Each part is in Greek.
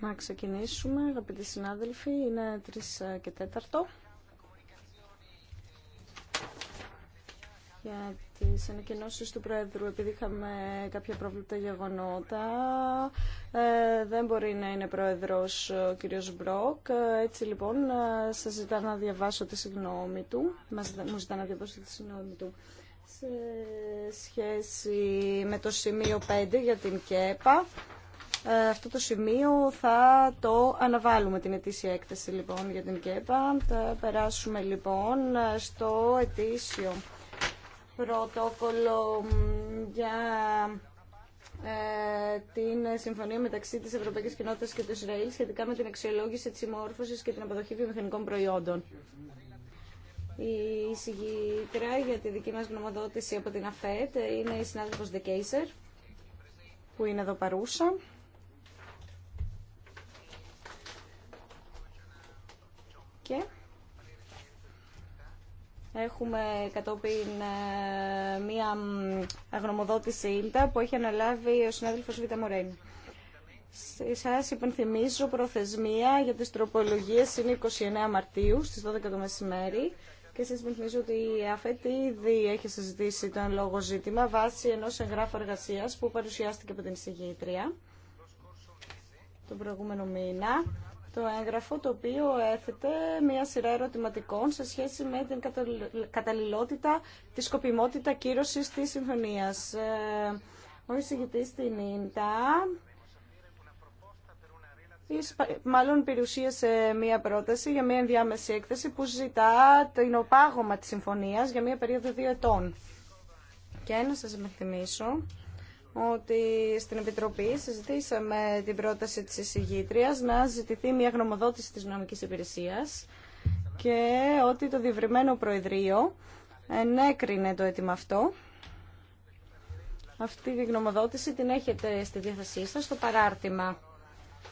Να ξεκινήσουμε, αγαπητοί συνάδελφοι. Είναι 3 ε, και τέταρτο. για τις ανακοινώσεις του Πρόεδρου, επειδή είχαμε κάποια προβλήτα γεγονότα, ε, δεν μπορεί να είναι Πρόεδρος ο κ. Μπρόκ. Ε, έτσι λοιπόν, σας ζητά να διαβάσω τη συγγνώμη του. Μας, μου ζητά να διαβάσω τη συγγνώμη του σε σχέση με το σημείο 5 για την ΚΕΠΑ. Ε, αυτό το σημείο θα το αναβάλουμε την ετήσια έκθεση λοιπόν για την ΚΕΠΑ. Θα περάσουμε λοιπόν στο ετήσιο πρωτόκολλο για ε, την συμφωνία μεταξύ της Ευρωπαϊκής Κοινότητας και του Ισραήλ σχετικά με την αξιολόγηση της συμμόρφωσης και την αποδοχή βιομηχανικών προϊόντων. Η εισηγητρά για τη δική μας γνωμοδότηση από την ΑΦΕΤ είναι η συνάδελφος Δεκέισερ, που είναι εδώ παρούσα. Και έχουμε κατόπιν ε, μία γνωμοδότηση ΙΛΤΑ που έχει αναλάβει ο συνάδελφος Β. Μορένη. Σας υπενθυμίζω προθεσμία για τις τροπολογίες είναι 29 Μαρτίου στις 12 το μεσημέρι. Και σα θυμίζω ότι η ΑΦΕΤ ήδη έχει συζητήσει το εν ζήτημα βάσει ενός εγγράφου εργασία που παρουσιάστηκε από την εισηγήτρια τον προηγούμενο μήνα. Το έγγραφο το οποίο έθετε μια σειρά ερωτηματικών σε σχέση με την καταλληλότητα, τη σκοπιμότητα κύρωσης της συμφωνίας. Ε, ο εισηγητής στην ΙΝΤΑ μάλλον περιουσίασε μία πρόταση για μία ενδιάμεση έκθεση που ζητά το υνοπάγωμα της συμφωνίας για μία περίοδο δύο ετών. Και να σας θυμίσω ότι στην Επιτροπή συζητήσαμε την πρόταση της εισηγήτριας να ζητηθεί μία γνωμοδότηση της νομικής υπηρεσίας και ότι το διευρυμένο Προεδρείο ενέκρινε το αίτημα αυτό. Αυτή τη γνωμοδότηση την έχετε στη διάθεσή σας στο παράρτημα.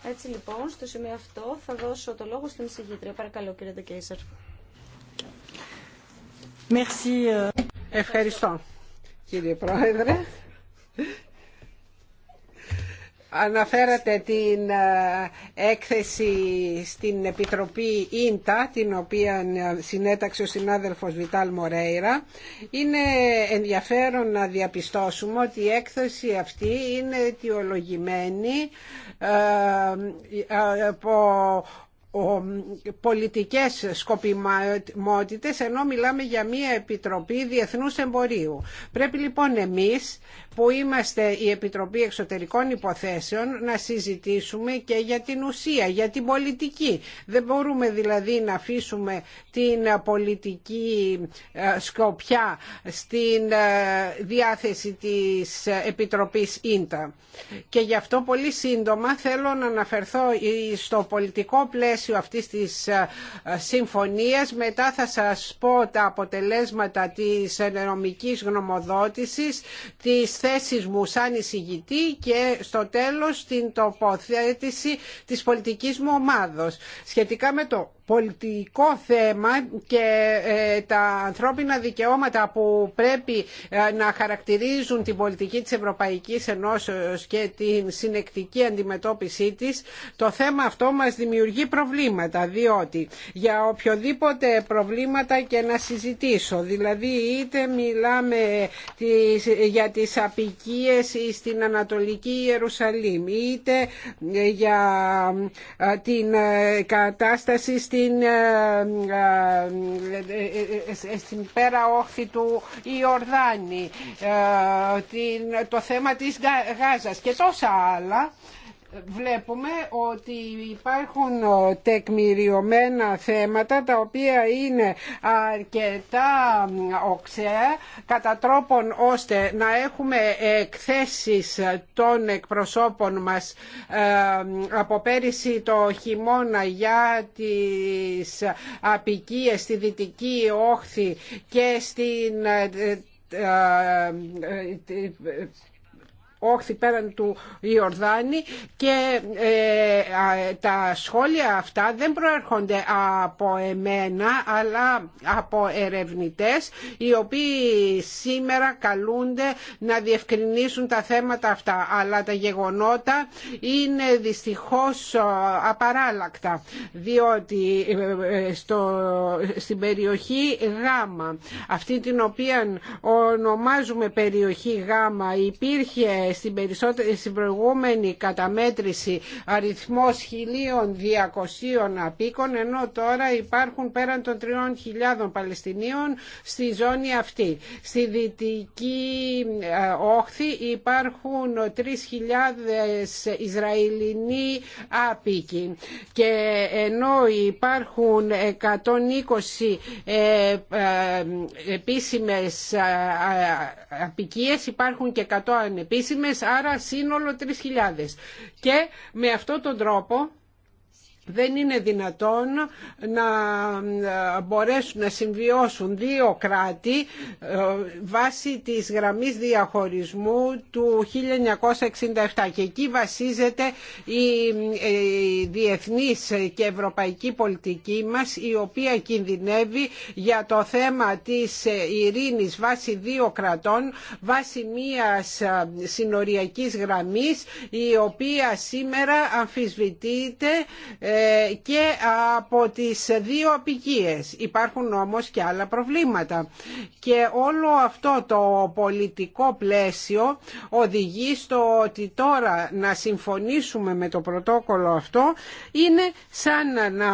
Έτσι λοιπόν, στο σημείο αυτό θα δώσω το λόγο στην εισηγήτρια. Παρακαλώ κύριε Ντεκέισερ. Ε. Ευχαριστώ κύριε Πρόεδρε Αναφέρατε την ε, έκθεση στην Επιτροπή Ίντα, την οποία ε, συνέταξε ο συνάδελφος Βιτάλ Μορέιρα. Είναι ενδιαφέρον να διαπιστώσουμε ότι η έκθεση αυτή είναι αιτιολογημένη ε, από πολιτικές σκοπιμότητες ενώ μιλάμε για μια επιτροπή διεθνούς εμπορίου. Πρέπει λοιπόν εμείς που είμαστε η Επιτροπή Εξωτερικών Υποθέσεων να συζητήσουμε και για την ουσία, για την πολιτική. Δεν μπορούμε δηλαδή να αφήσουμε την πολιτική ε, σκοπιά στην ε, διάθεση της Επιτροπής Ίντα. Και γι' αυτό πολύ σύντομα θέλω να αναφερθώ στο πολιτικό πλαίσιο αυτής της ε, συμφωνίας. Μετά θα σας πω τα αποτελέσματα της νομικής γνωμοδότησης, της θέσεις μου σαν εισηγητή και στο τέλος την τοποθέτηση της πολιτικής μου ομάδος σχετικά με το πολιτικό θέμα και ε, τα ανθρώπινα δικαιώματα που πρέπει ε, να χαρακτηρίζουν την πολιτική της Ευρωπαϊκής Ενώσεως και την συνεκτική αντιμετώπιση της, το θέμα αυτό μας δημιουργεί προβλήματα, διότι για οποιοδήποτε προβλήματα και να συζητήσω, δηλαδή είτε μιλάμε για τις απικίες στην Ανατολική Ιερουσαλήμ, είτε για ε, την κατάσταση στην, ε, ε, ε, στην πέρα όχθη του Ιορδάνη, το θέμα της Γάζας και τόσα άλλα βλέπουμε ότι υπάρχουν ε, τεκμηριωμένα θέματα τα οποία είναι αρκετά οξέα κατά τρόπον ώστε να έχουμε εκθέσεις των εκπροσώπων μας ε, από πέρυσι το χειμώνα για τις απικίες στη Δυτική Όχθη και στην ε, όχθη πέραν του Ιορδάνη και ε, τα σχόλια αυτά δεν προέρχονται από εμένα αλλά από ερευνητές οι οποίοι σήμερα καλούνται να διευκρινίσουν τα θέματα αυτά αλλά τα γεγονότα είναι δυστυχώς ε, απαράλλακτα διότι ε, στο, στην περιοχή Γάμα αυτή την οποία ονομάζουμε περιοχή Γάμα υπήρχε στην, προηγούμενη καταμέτρηση αριθμός 1.200 απίκων ενώ τώρα υπάρχουν πέραν των 3.000 Παλαιστινίων στη ζώνη αυτή. Στη δυτική ε, όχθη υπάρχουν 3.000 Ισραηλινοί άπικοι και ενώ υπάρχουν 120 ε, ε, επίσημες απικίες υπάρχουν και 100 ανεπίσημες διαθέσιμες, άρα σύνολο 3.000. Και με αυτόν τον τρόπο δεν είναι δυνατόν να ε, μπορέσουν να συμβιώσουν δύο κράτη ε, βάσει της γραμμής διαχωρισμού του 1967 και εκεί βασίζεται ε, η διεθνής και ευρωπαϊκή πολιτική μας η οποία κινδυνεύει για το θέμα της ειρήνης βάσει δύο κρατών βάσει μίας συνοριακής γραμμής η οποία σήμερα αμφισβητείται ε, και από τις δύο απικίες. Υπάρχουν όμως και άλλα προβλήματα. Και όλο αυτό το πολιτικό πλαίσιο οδηγεί στο ότι τώρα να συμφωνήσουμε με το πρωτόκολλο αυτό είναι σαν να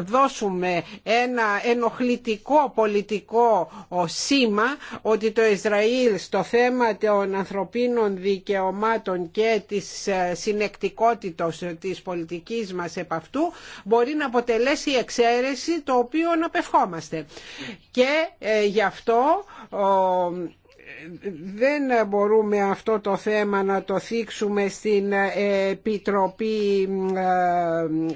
δώσουμε ένα ενοχλητικό πολιτικό σήμα ότι το Ισραήλ στο θέμα των ανθρωπίνων δικαιωμάτων και της ε, συνεκτικότητας της πολιτικής μας επ' αυτού μπορεί να αποτελέσει εξαίρεση το οποίο να απευχόμαστε. Και ε, γι' αυτό δεν μπορούμε αυτό το θέμα να το θίξουμε στην Επιτροπή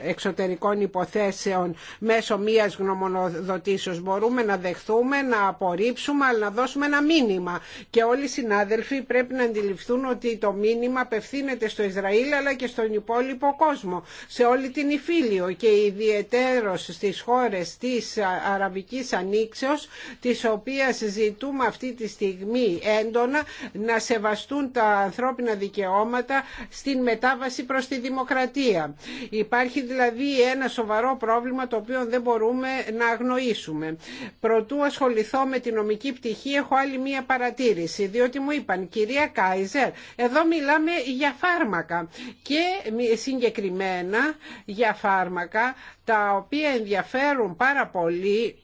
ε, Εξωτερικών Υποθέσεων μέσω μίας γνωμονοδοτήσεως. Μπορούμε να δεχθούμε, να απορρίψουμε, αλλά να δώσουμε ένα μήνυμα. Και όλοι οι συνάδελφοι πρέπει να αντιληφθούν ότι το μήνυμα απευθύνεται στο Ισραήλ αλλά και στον υπόλοιπο κόσμο, σε όλη την Ιφίλιο και ιδιαιτέρως στις χώρες της Αραβικής Ανοίξεως, τις οποίες ζητούμε αυτή τη στιγμή έντονα να σεβαστούν τα ανθρώπινα δικαιώματα στην μετάβαση προς τη δημοκρατία. Υπάρχει δηλαδή ένα σοβαρό πρόβλημα το οποίο δεν μπορούμε να αγνοήσουμε. Προτού ασχοληθώ με την νομική πτυχή έχω άλλη μία παρατήρηση διότι μου είπαν κυρία Κάιζερ εδώ μιλάμε για φάρμακα και συγκεκριμένα για φάρμακα τα οποία ενδιαφέρουν πάρα πολύ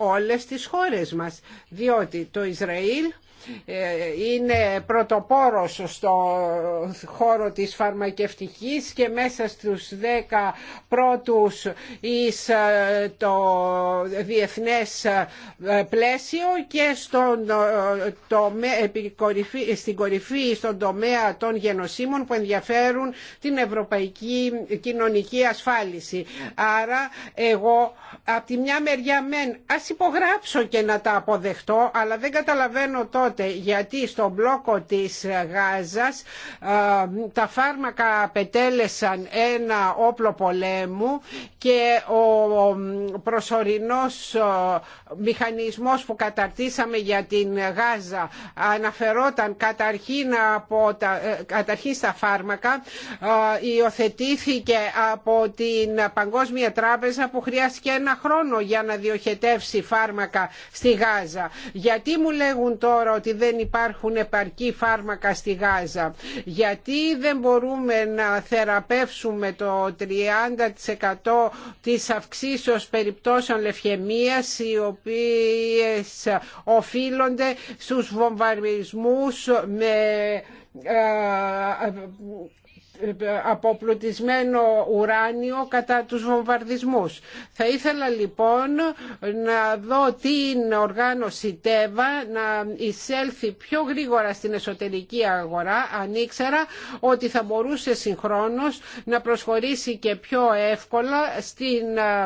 όλες τις χώρες μας, διότι το Ισραήλ είναι πρωτοπόρος στο χώρο της φαρμακευτικής και μέσα στους δέκα πρώτους εις ε, το διεθνές ε, πλαίσιο και στον, ε, το, στην κορυφή στον τομέα των γενοσύμων που ενδιαφέρουν την ευρωπαϊκή κοινωνική ασφάλιση. Άρα εγώ από τη μια μεριά μεν ας υπογράψω και να τα αποδεχτώ αλλά δεν καταλαβαίνω τότε γιατί στον μπλόκο της Γάζας ε, τα φάρμακα απετέλεσαν ένα όπλο πολέμου και ο προσωρινός ε, μηχανισμός που καταρτήσαμε για την Γάζα αναφερόταν καταρχήν, από τα, ε, καταρχήν στα φάρμακα υιοθετήθηκε από την Παγκόσμια Τράπεζα που χρειάστηκε ένα χρόνο για να διοχετεύσει φάρμακα στη Γάζα. Γιατί μου λέγουν τώρα ότι δεν υπάρχουν επαρκή φάρμακα στη Γάζα. Γιατί δεν μπορούμε να θεραπεύσουμε το 30% της αυξήσεως περιπτώσεων λευχαιμίας οι οποίες οφείλονται στους βομβαρδισμούς με ε, αποπλουτισμένο ουράνιο κατά τους βομβαρδισμούς. Θα ήθελα λοιπόν να δω την οργάνωση ΤΕΒΑ να εισέλθει πιο γρήγορα στην εσωτερική αγορά αν ήξερα ότι θα μπορούσε συγχρόνως να προσχωρήσει και πιο εύκολα στην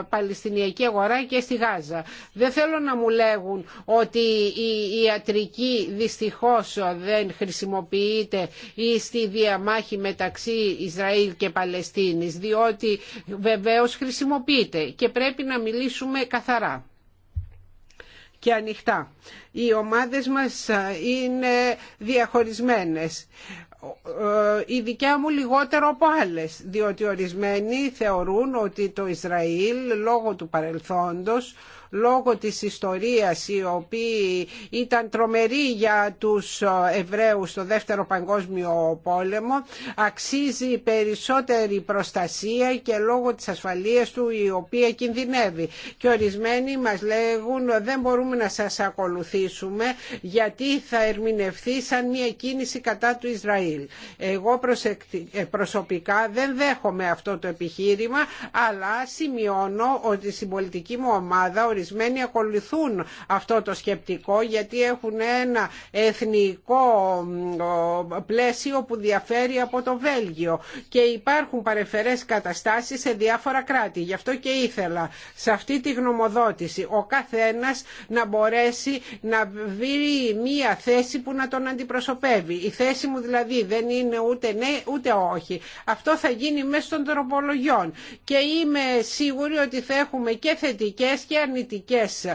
Παλαιστινιακή αγορά και στη Γάζα. Δεν θέλω να μου λέγουν ότι η ιατρική δυστυχώς δεν χρησιμοποιείται ή στη διαμάχη μεταξύ Ισραήλ και Παλαιστίνης διότι βεβαίως χρησιμοποιείται και πρέπει να μιλήσουμε καθαρά και ανοιχτά. Οι ομάδες μας ε, είναι διαχωρισμένες ε, η δικιά μου λιγότερο από άλλες διότι ορισμένοι θεωρούν ότι το Ισραήλ λόγω του παρελθόντος λόγω της ιστορίας η οποία ήταν τρομερή για τους Εβραίους στο Δεύτερο Παγκόσμιο Πόλεμο αξίζει περισσότερη προστασία και λόγω της ασφαλείας του η οποία κινδυνεύει. Και ορισμένοι μας λέγουν δεν μπορούμε να σας ακολουθήσουμε γιατί θα ερμηνευθεί σαν μια κίνηση κατά του Ισραήλ. Εγώ προσωπικά δεν δέχομαι αυτό το επιχείρημα αλλά σημειώνω ότι στην πολιτική μου ομάδα ορισμένοι ακολουθούν αυτό το σκεπτικό γιατί έχουν ένα εθνικό πλαίσιο που διαφέρει από το Βέλγιο και υπάρχουν παρεφερές καταστάσεις σε διάφορα κράτη. Γι' αυτό και ήθελα σε αυτή τη γνωμοδότηση ο καθένας να μπορέσει να βρει μία θέση που να τον αντιπροσωπεύει. Η θέση μου δηλαδή δεν είναι ούτε ναι ούτε όχι. Αυτό θα γίνει μέσω των τροπολογιών και είμαι σίγουρη ότι θα έχουμε και θετικές και αρνητικές πολιτικές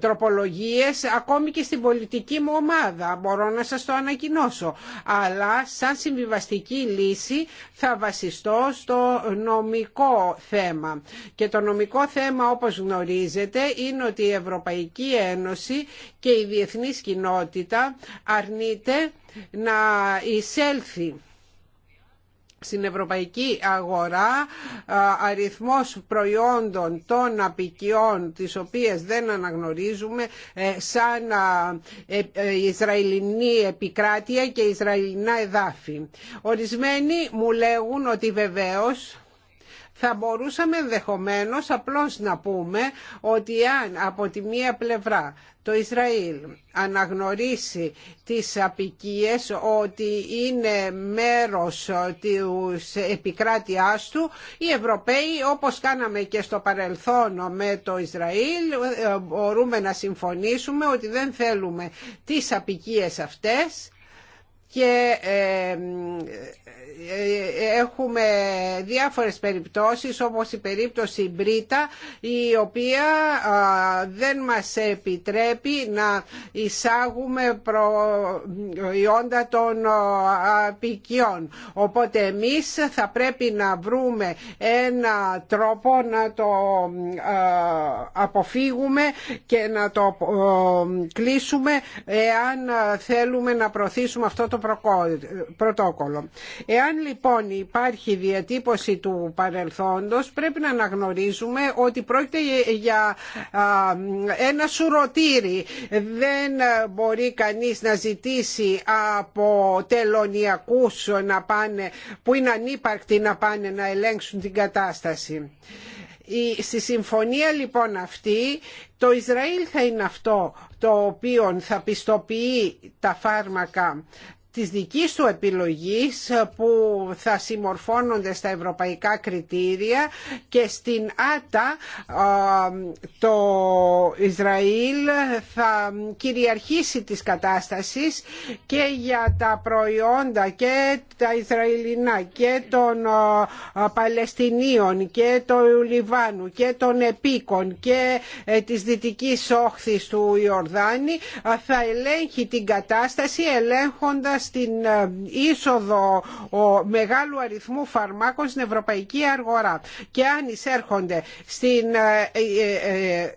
τροπολογίες ακόμη και στην πολιτική μου ομάδα. Μπορώ να σας το ανακοινώσω. Αλλά σαν συμβιβαστική λύση θα βασιστώ στο νομικό θέμα. Και το νομικό θέμα όπως γνωρίζετε είναι ότι η Ευρωπαϊκή Ένωση και η διεθνής κοινότητα αρνείται να εισέλθει στην ευρωπαϊκή αγορά αριθμός προϊόντων των απικιών τις οποίες δεν αναγνωρίζουμε ε, σαν ε, ε, Ισραηλινή επικράτεια και Ισραηλινά εδάφη. Ορισμένοι μου λέγουν ότι βεβαίως θα μπορούσαμε ενδεχομένω απλώς να πούμε ότι αν από τη μία πλευρά το Ισραήλ αναγνωρίσει τις απικίες ότι είναι μέρος της επικράτειάς του, οι Ευρωπαίοι όπως κάναμε και στο παρελθόν με το Ισραήλ ε, μπορούμε να συμφωνήσουμε ότι δεν θέλουμε τις απικίες αυτές και ε, ε, ε, έχουμε διάφορες περιπτώσεις όπως η περίπτωση Μπρίτα η οποία δεν μας επιτρέπει να εισάγουμε προϊόντα των απικιών. Οπότε εμείς θα πρέπει να βρούμε ένα τρόπο να το αποφύγουμε και να το κλείσουμε εάν θέλουμε να προωθήσουμε αυτό το πρωτόκολλο. Εάν λοιπόν υπάρχει διατύπωση του παρελθόντος πρέπει να αναγνωρίζουμε ότι πρόκειται για ένα σουρωτήρι. Δεν μπορεί κανείς να ζητήσει από τελωνιακούς να πάνε, που είναι ανύπαρκτοι να πάνε να ελέγξουν την κατάσταση. Στη συμφωνία λοιπόν αυτή το Ισραήλ θα είναι αυτό το οποίο θα πιστοποιεί τα φάρμακα της δικής του επιλογής που θα συμμορφώνονται στα ευρωπαϊκά κριτήρια και στην ΆΤΑ το Ισραήλ θα κυριαρχήσει της κατάστασης και για τα προϊόντα και τα Ισραηλινά και των Παλαιστινίων και του Λιβάνου και των Επίκων και ε, της Δυτικής Όχθης του Ιορδάνη θα ελέγχει την κατάσταση ελέγχοντας στην ε, είσοδο μεγάλου αριθμού φαρμάκων στην ευρωπαϊκή αγορά και αν εισέρχονται στην ε, ε,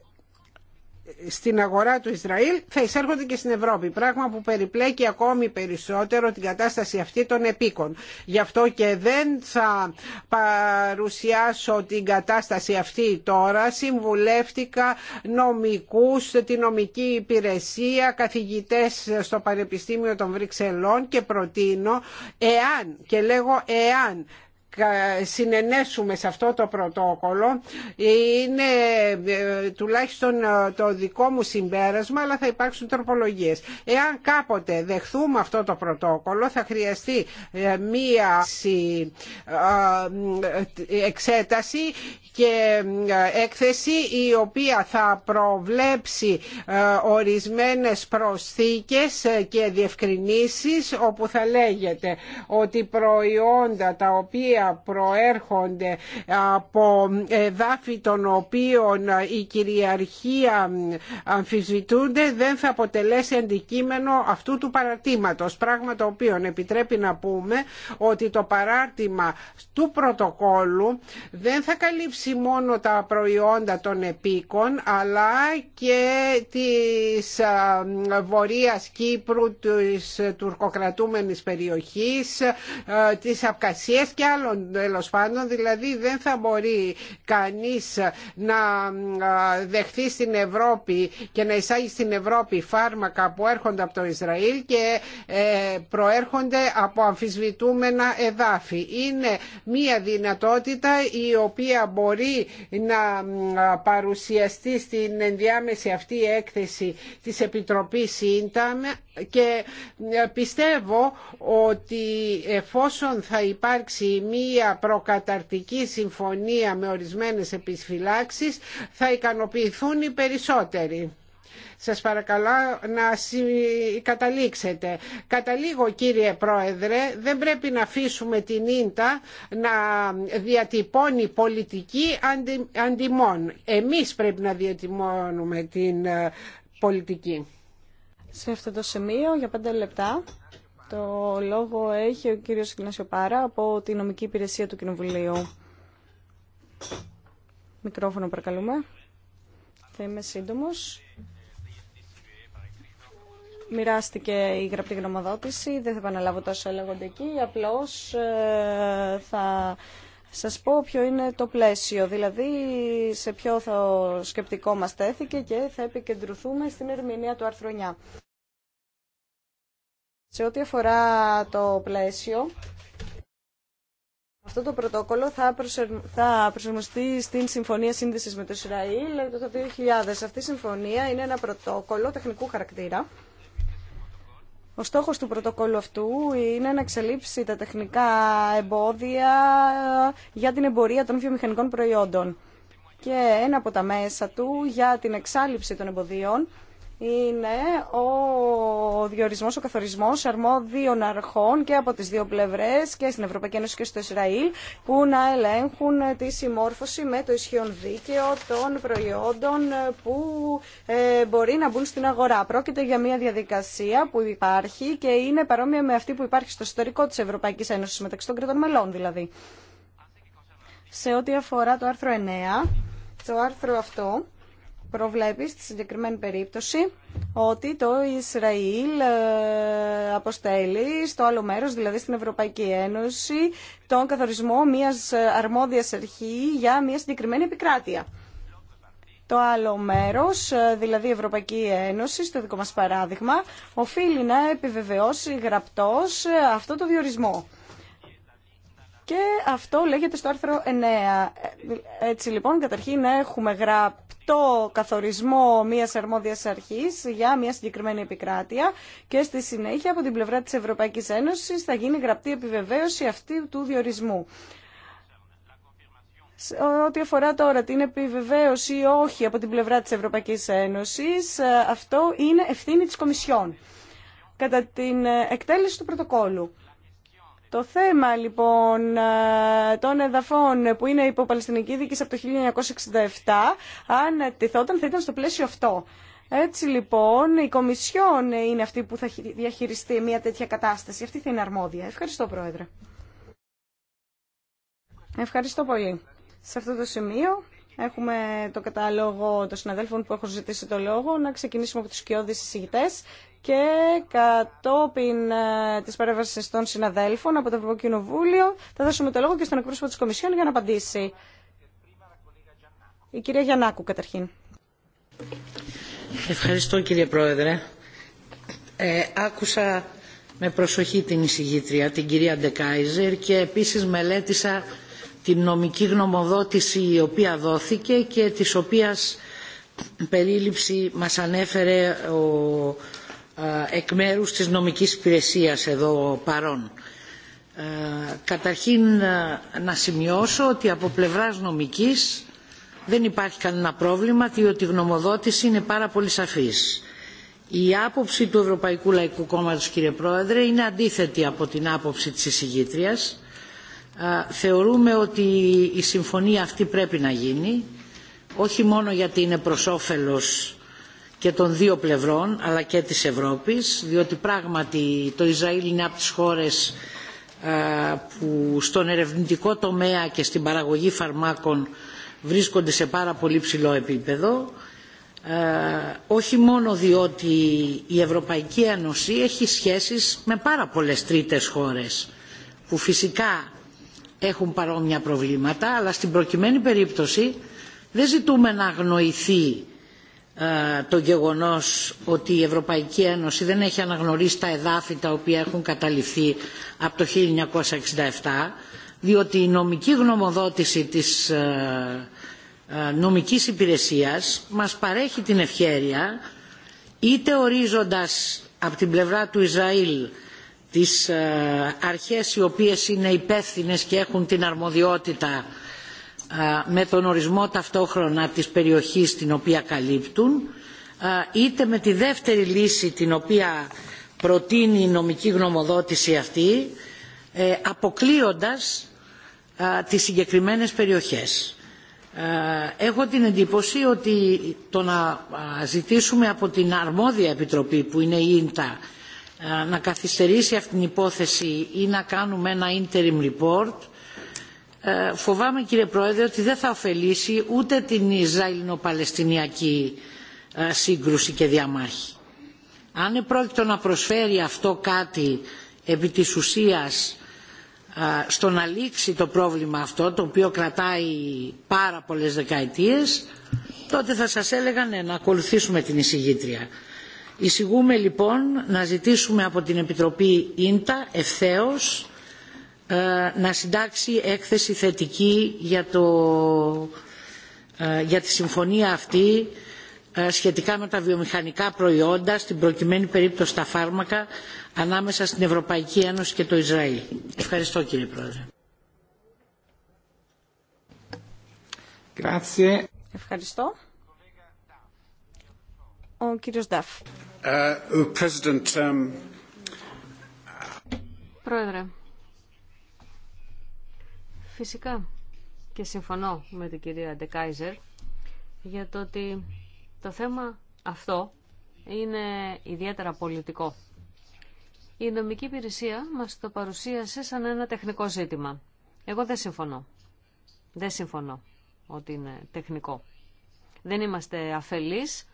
στην αγορά του Ισραήλ θα εισέρχονται και στην Ευρώπη. Πράγμα που περιπλέκει ακόμη περισσότερο την κατάσταση αυτή των επίκων. Γι' αυτό και δεν θα παρουσιάσω την κατάσταση αυτή τώρα. Συμβουλεύτηκα νομικούς, τη νομική υπηρεσία, καθηγητές στο Πανεπιστήμιο των Βρυξελών και προτείνω εάν, και λέγω εάν, συνενέσουμε σε αυτό το πρωτόκολλο είναι ε, τουλάχιστον ε, το δικό μου συμπέρασμα αλλά θα υπάρξουν τροπολογίες. Εάν κάποτε δεχθούμε αυτό το πρωτόκολλο θα χρειαστεί ε, μία εξέταση και έκθεση η οποία θα προβλέψει ορισμένες προσθήκες και διευκρινήσεις όπου θα λέγεται ότι προϊόντα τα οποία προέρχονται από εδάφη των οποίων η κυριαρχία αμφισβητούνται δεν θα αποτελέσει αντικείμενο αυτού του παρατήματος. Πράγμα το οποίο επιτρέπει να πούμε ότι το παράρτημα του πρωτοκόλλου δεν θα καλύψει μόνο τα προϊόντα των επίκων αλλά και της Βορείας Κύπρου, της τουρκοκρατούμενης περιοχής, της Αυκασίας και άλλων δηλαδή δεν θα μπορεί κανείς να δεχθεί στην Ευρώπη και να εισάγει στην Ευρώπη φάρμακα που έρχονται από το Ισραήλ και ε, προέρχονται από αμφισβητούμενα εδάφη. Είναι μία δυνατότητα η οποία μπορεί να παρουσιαστεί στην ενδιάμεση αυτή έκθεση της Επιτροπής Ίνταμ και ε, πιστεύω ότι εφόσον θα υπάρξει μία προκαταρτική συμφωνία με ορισμένες επισφυλάξεις θα ικανοποιηθούν οι περισσότεροι. Σας παρακαλώ να καταλήξετε. Καταλήγω κύριε Πρόεδρε, δεν πρέπει να αφήσουμε την ίντα να διατυπώνει πολιτική αντιμών. Εμείς πρέπει να διατυπώνουμε την ε, πολιτική σε αυτό το σημείο για πέντε λεπτά. Το λόγο έχει ο κύριος Ιγνάσιο Πάρα από τη νομική υπηρεσία του Κοινοβουλίου. Μικρόφωνο παρακαλούμε. Θα είμαι σύντομος. Μοιράστηκε η γραπτή γνωμοδότηση, δεν θα επαναλάβω τόσο έλεγονται εκεί, απλώς ε, θα σας πω ποιο είναι το πλαίσιο, δηλαδή σε ποιο θα σκεπτικό μας τέθηκε και θα επικεντρωθούμε στην ερμηνεία του άρθρου 9. Σε ό,τι αφορά το πλαίσιο, αυτό το πρωτόκολλο θα, θα προσαρμοστεί στην Συμφωνία Σύνδεσης με το Ισραήλ το 2000. Αυτή η συμφωνία είναι ένα πρωτόκολλο τεχνικού χαρακτήρα ο στόχος του πρωτοκόλλου αυτού είναι να εξελίψει τα τεχνικά εμπόδια για την εμπορία των βιομηχανικών προϊόντων. Και ένα από τα μέσα του για την εξάλληψη των εμποδίων είναι ο διορισμός, ο καθορισμός αρμόδιων αρχών και από τις δύο πλευρές και στην Ευρωπαϊκή Ένωση και στο Ισραήλ που να ελέγχουν τη συμμόρφωση με το ισχύον δίκαιο των προϊόντων που ε, μπορεί να μπουν στην αγορά. Πρόκειται για μια διαδικασία που υπάρχει και είναι παρόμοια με αυτή που υπάρχει στο ιστορικό της Ευρωπαϊκής Ένωσης μεταξύ των κρατών μελών δηλαδή. Σε ό,τι αφορά το άρθρο 9, το άρθρο αυτό προβλέπει στη συγκεκριμένη περίπτωση ότι το Ισραήλ ε, αποστέλει στο άλλο μέρος, δηλαδή στην Ευρωπαϊκή Ένωση, τον καθορισμό μιας αρμόδιας αρχή για μια συγκεκριμένη επικράτεια. Το άλλο μέρος, ε, δηλαδή η Ευρωπαϊκή Ένωση, στο δικό μας παράδειγμα, οφείλει να επιβεβαιώσει γραπτός ε, αυτό το διορισμό. Και αυτό λέγεται στο άρθρο 9. Έτσι λοιπόν, καταρχήν έχουμε γραπτό καθορισμό μια αρμόδια αρχή για μια συγκεκριμένη επικράτεια και στη συνέχεια από την πλευρά τη Ευρωπαϊκή Ένωση θα γίνει γραπτή επιβεβαίωση αυτή του διορισμού. Ό,τι αφορά τώρα την επιβεβαίωση ή όχι από την πλευρά της Ευρωπαϊκής Ένωσης, ε, αυτό είναι ευθύνη της Κομισιόν κατά την ε, εκτέλεση του πρωτοκόλου. Το θέμα λοιπόν ε, των εδαφών που είναι υπό Παλαιστινική δίκηση από το 1967, αν τυθόταν θα ήταν στο πλαίσιο αυτό. Έτσι λοιπόν η Κομισιόν είναι αυτή που θα διαχειριστεί μια τέτοια κατάσταση. Αυτή θα είναι αρμόδια. Ευχαριστώ Πρόεδρε. Ευχαριστώ πολύ. Σε αυτό το σημείο έχουμε το κατάλογο των συναδέλφων που έχουν ζητήσει το λόγο. Να ξεκινήσουμε από τους κοιόδης εισηγητές και κατόπιν ε, της παρέμβασης των συναδέλφων από το Ευρωπαϊκό θα δώσουμε το λόγο και στον εκπρόσωπο της Κομισιόν για να απαντήσει. Η κυρία Γιαννάκου καταρχήν. Ευχαριστώ κύριε Πρόεδρε. Ε, άκουσα με προσοχή την εισηγήτρια, την κυρία Ντεκάιζερ και επίσης μελέτησα την νομική γνωμοδότηση η οποία δόθηκε και της οποίας περίληψη μας ανέφερε ο ε, εκ μέρους της νομικής υπηρεσίας εδώ παρών. Ε, καταρχήν ε, να σημειώσω ότι από πλευράς νομικής δεν υπάρχει κανένα πρόβλημα διότι η γνωμοδότηση είναι πάρα πολύ σαφής. Η άποψη του Ευρωπαϊκού Λαϊκού Κόμματος κύριε Πρόεδρε είναι αντίθετη από την άποψη της εισηγήτριας. Θεωρούμε ότι η συμφωνία αυτή πρέπει να γίνει όχι μόνο γιατί είναι προς όφελος και των δύο πλευρών αλλά και της Ευρώπης διότι πράγματι το Ισραήλ είναι από τις χώρες ε, που στον ερευνητικό τομέα και στην παραγωγή φαρμάκων βρίσκονται σε πάρα πολύ ψηλό επίπεδο ε, όχι μόνο διότι η Ευρωπαϊκή Ένωση έχει σχέσεις με πάρα πολλές τρίτες χώρες που φυσικά έχουν παρόμοια προβλήματα αλλά στην προκειμένη περίπτωση δεν ζητούμε να αγνοηθεί ε, το γεγονός ότι η Ευρωπαϊκή Ένωση δεν έχει αναγνωρίσει τα εδάφη τα οποία έχουν καταληφθεί από το 1967 διότι η νομική γνωμοδότηση της ε, ε, νομικής υπηρεσίας μας παρέχει την ευχέρεια είτε ορίζοντας από την πλευρά του Ισραήλ τις αρχές οι οποίες είναι υπεύθυνες και έχουν την αρμοδιότητα με τον ορισμό ταυτόχρονα της περιοχής την οποία καλύπτουν είτε με τη δεύτερη λύση την οποία προτείνει η νομική γνωμοδότηση αυτή ε, αποκλείοντας τις συγκεκριμένες περιοχές. Έχω την εντύπωση ότι το να ζητήσουμε από την αρμόδια επιτροπή που είναι η ΙΝΤΑ να καθυστερήσει αυτήν την υπόθεση ή να κάνουμε ένα interim report ε, φοβάμαι κύριε Πρόεδρε ότι δεν θα ωφελήσει ούτε την Ισραηλινο-Παλαιστινιακή ε, σύγκρουση και διαμάχη. Αν επρόκειτο να προσφέρει αυτό κάτι επί της ουσίας ε, στο να λήξει το πρόβλημα αυτό το οποίο κρατάει πάρα πολλές δεκαετίες τότε θα σας έλεγα ναι, να ακολουθήσουμε την εισηγήτρια. Εισηγούμε λοιπόν να ζητήσουμε από την Επιτροπή Ίντα ευθέως ε, να συντάξει έκθεση θετική για, ε, για τη συμφωνία αυτή ε, σχετικά με τα βιομηχανικά προϊόντα, στην προκειμένη περίπτωση τα φάρμακα, ανάμεσα στην Ευρωπαϊκή Ένωση και το Ισραήλ. Ευχαριστώ κύριε Πρόεδρε. Ευχαριστώ. Ο κύριος Νταφ. Uh, Πρόεδρε, Φυσικά και συμφωνώ με την κυρία Ντεκάιζερ για το ότι το θέμα αυτό είναι ιδιαίτερα πολιτικό. Η νομική υπηρεσία μας το παρουσίασε σαν ένα τεχνικό ζήτημα. Εγώ δεν συμφωνώ. Δεν συμφωνώ ότι είναι τεχνικό. Δεν είμαστε αφελείς,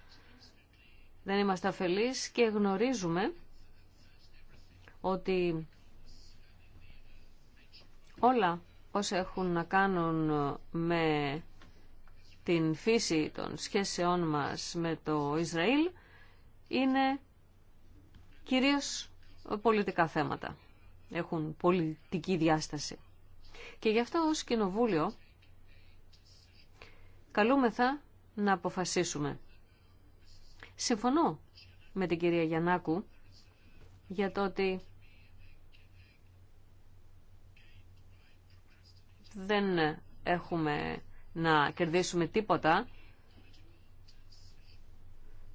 δεν είμαστε αφελείς και γνωρίζουμε ότι όλα όσα έχουν να κάνουν με την φύση των σχέσεών μας με το Ισραήλ είναι κυρίως πολιτικά θέματα. Έχουν πολιτική διάσταση. Και γι' αυτό ως Κοινοβούλιο καλούμεθα να αποφασίσουμε. Συμφωνώ με την κυρία Γιαννάκου για το ότι δεν έχουμε να κερδίσουμε τίποτα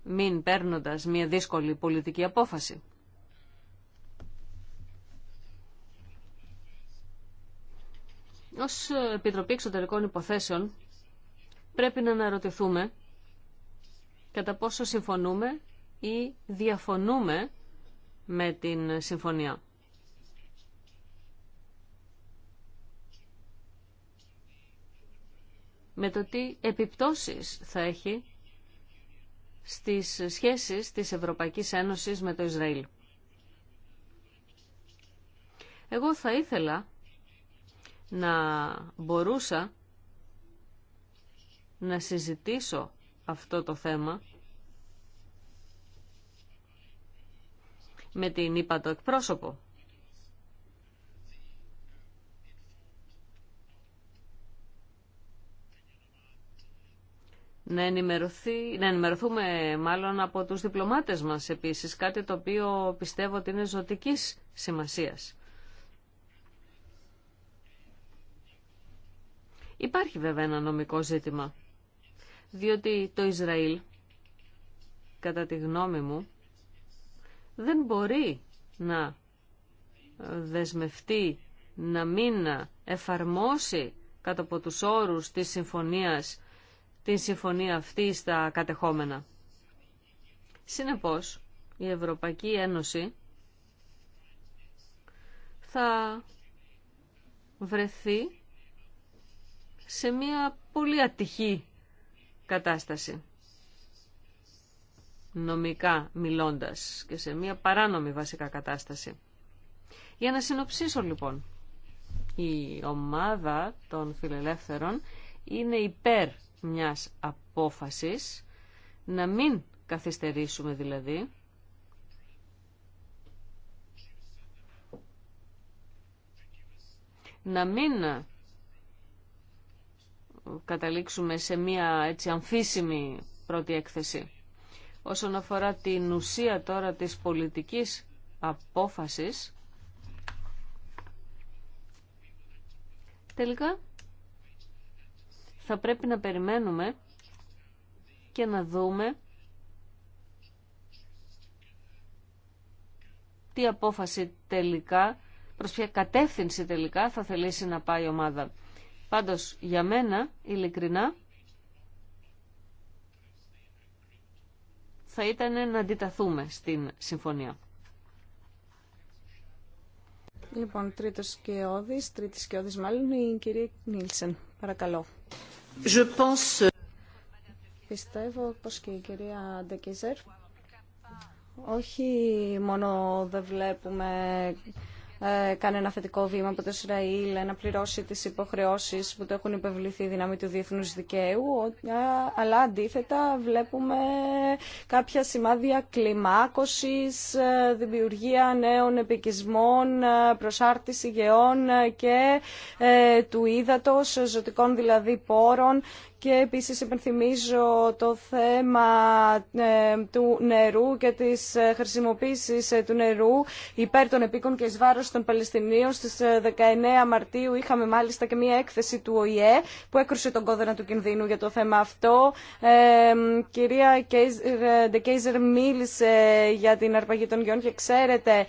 μην παίρνοντας μια δύσκολη πολιτική απόφαση. Ως Επιτροπή Εξωτερικών Υποθέσεων πρέπει να αναρωτηθούμε κατά πόσο συμφωνούμε ή διαφωνούμε με την συμφωνία. με το τι επιπτώσεις θα έχει στις σχέσεις της Ευρωπαϊκής Ένωσης με το Ισραήλ. Εγώ θα ήθελα να μπορούσα να συζητήσω αυτό το θέμα με την ύπατο εκπρόσωπο. να, ενημερωθεί, να ενημερωθούμε μάλλον από τους διπλωμάτες μας επίσης, κάτι το οποίο πιστεύω ότι είναι ζωτικής σημασίας. Υπάρχει βέβαια ένα νομικό ζήτημα, διότι το Ισραήλ, κατά τη γνώμη μου, δεν μπορεί να δεσμευτεί να μην εφαρμόσει κατά από τους όρους της συμφωνίας την συμφωνία αυτή στα κατεχόμενα. Συνεπώς, η Ευρωπαϊκή Ένωση θα βρεθεί σε μια πολύ ατυχή κατάσταση. Νομικά μιλώντας και σε μια παράνομη βασικά κατάσταση. Για να συνοψίσω λοιπόν, η ομάδα των φιλελεύθερων είναι υπέρ μιας απόφασης, να μην καθυστερήσουμε δηλαδή, να μην καταλήξουμε σε μια έτσι αμφίσιμη πρώτη έκθεση. Όσον αφορά την ουσία τώρα της πολιτικής απόφασης, τελικά θα πρέπει να περιμένουμε και να δούμε τι απόφαση τελικά, προς ποια κατεύθυνση τελικά θα θελήσει να πάει η ομάδα. Πάντως για μένα, ειλικρινά, θα ήταν να αντιταθούμε στην συμφωνία. Λοιπόν, τρίτο σκιώδη, τρίτη σκιώδη μάλλον, η κυρία Νίλσεν. Παρακαλώ. Je pense... Πιστεύω πως και η κυρία Ντεκίζερ. Όχι μόνο δεν βλέπουμε ε, κάνει ένα θετικό βήμα από το Ισραήλ να πληρώσει τις υποχρεώσεις που το έχουν υπευληθεί δυνάμει του διεθνούς δικαίου, αλλά αντίθετα βλέπουμε κάποια σημάδια κλιμάκωσης, ε, δημιουργία νέων επικισμών, ε, προσάρτηση γεών και του ύδατος, ζωτικών δηλαδή πόρων και επίσης υπενθυμίζω το θέμα ε, του νερού και της ε, χρησιμοποίησης ε, του νερού υπέρ των επίκων και εις βάρος των Παλαιστινίων. Στις 19 Μαρτίου είχαμε μάλιστα και μία έκθεση του ΟΗΕ που έκρουσε τον κόδωνα του κινδύνου για το θέμα αυτό. Ε, κυρία Ντεκέιζερ μίλησε για την αρπαγή των γιών και ξέρετε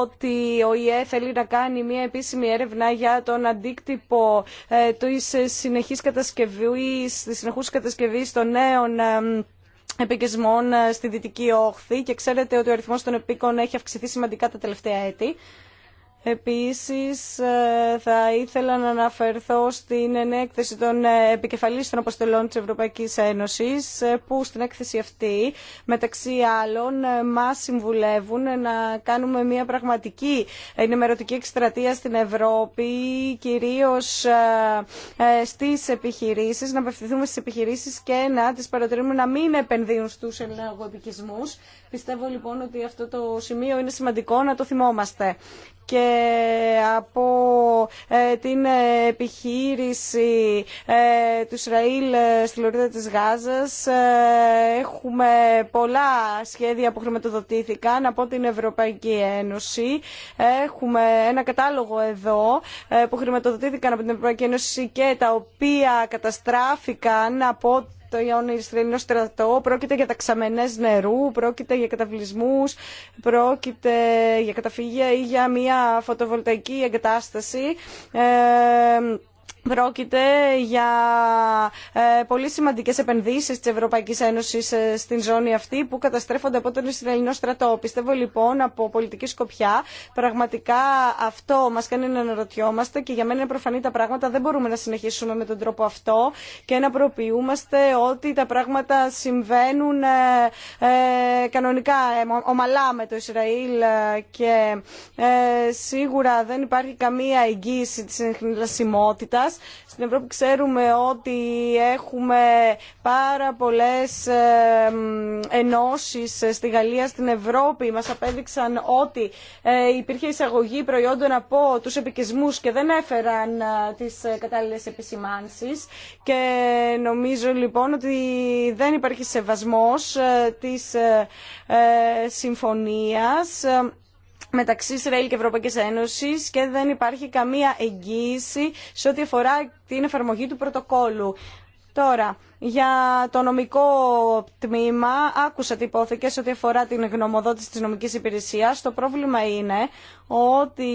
ότι ο ΟΗΕ θέλει να κάνει μία επίσημη έρευνα για τον αντίκτυπο ε, της συνεχής κατασκευής κατασκευής, της συνεχούς κατασκευής των νέων επικισμών ε, στη Δυτική Όχθη και ξέρετε ότι ο αριθμός των επίκων έχει αυξηθεί σημαντικά τα τελευταία έτη. Επίσης ε, θα ήθελα να αναφερθώ στην ενέκθεση των ε, επικεφαλής των αποστολών της Ευρωπαϊκής Ένωσης ε, που στην έκθεση αυτή μεταξύ άλλων μας συμβουλεύουν να κάνουμε μια πραγματική ενημερωτική εκστρατεία στην Ευρώπη κυρίως στις επιχειρήσεις, να απευθυνθούμε στις επιχειρήσεις και να τις παρατηρούμε να μην επενδύουν στους ενεργοεπικισμούς. Πιστεύω λοιπόν ότι αυτό το σημείο είναι σημαντικό να το θυμόμαστε και από ε, την επιχείρηση ε, του Ισραήλ ε, στη Λωρίδα της Γάζας. Έχουμε πολλά σχέδια που χρηματοδοτήθηκαν από την Ευρωπαϊκή Ένωση. Έχουμε ένα κατάλογο εδώ που χρηματοδοτήθηκαν από την Ευρωπαϊκή Ένωση και τα οποία καταστράφηκαν από το Ιόνιο στρατό, πρόκειται για ταξαμενέ νερού, πρόκειται για καταβλισμού, πρόκειται για καταφύγια ή για μια φωτοβολταϊκή εγκατάσταση ε, Πρόκειται για ε, πολύ σημαντικέ επενδύσει τη Ευρωπαϊκή Ένωση ε, στην ζώνη αυτή που καταστρέφονται από τον Ισραηλινό στρατό. Πιστεύω λοιπόν από πολιτική σκοπιά πραγματικά αυτό μα κάνει να αναρωτιόμαστε και για μένα είναι προφανή τα πράγματα. Δεν μπορούμε να συνεχίσουμε με τον τρόπο αυτό και να προποιούμαστε ότι τα πράγματα συμβαίνουν ε, κανονικά ομαλά με το Ισραήλ και σίγουρα δεν υπάρχει καμία εγγύηση τη συνεργασιμότητα στην Ευρώπη ξέρουμε ότι έχουμε πάρα πολλές ενώσεις στη Γαλλία, στην Ευρώπη. Μας απέδειξαν ότι ε, υπήρχε εισαγωγή προϊόντων από τους επικισμούς και δεν έφεραν ε, τις ε, κατάλληλες επισημάνσεις. Και νομίζω λοιπόν ότι δεν υπάρχει σεβασμός της συμφωνίας μεταξύ Ισραήλ και Ευρωπαϊκή Ένωση και δεν υπάρχει καμία εγγύηση σε ό,τι αφορά την εφαρμογή του πρωτόκολλου Τώρα, για το νομικό τμήμα, άκουσα τι υπόθηκε ό,τι αφορά την γνωμοδότηση της νομικής υπηρεσίας. Το πρόβλημα είναι ότι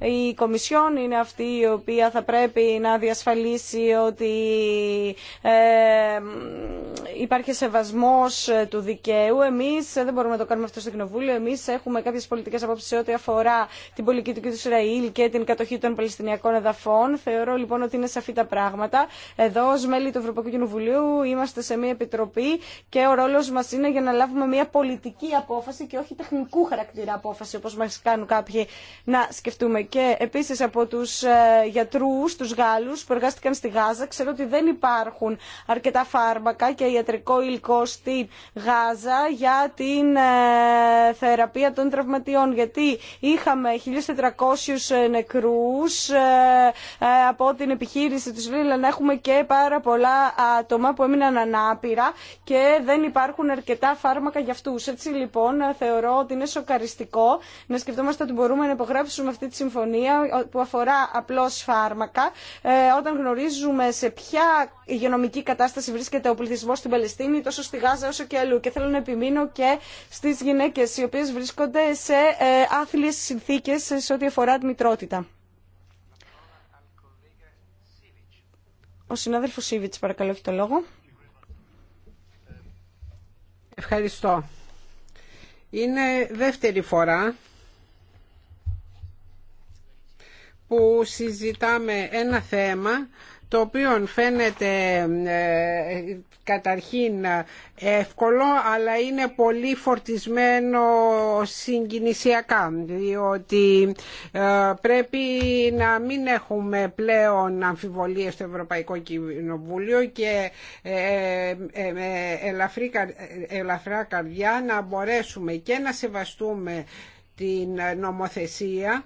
η Κομισιόν είναι αυτή η οποία θα πρέπει να διασφαλίσει ότι ε, υπάρχει σεβασμός του δικαίου. Εμείς δεν μπορούμε να το κάνουμε αυτό στο Κοινοβούλιο. Εμείς έχουμε κάποιες πολιτικές απόψεις σε ό,τι αφορά την πολιτική του Ισραήλ και την κατοχή των Παλαιστινιακών εδαφών. Θεωρώ λοιπόν ότι είναι σαφή τα πράγματα. Εδώ ως μέλη του Ευρωπαϊκού Ευρωπαϊκού Κοινοβουλίου, είμαστε σε μια επιτροπή και ο ρόλο μα είναι για να λάβουμε μια πολιτική απόφαση και όχι τεχνικού χαρακτήρα απόφαση, όπω μα κάνουν κάποιοι να σκεφτούμε. Και επίση από τους ε, γιατρού, του Γάλλου που εργάστηκαν στη Γάζα, ξέρω ότι δεν υπάρχουν αρκετά φάρμακα και ιατρικό υλικό στη Γάζα για την ε, θεραπεία των τραυματιών, γιατί είχαμε 1.400 ε, νεκρούς από την επιχείρηση του Βίλαν. έχουμε και πάρα πολλά άτομα που έμειναν ανάπηρα και δεν υπάρχουν αρκετά φάρμακα για αυτού. Έτσι λοιπόν θεωρώ ότι είναι σοκαριστικό να σκεφτόμαστε ότι μπορούμε να υπογράψουμε αυτή τη συμφωνία που αφορά απλώς φάρμακα ε, όταν γνωρίζουμε σε ποια υγειονομική κατάσταση βρίσκεται ο πληθυσμό στην Παλαιστίνη τόσο στη Γάζα όσο και αλλού. Και θέλω να επιμείνω και στι γυναίκε, οι οποίε βρίσκονται σε ε, άθλιες συνθήκε σε ό,τι αφορά τη μητρότητα. Ο συνάδελφος Σίβιτς παρακαλώ έχει το λόγο. Ευχαριστώ. Είναι δεύτερη φορά που συζητάμε ένα θέμα το οποίο φαίνεται ε, καταρχήν εύκολο αλλά είναι πολύ φορτισμένο συγκινησιακά διότι ε, πρέπει να μην έχουμε πλέον αμφιβολίες στο Ευρωπαϊκό Κοινοβούλιο και ε, ελαφρά καρδιά να μπορέσουμε και να σεβαστούμε την νομοθεσία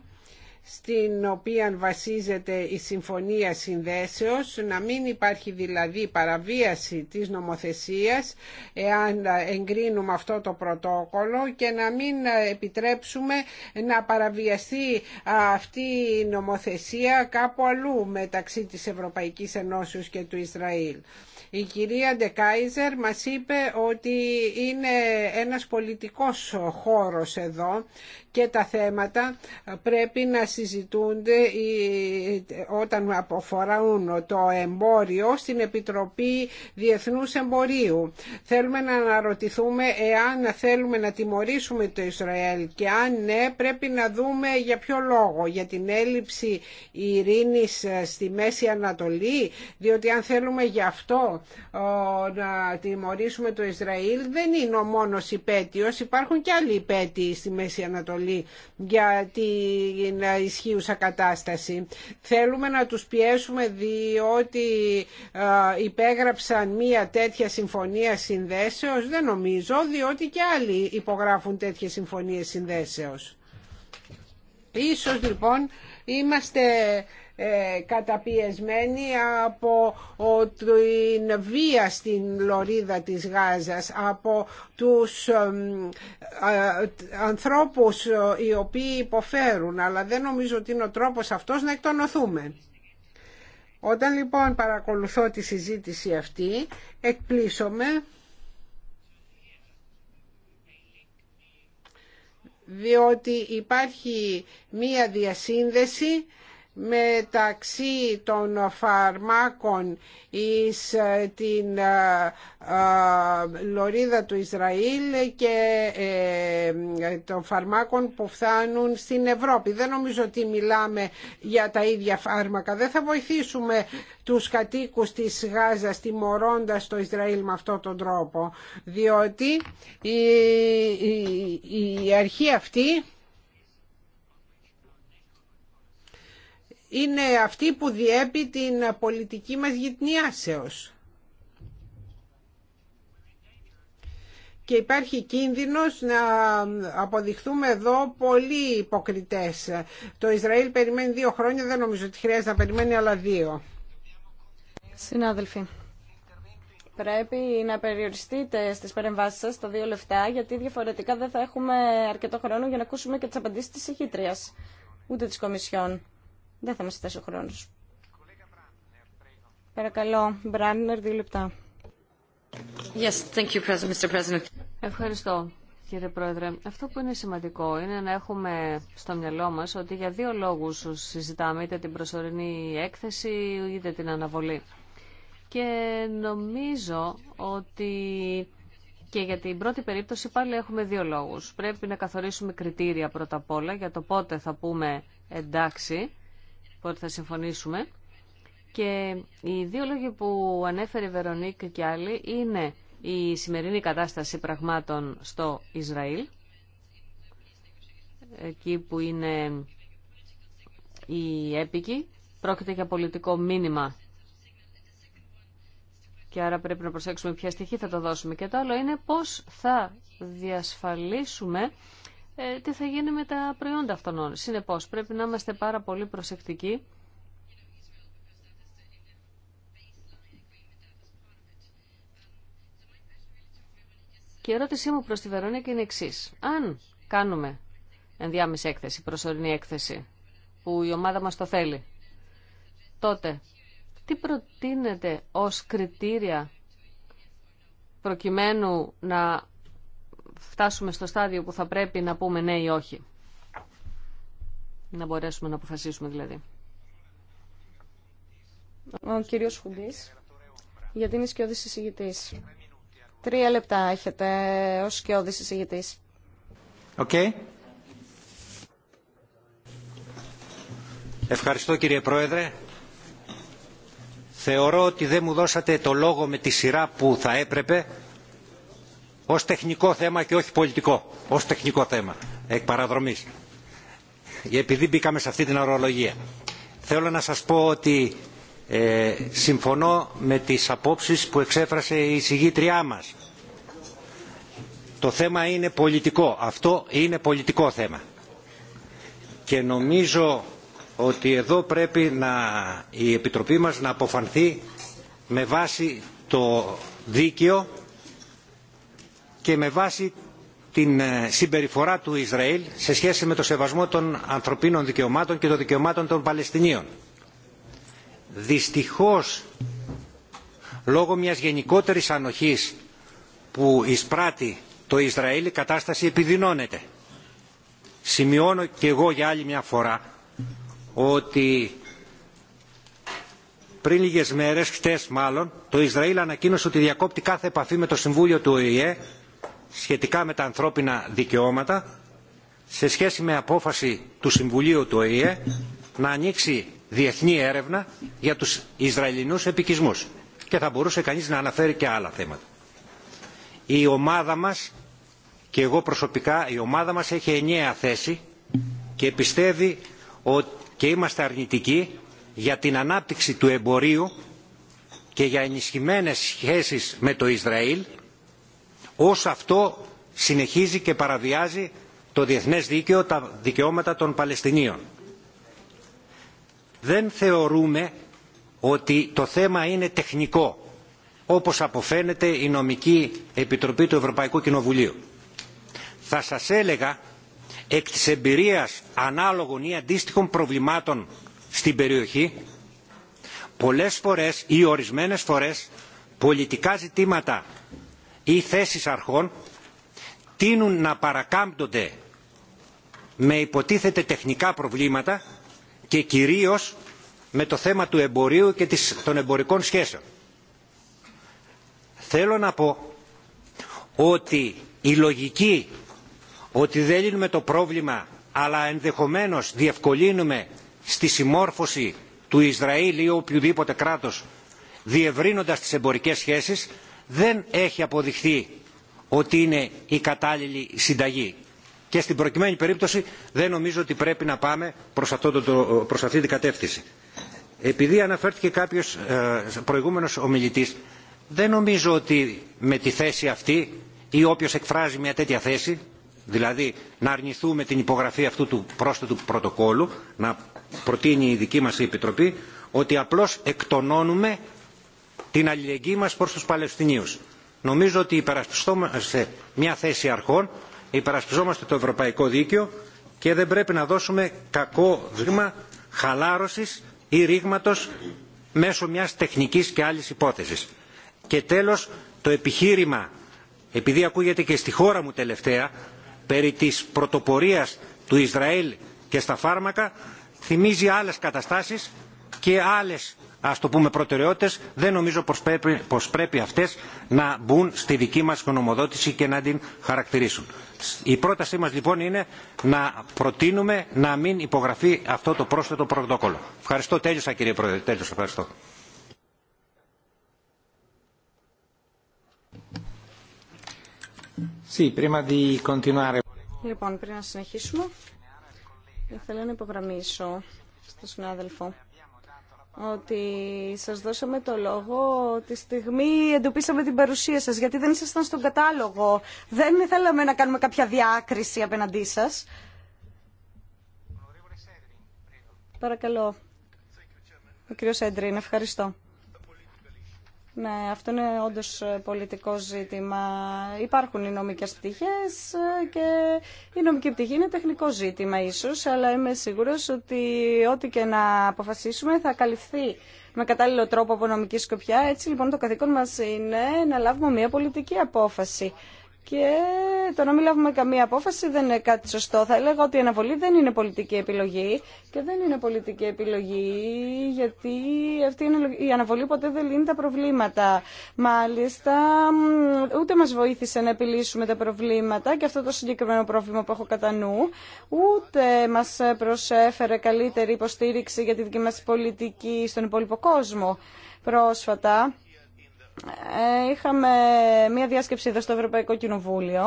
στην οποία βασίζεται η Συμφωνία Συνδέσεως, να μην υπάρχει δηλαδή παραβίαση της νομοθεσίας εάν εγκρίνουμε αυτό το πρωτόκολλο και να μην επιτρέψουμε να παραβιαστεί αυτή η νομοθεσία κάπου αλλού μεταξύ της Ευρωπαϊκής Ενώσεως και του Ισραήλ. Η κυρία Ντεκάιζερ μας είπε ότι είναι ένας πολιτικός χώρος εδώ και τα θέματα πρέπει να συζητούνται όταν αποφοραούν το εμπόριο στην Επιτροπή Διεθνούς Εμπορίου. Θέλουμε να αναρωτηθούμε εάν θέλουμε να τιμωρήσουμε το Ισραήλ και αν ναι πρέπει να δούμε για ποιο λόγο, για την έλλειψη ειρήνης στη Μέση Ανατολή, διότι αν θέλουμε γι' αυτό να τιμωρήσουμε το Ισραήλ δεν είναι ο μόνος υπέτειος, υπάρχουν και άλλοι υπέτειοι στη Μέση Ανατολή για την ισχύουσα κατάσταση. Θέλουμε να τους πιέσουμε διότι υπέγραψαν μία τέτοια συμφωνία συνδέσεως. Δεν νομίζω, διότι και άλλοι υπογράφουν τέτοιες συμφωνίες συνδέσεως. Ίσως λοιπόν είμαστε ε, καταπιεσμένη από την βία στην λωρίδα της Γάζας, από τους ανθρώπους ε, οι οποίοι υποφέρουν, αλλά δεν νομίζω ότι είναι ο τρόπος αυτός να εκτονωθούμε. Όταν λοιπόν παρακολουθώ τη συζήτηση αυτή, εκπλήσωμαι διότι υπάρχει μία διασύνδεση μεταξύ των φαρμάκων εις ε, την ε, ε, λωρίδα του Ισραήλ και των φαρμάκων που φτάνουν στην Ευρώπη. Δεν νομίζω ότι μιλάμε για τα ίδια φάρμακα. Δεν θα βοηθήσουμε τους κατοίκους της Γάζας τιμωρώντας το Ισραήλ με αυτόν τον τρόπο, διότι η αρχή αυτή είναι αυτή που διέπει την πολιτική μας γυτνιάσεως. Και υπάρχει κίνδυνος να αποδειχθούμε εδώ πολύ υποκριτές. Το Ισραήλ περιμένει δύο χρόνια, δεν νομίζω ότι χρειάζεται να περιμένει άλλα δύο. Συνάδελφοι, πρέπει να περιοριστείτε στις παρεμβάσεις σας τα δύο λεφτά, γιατί διαφορετικά δεν θα έχουμε αρκετό χρόνο για να ακούσουμε και τις απαντήσεις της ηχήτριας, ούτε της Κομισιόν. Δεν θα μας φτάσει ο χρόνος. Παρακαλώ, Μπράνερ, δύο λεπτά. Yes, thank you, Mr. President. Ευχαριστώ, κύριε Πρόεδρε. Αυτό που είναι σημαντικό είναι να έχουμε στο μυαλό μας ότι για δύο λόγους συζητάμε είτε την προσωρινή έκθεση είτε την αναβολή. Και νομίζω ότι και για την πρώτη περίπτωση πάλι έχουμε δύο λόγους. Πρέπει να καθορίσουμε κριτήρια πρώτα απ' όλα για το πότε θα πούμε εντάξει Οπότε λοιπόν θα συμφωνήσουμε. Και οι δύο λόγοι που ανέφερε η Βερονίκ και άλλοι είναι η σημερινή κατάσταση πραγμάτων στο Ισραήλ, εκεί που είναι η έπικη, πρόκειται για πολιτικό μήνυμα και άρα πρέπει να προσέξουμε ποια στοιχεία θα το δώσουμε. Και το άλλο είναι πώς θα διασφαλίσουμε ε, τι θα γίνει με τα προϊόντα αυτών. Συνεπώς πρέπει να είμαστε πάρα πολύ προσεκτικοί Και η ερώτησή μου προς τη Βερονίκη είναι εξή. Αν κάνουμε ενδιάμεση έκθεση, προσωρινή έκθεση, που η ομάδα μας το θέλει, τότε τι προτείνεται ως κριτήρια προκειμένου να φτάσουμε στο στάδιο που θα πρέπει να πούμε ναι ή όχι. Να μπορέσουμε να αποφασίσουμε δηλαδή. Ο κύριος Χουμπής, γιατί είναι σκιώδης εισηγητής. Τρία λεπτά έχετε ως σκιώδης εισηγητής. Okay. Ευχαριστώ κύριε Πρόεδρε. Θεωρώ ότι δεν μου δώσατε το λόγο με τη σειρά που θα έπρεπε ως τεχνικό θέμα και όχι πολιτικό. Ως τεχνικό θέμα. Εκ παραδρομής. Επειδή μπήκαμε σε αυτή την ορολογία. Θέλω να σας πω ότι ε, συμφωνώ με τις απόψεις που εξέφρασε η συγγήτριά μας. Το θέμα είναι πολιτικό. Αυτό είναι πολιτικό θέμα. Και νομίζω ότι εδώ πρέπει να, η Επιτροπή μας να αποφανθεί με βάση το δίκαιο και με βάση την ε, συμπεριφορά του Ισραήλ σε σχέση με το σεβασμό των ανθρωπίνων δικαιωμάτων και των δικαιωμάτων των Παλαιστινίων. Δυστυχώς, λόγω μιας γενικότερης ανοχής που εισπράττει το Ισραήλ, η κατάσταση επιδεινώνεται. Σημειώνω και εγώ για άλλη μια φορά ότι πριν λίγες μέρες, χτες μάλλον, το Ισραήλ ανακοίνωσε ότι διακόπτει κάθε επαφή με το Συμβούλιο του ΟΗΕ σχετικά με τα ανθρώπινα δικαιώματα σε σχέση με απόφαση του Συμβουλίου του ΟΗΕ να ανοίξει διεθνή έρευνα για τους Ισραηλινούς επικισμούς και θα μπορούσε κανείς να αναφέρει και άλλα θέματα. Η ομάδα μας και εγώ προσωπικά η ομάδα μας έχει ενιαία θέση και πιστεύει ότι και είμαστε αρνητικοί για την ανάπτυξη του εμπορίου και για ενισχυμένες σχέσεις με το Ισραήλ ως αυτό συνεχίζει και παραβιάζει το διεθνές δίκαιο, τα δικαιώματα των Παλαιστινίων. Δεν θεωρούμε ότι το θέμα είναι τεχνικό, όπως αποφαίνεται η νομική επιτροπή του Ευρωπαϊκού Κοινοβουλίου. Θα σας έλεγα εκ της εμπειρίας ανάλογων ή αντίστοιχων προβλημάτων στην περιοχή, πολλές φορές ή ορισμένες φορές πολιτικά ζητήματα ή θέσεις αρχών τείνουν να παρακάμπτονται με υποτίθεται τεχνικά προβλήματα και κυρίως με το θέμα του εμπορίου και των εμπορικών σχέσεων. Θέλω να πω ότι η λογική ότι δεν λύνουμε το πρόβλημα αλλά ενδεχομένως διευκολύνουμε στη συμμόρφωση του Ισραήλ ή οποιοδήποτε κράτος διευρύνοντας τις εμπορικές σχέσεις δεν έχει αποδειχθεί ότι είναι η κατάλληλη συνταγή. Και στην προκειμένη περίπτωση δεν νομίζω ότι πρέπει να πάμε προς, αυτό αυτή την κατεύθυνση. Επειδή αναφέρθηκε κάποιος ε, προηγούμενος ομιλητής, δεν νομίζω ότι με τη θέση αυτή ή όποιος εκφράζει μια τέτοια θέση, δηλαδή να αρνηθούμε την υπογραφή αυτού του πρόσθετου πρωτοκόλου, να προτείνει η δική μας Επιτροπή, ότι απλώς εκτονώνουμε την αλληλεγγύη μας προς τους Παλαιστινίους. Νομίζω ότι υπερασπιστόμαστε μια θέση αρχών, υπερασπιζόμαστε το ευρωπαϊκό δίκαιο και δεν πρέπει να δώσουμε κακό δείγμα χαλάρωσης ή ρήγματος μέσω μιας τεχνικής και άλλης υπόθεσης. Και τέλος, το επιχείρημα, επειδή ακούγεται και στη χώρα μου τελευταία, περί της πρωτοπορίας του Ισραήλ και στα φάρμακα, θυμίζει άλλες καταστάσεις και άλλες ας το πούμε προτεραιότητες δεν νομίζω πως πρέπει, πως πρέπει αυτές να μπουν στη δική μας γνωμοδότηση και να την χαρακτηρίσουν. Η πρότασή μας λοιπόν είναι να προτείνουμε να μην υπογραφεί αυτό το πρόσθετο πρωτόκολλο. Ευχαριστώ. Τέλειωσα κύριε Πρόεδρε. Τέλειωσα. Ευχαριστώ. Λοιπόν, πριν να συνεχίσουμε, ήθελα να υπογραμμίσω στον συνάδελφο ότι σας δώσαμε το λόγο τη στιγμή εντοπίσαμε την παρουσία σας γιατί δεν ήσασταν στον κατάλογο δεν θέλαμε να κάνουμε κάποια διάκριση απέναντί σας Παρακαλώ ο κύριος Έντριν, ευχαριστώ ναι, αυτό είναι όντω ε, πολιτικό ζήτημα. Υπάρχουν οι νομικέ πτυχές ε, και η νομική πτυχή είναι τεχνικό ζήτημα ίσως, αλλά είμαι σίγουρος ότι ό,τι και να αποφασίσουμε θα καλυφθεί με κατάλληλο τρόπο από νομική σκοπιά. Έτσι λοιπόν το καθήκον μας είναι να λάβουμε μια πολιτική απόφαση. Και το να μην λάβουμε καμία απόφαση δεν είναι κάτι σωστό. Θα έλεγα ότι η αναβολή δεν είναι πολιτική επιλογή και δεν είναι πολιτική επιλογή γιατί αυτή η αναβολή ποτέ δεν λύνει τα προβλήματα. Μάλιστα, ούτε μας βοήθησε να επιλύσουμε τα προβλήματα και αυτό το συγκεκριμένο πρόβλημα που έχω κατά νου, ούτε μας προσέφερε καλύτερη υποστήριξη για τη δική μας πολιτική στον υπόλοιπο κόσμο πρόσφατα ε, είχαμε μία διάσκεψη εδώ στο Ευρωπαϊκό Κοινοβούλιο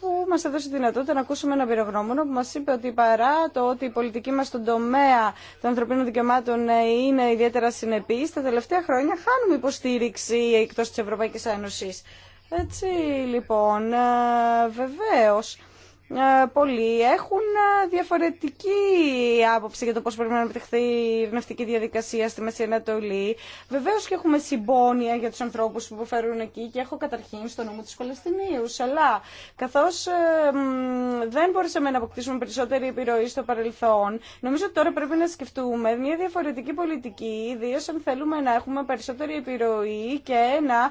που μας έδωσε τη δυνατότητα να ακούσουμε ένα πυρογνώμονο που μας είπε ότι παρά το ότι η πολιτική μας στον τομέα των ανθρωπίνων δικαιωμάτων ε, είναι ιδιαίτερα συνεπής, τα τελευταία χρόνια χάνουμε υποστήριξη εκτός της Ευρωπαϊκής Ένωσης. Έτσι λοιπόν, ε, βεβαίως ε, πολλοί έχουν ε, διαφορετική άποψη για το πώς πρέπει να επιτευχθεί η ειρηνευτική διαδικασία στη Μέση Ανατολή. Βεβαίως και έχουμε συμπόνια για τους ανθρώπους που υποφέρουν εκεί και έχω καταρχήν στο νόμο της Παλαιστινίους. Αλλά καθώς ε, δεν μπορούσαμε να αποκτήσουμε περισσότερη επιρροή στο παρελθόν, νομίζω ότι τώρα πρέπει να σκεφτούμε μια διαφορετική πολιτική, ιδίω αν θέλουμε να έχουμε περισσότερη επιρροή και να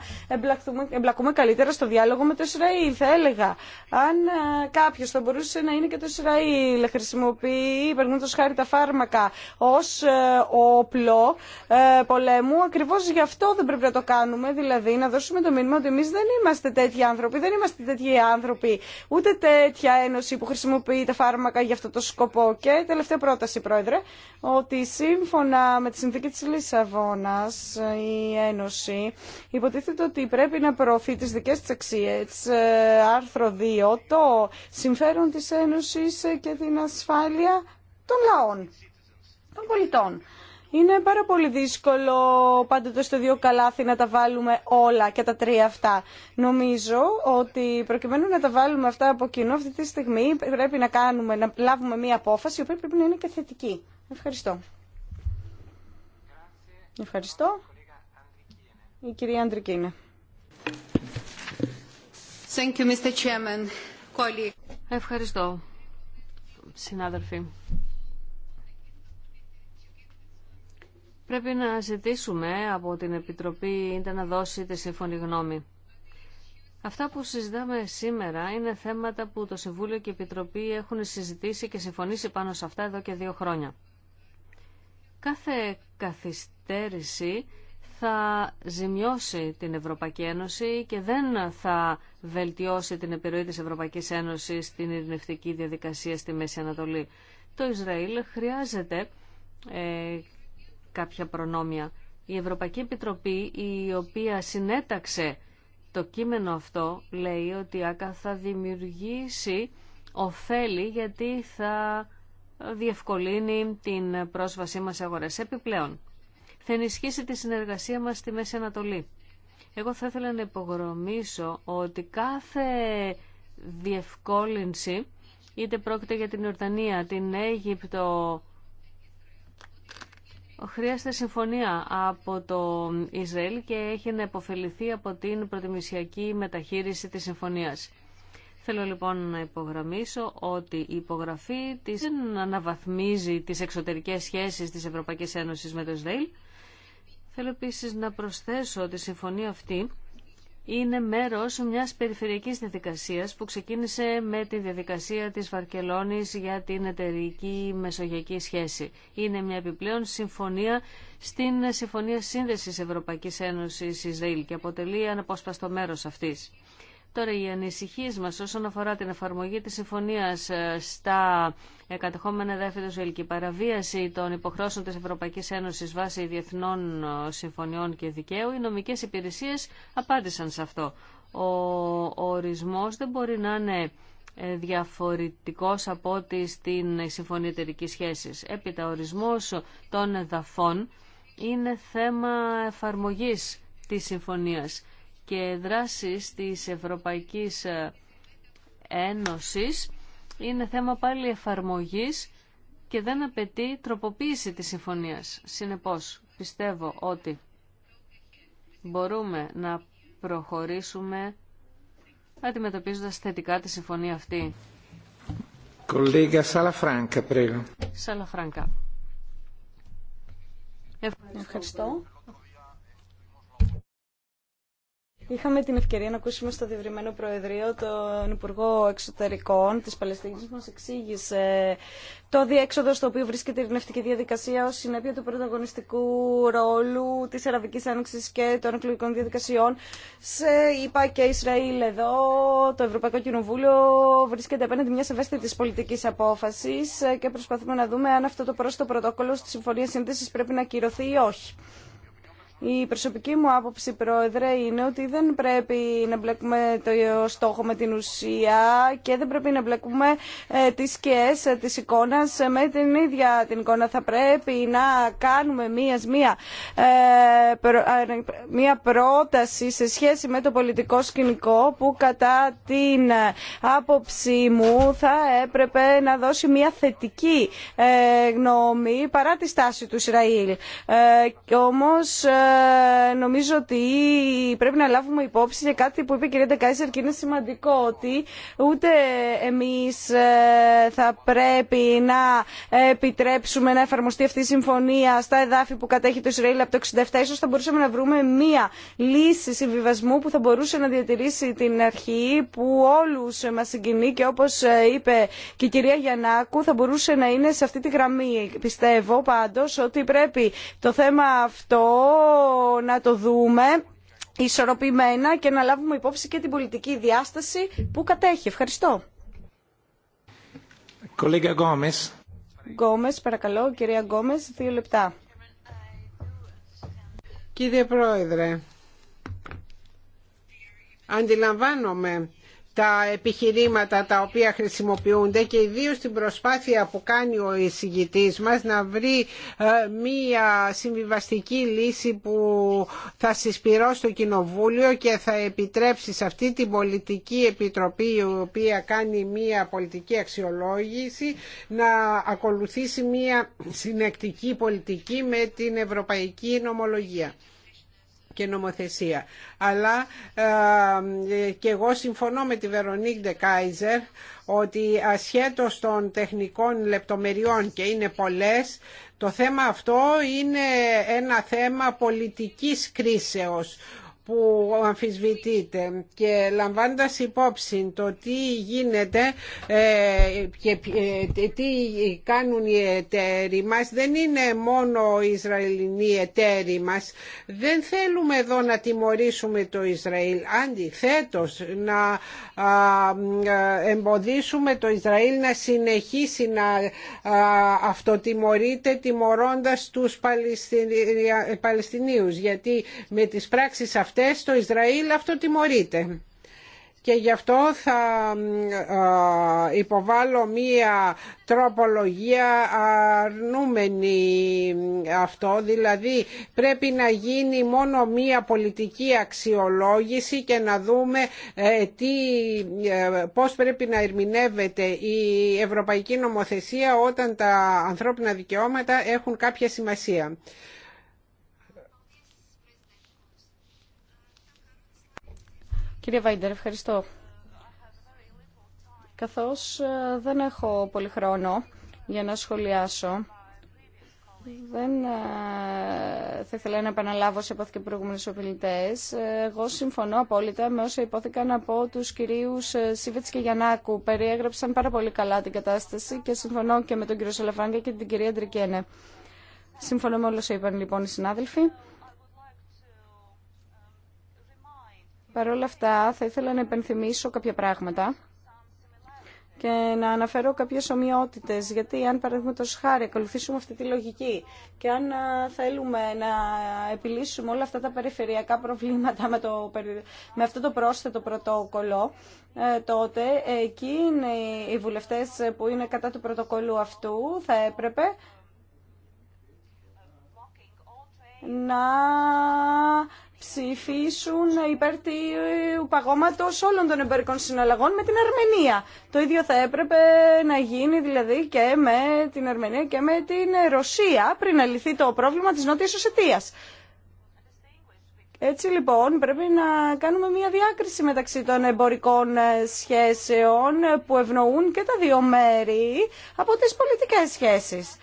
εμπλακούμε καλύτερα στο διάλογο με το Ισραήλ. Θα έλεγα, αν θα μπορούσε να είναι και το Ισραήλ. Χρησιμοποιεί, παραδείγματο χάρη, τα φάρμακα ω ε, όπλο ε, πολέμου. Ακριβώ γι' αυτό δεν πρέπει να το κάνουμε. Δηλαδή, να δώσουμε το μήνυμα ότι εμεί δεν είμαστε τέτοιοι άνθρωποι, δεν είμαστε τέτοιοι άνθρωποι, ούτε τέτοια ένωση που χρησιμοποιεί τα φάρμακα για αυτό το σκοπό. Και τελευταία πρόταση, Πρόεδρε, ότι σύμφωνα με τη συνθήκη τη Λισαβόνα, η Ένωση υποτίθεται ότι πρέπει να προωθεί τι δικέ τη αξίε. Ε, άρθρο 2, το συμφέρον της Ένωσης και την ασφάλεια των λαών, των πολιτών. Είναι πάρα πολύ δύσκολο πάντοτε στο δύο καλάθι να τα βάλουμε όλα και τα τρία αυτά. Νομίζω ότι προκειμένου να τα βάλουμε αυτά από κοινό αυτή τη στιγμή πρέπει να, κάνουμε, να λάβουμε μία απόφαση η οποία πρέπει να είναι και θετική. Ευχαριστώ. Ευχαριστώ. Η κυρία Αντρικίνε. Thank you, Mr. Chairman. Ευχαριστώ, συνάδελφοι. Πρέπει να ζητήσουμε από την Επιτροπή είτε να δώσει τη σύμφωνη γνώμη. Αυτά που συζητάμε σήμερα είναι θέματα που το Συμβούλιο και η Επιτροπή έχουν συζητήσει και συμφωνήσει πάνω σε αυτά εδώ και δύο χρόνια. Κάθε καθυστέρηση θα ζημιώσει την Ευρωπαϊκή Ένωση και δεν θα βελτιώσει την επιρροή της Ευρωπαϊκής Ένωσης στην ειρηνευτική διαδικασία στη Μέση Ανατολή. Το Ισραήλ χρειάζεται ε, κάποια προνόμια. Η Ευρωπαϊκή Επιτροπή, η οποία συνέταξε το κείμενο αυτό, λέει ότι άκα θα δημιουργήσει ωφέλη γιατί θα διευκολύνει την πρόσβασή μας σε αγορές. Επιπλέον, θα ενισχύσει τη συνεργασία μας στη Μέση Ανατολή. Εγώ θα ήθελα να υπογραμμίσω ότι κάθε διευκόλυνση, είτε πρόκειται για την Ιορδανία, την Αίγυπτο, χρειάζεται συμφωνία από το Ισραήλ και έχει να υποφεληθεί από την προτιμησιακή μεταχείριση της συμφωνίας. Θέλω λοιπόν να υπογραμμίσω ότι η υπογραφή της δεν αναβαθμίζει τις εξωτερικές σχέσεις της Ευρωπαϊκής Ένωσης με το Ισραήλ, Θέλω επίσης να προσθέσω ότι η συμφωνία αυτή είναι μέρος μιας περιφερειακής διαδικασίας που ξεκίνησε με τη διαδικασία της Βαρκελόνης για την εταιρική μεσογειακή σχέση. Είναι μια επιπλέον συμφωνία στην Συμφωνία Σύνδεσης Ευρωπαϊκής Ένωσης Ισραήλ και αποτελεί αναπόσπαστο μέρος αυτής. Τώρα οι ανησυχίε μα όσον αφορά την εφαρμογή τη συμφωνία ε, στα κατεχόμενα εδάφη του παραβίαση των υποχρώσεων τη Ευρωπαϊκή Ένωση βάσει διεθνών ε, συμφωνιών και δικαίου, οι νομικέ υπηρεσίε απάντησαν σε αυτό. Ο ορισμός δεν μπορεί να είναι ε, διαφορετικός από ό,τι στην συμφωνία εταιρικής σχέσης. Έπειτα, ορισμός των εδαφών είναι θέμα εφαρμογής της συμφωνίας και δράσεις της Ευρωπαϊκής Ένωσης είναι θέμα πάλι εφαρμογής και δεν απαιτεί τροποποίηση της συμφωνίας. Συνεπώς, πιστεύω ότι μπορούμε να προχωρήσουμε αντιμετωπίζοντας θετικά τη συμφωνία αυτή. Ευχαριστώ. Είχαμε την ευκαιρία να ακούσουμε στο διευρυμένο Προεδρείο τον Υπουργό Εξωτερικών της Παλαιστίνης μας εξήγησε το διέξοδο στο οποίο βρίσκεται η ειρηνευτική διαδικασία ως συνέπεια του πρωταγωνιστικού ρόλου της Αραβικής Άνοιξης και των εκλογικών διαδικασιών. Σε είπα και Ισραήλ εδώ, το Ευρωπαϊκό Κοινοβούλιο βρίσκεται απέναντι μια ευαίσθητη πολιτική απόφαση και προσπαθούμε να δούμε αν αυτό το πρόσθετο πρωτόκολλο στη Συμφωνία Σύνδεση πρέπει να ακυρωθεί ή όχι. Η προσωπική μου άποψη, Πρόεδρε, είναι ότι δεν πρέπει να μπλέκουμε το στόχο με την ουσία και δεν πρέπει να μπλέκουμε ε, τις σκιές ε, της εικόνας ε, με την ίδια την εικόνα. Θα πρέπει να κάνουμε μία, μία, ναι, μία πρόταση σε σχέση με το πολιτικό σκηνικό που κατά την άποψή μου θα έπρεπε να δώσει μία θετική γνώμη παρά τη στάση του Ισραήλ. Όμως νομίζω ότι πρέπει να λάβουμε υπόψη για κάτι που είπε η κυρία Ντεκάισερ και είναι σημαντικό ότι ούτε εμείς ε, θα πρέπει να επιτρέψουμε να εφαρμοστεί αυτή η συμφωνία στα εδάφη που κατέχει το Ισραήλ από το 67. Ίσως θα μπορούσαμε να βρούμε μία λύση συμβιβασμού που θα μπορούσε να διατηρήσει την αρχή που όλους μας συγκινεί και όπως ε, είπε και η κυρία Γιαννάκου θα μπορούσε να είναι σε αυτή τη γραμμή. Πιστεύω πάντως ότι πρέπει το θέμα αυτό να το δούμε ισορροπημένα και να λάβουμε υπόψη και την πολιτική διάσταση που κατέχει. Ευχαριστώ. Γκόμες. Γκόμες, παρακαλώ, κυρία Γκόμες, δύο λεπτά. Κύριε Πρόεδρε, αντιλαμβάνομαι τα επιχειρήματα τα οποία χρησιμοποιούνται και ιδίω την προσπάθεια που κάνει ο εισηγητής μας να βρει ε, μία συμβιβαστική λύση που θα συσπηρώσει το Κοινοβούλιο και θα επιτρέψει σε αυτή την πολιτική επιτροπή η οποία κάνει μία πολιτική αξιολόγηση να ακολουθήσει μία συνεκτική πολιτική με την ευρωπαϊκή νομολογία και Αλλά ε, και εγώ συμφωνώ με τη Βερονίκ Κάιζερ ότι ασχέτως των τεχνικών λεπτομεριών και είναι πολλές, το θέμα αυτό είναι ένα θέμα πολιτικής κρίσεως που αμφισβητείται και λαμβάνοντας υπόψη το τι γίνεται ε, και ε, τι κάνουν οι εταίροι μας δεν είναι μόνο οι Ισραηλινοί εταίροι μας δεν θέλουμε εδώ να τιμωρήσουμε το Ισραήλ αντιθέτως να ε, εμποδίσουμε το Ισραήλ να συνεχίσει να αυτοτιμωρείται τιμωρώντας τους Παλαιστινίους γιατί με τις πράξεις αυτές αυτές Ισραήλ αυτό τιμωρείται και γι' αυτό θα ε, υποβάλω μία τροπολογία αρνούμενη αυτό, δηλαδή πρέπει να γίνει μόνο μία πολιτική αξιολόγηση και να δούμε ε, τι, ε, πώς πρέπει να ερμηνεύεται η ευρωπαϊκή νομοθεσία όταν τα ανθρώπινα δικαιώματα έχουν κάποια σημασία. Κύριε Βάιντερ, ευχαριστώ. Καθώς ε, δεν έχω πολύ χρόνο για να σχολιάσω, δεν ε, θα ήθελα να επαναλάβω σε υπόθηκε προηγούμενες ομιλητέ. Ε, εγώ συμφωνώ απόλυτα με όσα υπόθηκαν από του κυρίου Σίβετ και Γιαννάκου. Περιέγραψαν πάρα πολύ καλά την κατάσταση και συμφωνώ και με τον κύριο Σαλαφράγκα και την κυρία Ντρικένε. Συμφωνώ με όλα όσα είπαν λοιπόν οι συνάδελφοι. Παρ' όλα αυτά θα ήθελα να επενθυμίσω κάποια πράγματα και να αναφέρω κάποιε ομοιότητε. Γιατί, αν παραδείγματο χάρη ακολουθήσουμε αυτή τη λογική και αν θέλουμε να επιλύσουμε όλα αυτά τα περιφερειακά προβλήματα με, το, με αυτό το πρόσθετο πρωτόκολλο, ε, τότε εκείνοι οι βουλευτέ που είναι κατά του πρωτοκόλλου αυτού θα έπρεπε να ψηφίσουν υπέρ του παγώματο όλων των εμπορικών συναλλαγών με την Αρμενία. Το ίδιο θα έπρεπε να γίνει δηλαδή και με την Αρμενία και με την Ρωσία πριν να λυθεί το πρόβλημα της Νότιας Οσετίας. Έτσι λοιπόν πρέπει να κάνουμε μια διάκριση μεταξύ των εμπορικών ε, σχέσεων που ευνοούν και τα δύο μέρη από τις πολιτικές σχέσεις.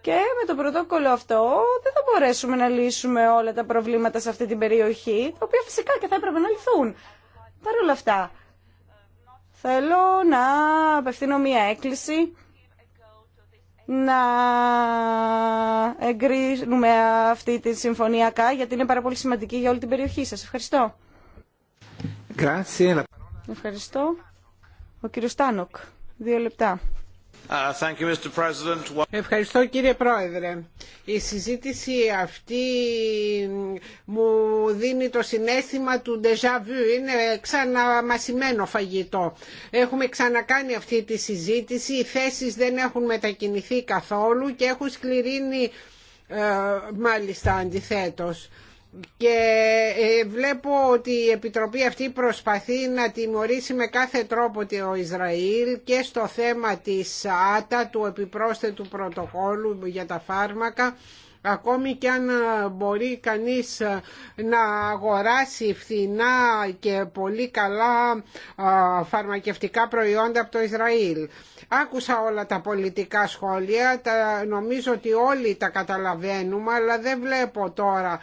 Και με το πρωτόκολλο αυτό δεν θα μπορέσουμε να λύσουμε όλα τα προβλήματα σε αυτή την περιοχή, τα οποία φυσικά και θα έπρεπε να λυθούν. Παρ' όλα αυτά, θέλω να απευθύνω μία έκκληση να εγκρίνουμε αυτή τη συμφωνία ΚΑ, γιατί είναι πάρα πολύ σημαντική για όλη την περιοχή σας. Ευχαριστώ. Ευχαριστώ. Ο κύριος Τάνοκ. Δύο λεπτά. Uh, Ευχαριστώ κύριε Πρόεδρε. Η συζήτηση αυτή μου δίνει το συνέστημα του déjà vu. Είναι ξαναμασιμένο φαγητό. Έχουμε ξανακάνει αυτή τη συζήτηση. Οι θέσεις δεν έχουν μετακινηθεί καθόλου και έχουν σκληρύνει ε, μάλιστα αντιθέτως και ε, βλέπω ότι η Επιτροπή αυτή προσπαθεί να τιμωρήσει με κάθε τρόπο το Ισραήλ και στο θέμα της ΆΤΑ, του επιπρόσθετου πρωτοκόλου για τα φάρμακα, ακόμη και αν ε, μπορεί κανείς ε, να αγοράσει φθηνά και πολύ καλά φαρμακευτικά προϊόντα από το Ισραήλ. Άκουσα όλα τα πολιτικά σχόλια, τα, νομίζω ότι όλοι τα καταλαβαίνουμε, αλλά δεν βλέπω τώρα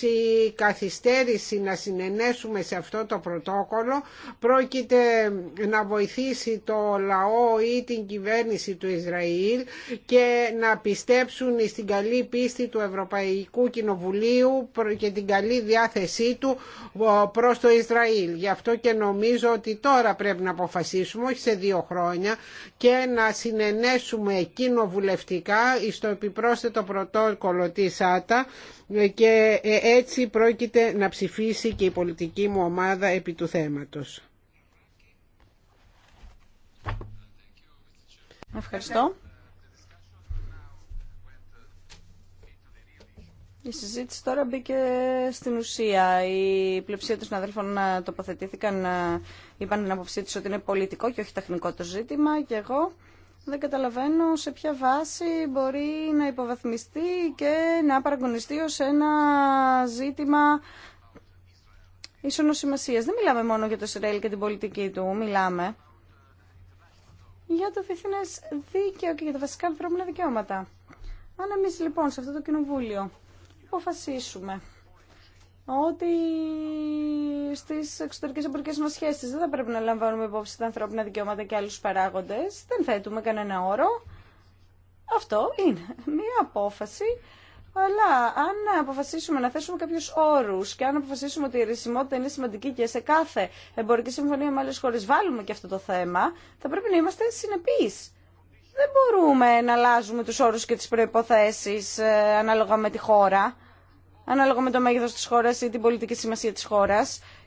η καθυστέρηση να συνενέσουμε σε αυτό το πρωτόκολλο πρόκειται να βοηθήσει το λαό ή την κυβέρνηση του Ισραήλ και να πιστέψουν στην καλή πίστη του Ευρωπαϊκού Κοινοβουλίου και την καλή διάθεσή του ε, προς το Ισραήλ. Γι' αυτό και νομίζω ότι τώρα πρέπει να αποφασίσουμε, όχι σε δύο χρόνια, και να συνενέσουμε κοινοβουλευτικά στο επιπρόσθετο πρωτόκολλο της ΆΤΑ και ε, έτσι πρόκειται να ψηφίσει και η πολιτική μου ομάδα επί του θέματος. Ευχαριστώ. Η συζήτηση τώρα μπήκε στην ουσία. Η πλειοψηφία των συναδέλφων ε, τοποθετήθηκαν, ε, είπαν την άποψή του ότι είναι πολιτικό και όχι τεχνικό το ζήτημα και εγώ δεν καταλαβαίνω σε ποια βάση μπορεί να υποβαθμιστεί και να παραγωνιστεί ως ένα ζήτημα ισονοσημασίας. Δεν μιλάμε μόνο για το Ισραήλ και την πολιτική του, μιλάμε για το διεθνές δίκαιο και για τα βασικά ανθρώπινα δικαιώματα. Αν εμείς λοιπόν σε αυτό το κοινοβούλιο υποφασίσουμε ότι στι εξωτερικέ εμπορικέ μα σχέσει δεν θα πρέπει να λαμβάνουμε υπόψη τα ανθρώπινα δικαιώματα και άλλου παράγοντε. Δεν θέτουμε κανένα όρο. Αυτό είναι μία απόφαση. Αλλά αν αποφασίσουμε να θέσουμε κάποιου όρου και αν αποφασίσουμε ότι η ρησιμότητα είναι σημαντική και σε κάθε εμπορική συμφωνία με άλλε χώρε βάλουμε και αυτό το θέμα, θα πρέπει να είμαστε συνεπεί. Δεν μπορούμε να αλλάζουμε του όρου και τι προποθέσει ε, ανάλογα με τη χώρα ανάλογα με το μέγεθο τη χώρα ή την πολιτική σημασία τη χώρα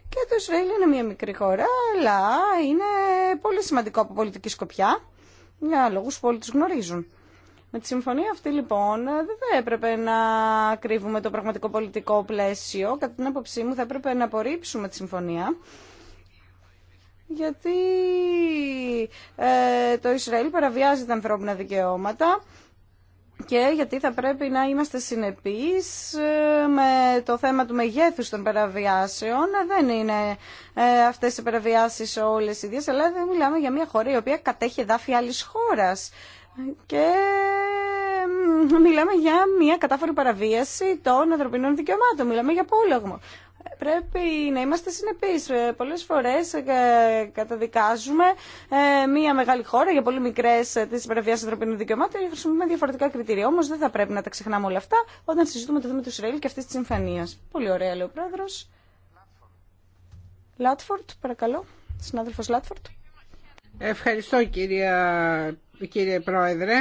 Και το Ισραήλ είναι μια μικρή χώρα, αλλά είναι πολύ σημαντικό από πολιτική σκοπιά, για λόγους που όλοι του γνωρίζουν. Με τη συμφωνία αυτή λοιπόν δεν θα έπρεπε να κρύβουμε το πραγματικό πολιτικό πλαίσιο. Κατά την άποψή μου θα έπρεπε να απορρίψουμε τη συμφωνία. Γιατί ε, το Ισραήλ παραβιάζει τα ανθρώπινα δικαιώματα και γιατί θα πρέπει να είμαστε συνεπείς ε, με το θέμα του μεγέθους των παραβιάσεων. Δεν είναι ε, αυτές οι παραβιάσεις όλες οι ίδιες, αλλά δεν μιλάμε για μια χώρα η οποία κατέχει εδάφη άλλης χώρας. Και μιλάμε για μια κατάφορη παραβίαση των ανθρωπινών δικαιωμάτων. Μιλάμε για πόλεμο πρέπει να είμαστε συνεπείς. Ε, πολλές φορές ε, καταδικάζουμε ε, μια μεγάλη χώρα για πολύ μικρές τις υπεραβίας ανθρωπίνων δικαιωμάτων και χρησιμοποιούμε διαφορετικά κριτήρια. Όμως δεν θα πρέπει να τα ξεχνάμε όλα αυτά όταν συζητούμε το θέμα του Ισραήλ και αυτής της συμφωνίας. Πολύ ωραία λέει ο πρόεδρος. Λάτφορτ, παρακαλώ. Συνάδελφος Λάτφορτ. Ευχαριστώ κυρία, κύριε Πρόεδρε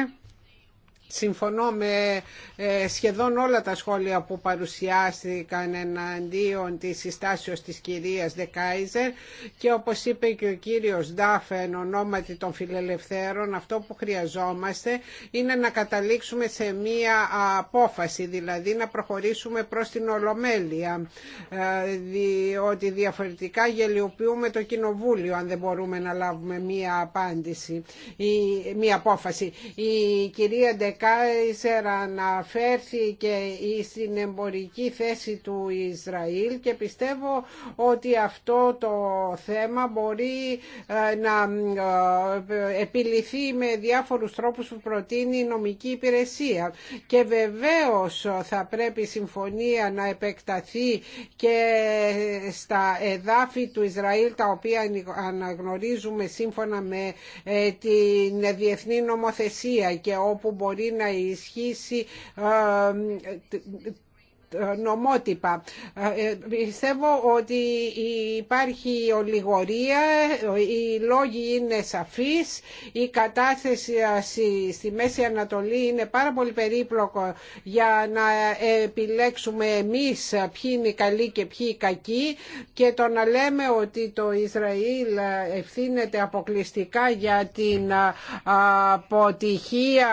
συμφωνώ με ε, σχεδόν όλα τα σχόλια που παρουσιάστηκαν εναντίον της συστάσεως της κυρίας Δεκάιζερ και όπως είπε και ο κύριος εν ονόματι των φιλελευθέρων αυτό που χρειαζόμαστε είναι να καταλήξουμε σε μία απόφαση δηλαδή να προχωρήσουμε προς την Ολομέλεια ε, διότι διαφορετικά γελιοποιούμε το Κοινοβούλιο αν δεν μπορούμε να λάβουμε μία απάντηση ή μία απόφαση. Η κυρία κυρια να φέρθει και στην εμπορική θέση του Ισραήλ και πιστεύω ότι αυτό το θέμα μπορεί ε, να ε, επιληθεί με διάφορους τρόπους που προτείνει η νομική υπηρεσία και βεβαίως θα πρέπει η συμφωνία να επεκταθεί και στα εδάφη του Ισραήλ τα οποία αναγνωρίζουμε σύμφωνα με ε, την διεθνή νομοθεσία και όπου μπορεί να ισχύσει νομότυπα. Ε, ε, πιστεύω ότι υπάρχει ολιγορία, οι λόγοι είναι σαφείς, η κατάσταση στη Μέση Ανατολή είναι πάρα πολύ περίπλοκο για να επιλέξουμε εμείς ποιοι είναι οι καλοί και ποιοι οι κακοί και το να λέμε ότι το Ισραήλ ευθύνεται αποκλειστικά για την αποτυχία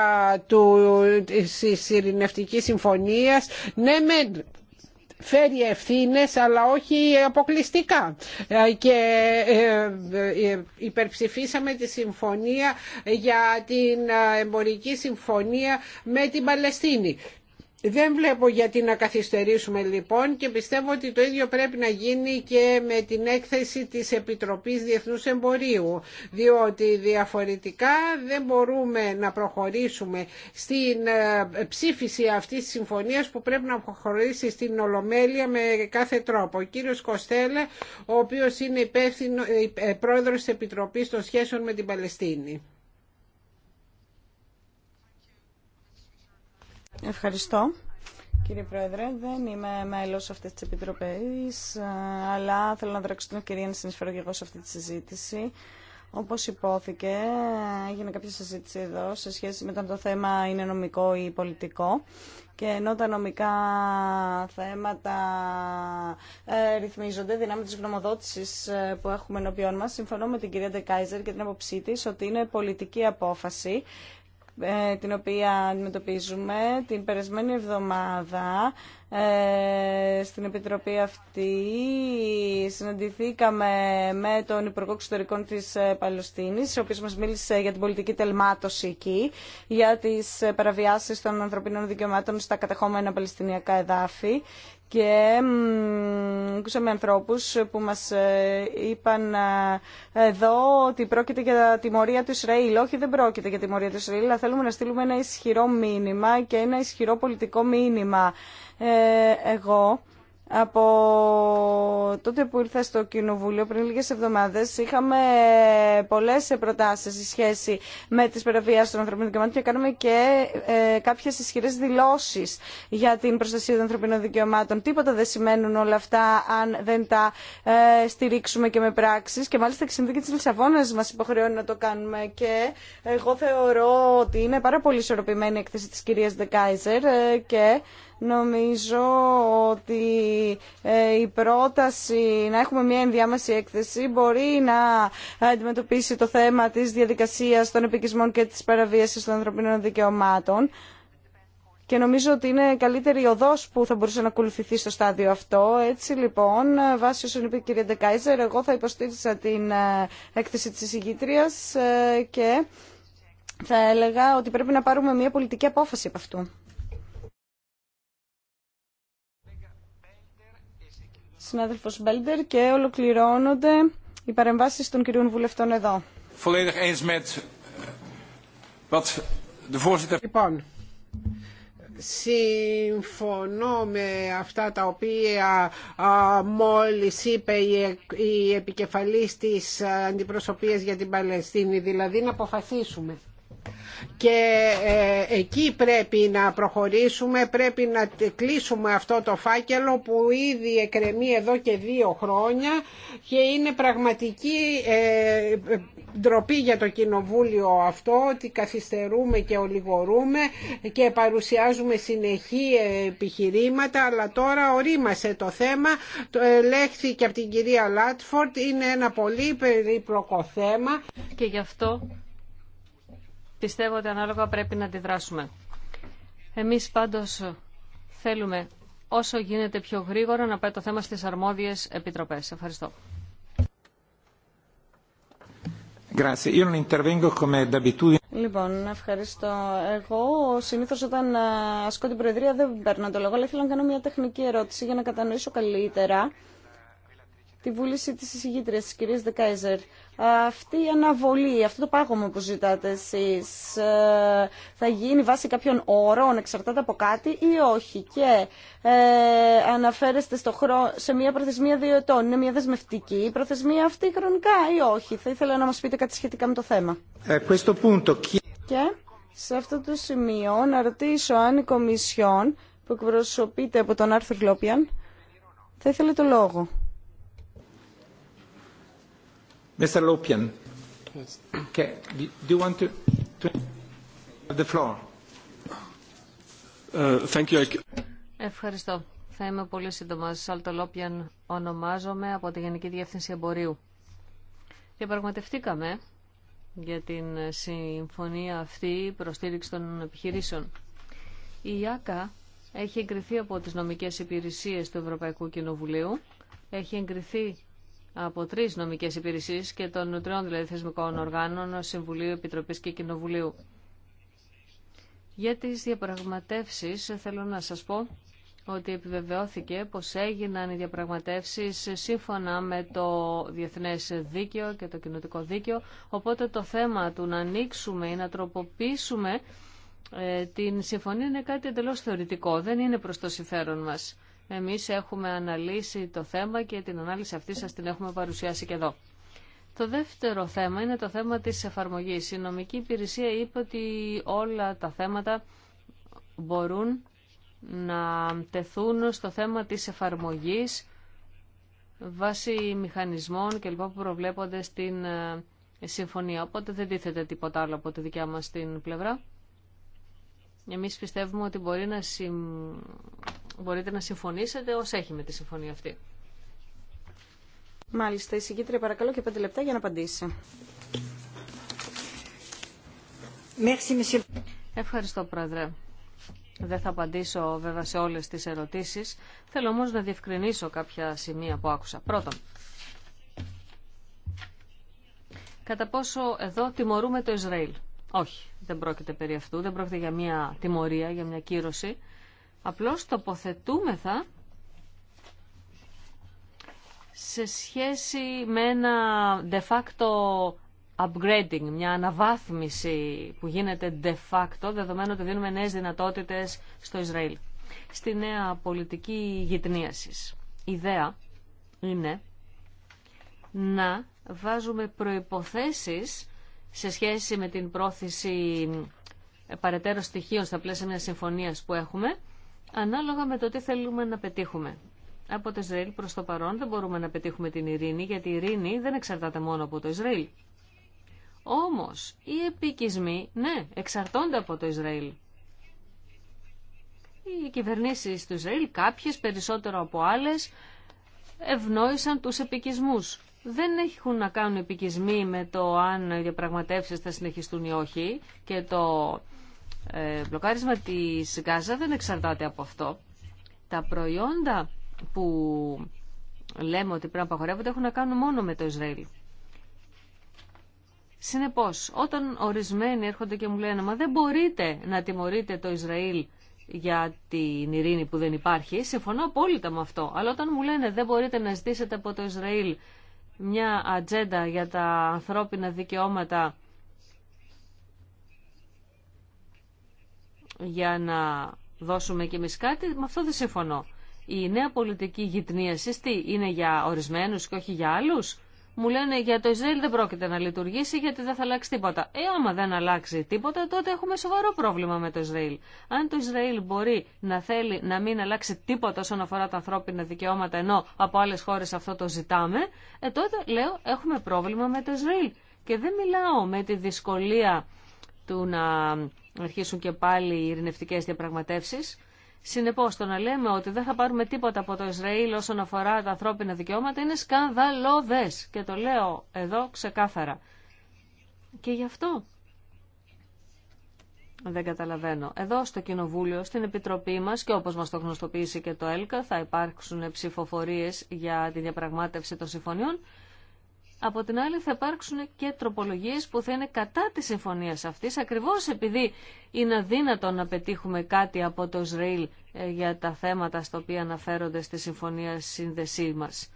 του, της ειρηνευτικής συμφωνίας ναι φέρει ευθύνες αλλά όχι αποκλειστικά ε, και ε, ε, υπερψηφίσαμε τη συμφωνία για την εμπορική συμφωνία με την Παλαιστίνη δεν βλέπω γιατί να καθυστερήσουμε λοιπόν και πιστεύω ότι το ίδιο πρέπει να γίνει και με την έκθεση της Επιτροπής Διεθνούς Εμπορίου διότι διαφορετικά δεν μπορούμε να προχωρήσουμε στην ε, ψήφιση αυτής της συμφωνίας που πρέπει να προχωρήσει στην Ολομέλεια με κάθε τρόπο. Ο κύριος Κοστέλε, ο οποίος είναι υπεύθυνο, ε, ε, πρόεδρος της Επιτροπής των Σχέσεων με την Παλαιστίνη. Ευχαριστώ. Κύριε Πρόεδρε, δεν είμαι μέλος αυτής της Επιτροπής, αλλά θέλω να δράξω την ευκαιρία να συνεισφέρω και εγώ σε αυτή τη συζήτηση. Όπως υπόθηκε, έγινε κάποια συζήτηση εδώ σε σχέση με το αν το θέμα είναι νομικό ή πολιτικό και ενώ τα νομικά θέματα ε, ρυθμίζονται δυνάμει της γνωμοδότησης ε, που έχουμε ενώπιόν μα. συμφωνώ με την κυρία Ντεκάιζερ και την άποψή τη ότι είναι πολιτική απόφαση ε, την οποία αντιμετωπίζουμε την περασμένη εβδομάδα ε, στην Επιτροπή αυτή συναντηθήκαμε με τον Υπουργό Εξωτερικών της ε, Παλαιστίνης ο οποίος μας μίλησε για την πολιτική τελμάτωση εκεί για τις παραβιάσεις των ανθρωπίνων δικαιωμάτων στα κατεχόμενα παλαιστινιακά εδάφη και ακούσαμε ανθρώπους που μας ε, είπαν ε, εδώ ότι πρόκειται για τιμωρία του Ισραήλ. Όχι, δεν πρόκειται για τιμωρία του Ισραήλ, αλλά θέλουμε να στείλουμε ένα ισχυρό μήνυμα και ένα ισχυρό πολιτικό μήνυμα. Ε, εγώ από τότε που ήρθα στο Κοινοβούλιο πριν λίγες εβδομάδες είχαμε πολλές προτάσεις σε σχέση με τις περαβίες των ανθρωπίνων δικαιωμάτων και κάναμε και ε, κάποιες ισχυρές δηλώσεις για την προστασία των ανθρωπίνων δικαιωμάτων. Τίποτα δεν σημαίνουν όλα αυτά αν δεν τα ε, στηρίξουμε και με πράξεις και μάλιστα η συνδίκη της Λισαβόνας μας υποχρεώνει να το κάνουμε και εγώ θεωρώ ότι είναι πάρα πολύ ισορροπημένη η έκθεση της κυρίας Δεκάιζερ και Νομίζω ότι ε, η πρόταση να έχουμε μια ενδιάμεση έκθεση μπορεί να αντιμετωπίσει το θέμα της διαδικασίας των επικισμών και της παραβίασης των ανθρωπίνων δικαιωμάτων και νομίζω ότι είναι καλύτερη η οδός που θα μπορούσε να ακολουθηθεί στο στάδιο αυτό. Έτσι λοιπόν, βάσει όσων είπε η κυρία Ντεκάιζερ, εγώ θα υποστήριξα την ε, έκθεση της εισηγήτριας ε, και θα έλεγα ότι πρέπει να πάρουμε μια πολιτική απόφαση από αυτού. συνάδελφος Μπέλντερ και ολοκληρώνονται οι παρεμβάσεις των κυρίων βουλευτών εδώ. Eh, λοιπόν, συμφωνώ με αυτά τα οποία μόλις είπε η επικεφαλής της ε, αντιπροσωπείας για την Παλαιστίνη, δηλαδή να αποφασίσουμε και ε, εκεί πρέπει να προχωρήσουμε, πρέπει να κλείσουμε αυτό το φάκελο που ήδη εκρεμεί εδώ και δύο χρόνια και είναι πραγματική ε, ντροπή για το κοινοβούλιο αυτό ότι καθυστερούμε και ολιγορούμε και παρουσιάζουμε συνεχή επιχειρήματα αλλά τώρα ορίμασε το θέμα, το και από την κυρία Λάτφορτ είναι ένα πολύ περίπλοκο θέμα και γι' αυτό πιστεύω ότι ανάλογα πρέπει να αντιδράσουμε. Εμείς πάντως θέλουμε όσο γίνεται πιο γρήγορα να πάει το θέμα στις αρμόδιες επιτροπές. Ευχαριστώ. Λοιπόν, ευχαριστώ. Εγώ συνήθω όταν ε, ασκώ την Προεδρία δεν παίρνω το λόγο, αλλά ήθελα να κάνω μια τεχνική ερώτηση για να κατανοήσω καλύτερα τη βούληση της εισηγήτριας, της κυρίας Δεκάιζερ. Αυτή η αναβολή, αυτό το πάγωμα που ζητάτε εσείς, ε, θα γίνει βάσει κάποιων όρων, εξαρτάται από κάτι ή όχι. Και ε, αναφέρεστε στο χρόνο, σε μια προθεσμία δύο ετών. Είναι μια δεσμευτική η προθεσμία αυτή χρονικά ή όχι. Θα ήθελα να μας πείτε κάτι σχετικά με το θέμα. Ε, punto... Και σε αυτό το σημείο να ρωτήσω αν η Κομισιόν που εκπροσωπείται από τον Άρθρο Λόπιαν θα ήθελε το λόγο. Ευχαριστώ. Θα είμαι πολύ σύντομα. Σάλτο Λόπιαν ονομάζομαι από τη Γενική Διεύθυνση Εμπορίου. Διαπραγματευτήκαμε για την συμφωνία αυτή προστήριξη των επιχειρήσεων. Η ΙΑΚΑ έχει εγκριθεί από τις νομικές υπηρεσίες του Ευρωπαϊκού Κοινοβουλίου, έχει εγκριθεί από τρεις νομικές υπηρεσίε και των τριών δηλαδή θεσμικών οργάνων, Συμβουλίου, Επιτροπή και Κοινοβουλίου. Για τι διαπραγματεύσει θέλω να σας πω ότι επιβεβαιώθηκε πως έγιναν οι διαπραγματεύσεις σύμφωνα με το Διεθνές Δίκαιο και το Κοινοτικό Δίκαιο, οπότε το θέμα του να ανοίξουμε ή να τροποποιήσουμε ε, την συμφωνία είναι κάτι εντελώς θεωρητικό, δεν είναι προς το συμφέρον μας. Εμείς έχουμε αναλύσει το θέμα και την ανάλυση αυτή σας την έχουμε παρουσιάσει και εδώ. Το δεύτερο θέμα είναι το θέμα της εφαρμογής. Η νομική υπηρεσία είπε ότι όλα τα θέματα μπορούν να τεθούν στο θέμα της εφαρμογής βάσει μηχανισμών και λοιπά που προβλέπονται στην ε, συμφωνία. Οπότε δεν τίθεται τίποτα άλλο από τη δικιά μας την πλευρά. Εμείς πιστεύουμε ότι μπορεί να μπορείτε να συμφωνήσετε ως έχει με τη συμφωνία αυτή. Μάλιστα, η συγκήτρια παρακαλώ και πέντε λεπτά για να απαντήσει. Ευχαριστώ, Πρόεδρε. Δεν θα απαντήσω βέβαια σε όλες τις ερωτήσεις. Θέλω όμως να διευκρινίσω κάποια σημεία που άκουσα. Πρώτον, κατά πόσο εδώ τιμωρούμε το Ισραήλ. Όχι, δεν πρόκειται περί αυτού, δεν πρόκειται για μια τιμωρία, για μια κύρωση. Απλώς τοποθετούμεθα σε σχέση με ένα de facto upgrading, μια αναβάθμιση που γίνεται de facto, δεδομένου ότι δίνουμε νέες δυνατότητες στο Ισραήλ. Στη νέα πολιτική γυτνίασης. Η ιδέα είναι να βάζουμε προϋποθέσεις σε σχέση με την πρόθεση παρετέρω στοιχείων στα πλαίσια μιας συμφωνίας που έχουμε ανάλογα με το τι θέλουμε να πετύχουμε. Από το Ισραήλ προς το παρόν δεν μπορούμε να πετύχουμε την ειρήνη, γιατί η ειρήνη δεν εξαρτάται μόνο από το Ισραήλ. Όμως, οι επικισμοί, ναι, εξαρτώνται από το Ισραήλ. Οι κυβερνήσεις του Ισραήλ, κάποιες περισσότερο από άλλες, ευνόησαν τους επικισμούς. Δεν έχουν να κάνουν επικισμοί με το αν οι διαπραγματεύσεις θα συνεχιστούν ή όχι και το ε, μπλοκάρισμα της Γάζα δεν εξαρτάται από αυτό. Τα προϊόντα που λέμε ότι πρέπει να απαγορεύονται έχουν να κάνουν μόνο με το Ισραήλ. Συνεπώς, όταν ορισμένοι έρχονται και μου λένε «Μα δεν μπορείτε να τιμωρείτε το Ισραήλ για την ειρήνη που δεν υπάρχει», συμφωνώ απόλυτα με αυτό. Αλλά όταν μου λένε «Δεν μπορείτε να ζητήσετε από το Ισραήλ μια ατζέντα για τα ανθρώπινα δικαιώματα για να δώσουμε κι εμείς κάτι, με αυτό δεν συμφωνώ. Η νέα πολιτική γυτνία τι είναι για ορισμένους και όχι για άλλους. Μου λένε για το Ισραήλ δεν πρόκειται να λειτουργήσει γιατί δεν θα αλλάξει τίποτα. Ε, άμα δεν αλλάξει τίποτα, τότε έχουμε σοβαρό πρόβλημα με το Ισραήλ. Αν το Ισραήλ μπορεί να θέλει να μην αλλάξει τίποτα όσον αφορά τα ανθρώπινα δικαιώματα, ενώ από άλλε χώρε αυτό το ζητάμε, ε, τότε λέω έχουμε πρόβλημα με το Ισραήλ. Και δεν μιλάω με τη δυσκολία του να αρχίσουν και πάλι οι ειρηνευτικέ διαπραγματεύσει. Συνεπώ, το να λέμε ότι δεν θα πάρουμε τίποτα από το Ισραήλ όσον αφορά τα ανθρώπινα δικαιώματα είναι σκανδαλώδε. Και το λέω εδώ ξεκάθαρα. Και γι' αυτό δεν καταλαβαίνω. Εδώ στο Κοινοβούλιο, στην Επιτροπή μας και όπως μας το γνωστοποίησε και το ΕΛΚΑ θα υπάρξουν ψηφοφορίε για τη διαπραγμάτευση των συμφωνιών από την άλλη θα υπάρξουν και τροπολογίες που θα είναι κατά τη συμφωνίας αυτής, ακριβώς επειδή είναι αδύνατο να πετύχουμε κάτι από το Ισραήλ ε, για τα θέματα στα οποία αναφέρονται στη συμφωνία σύνδεσή μας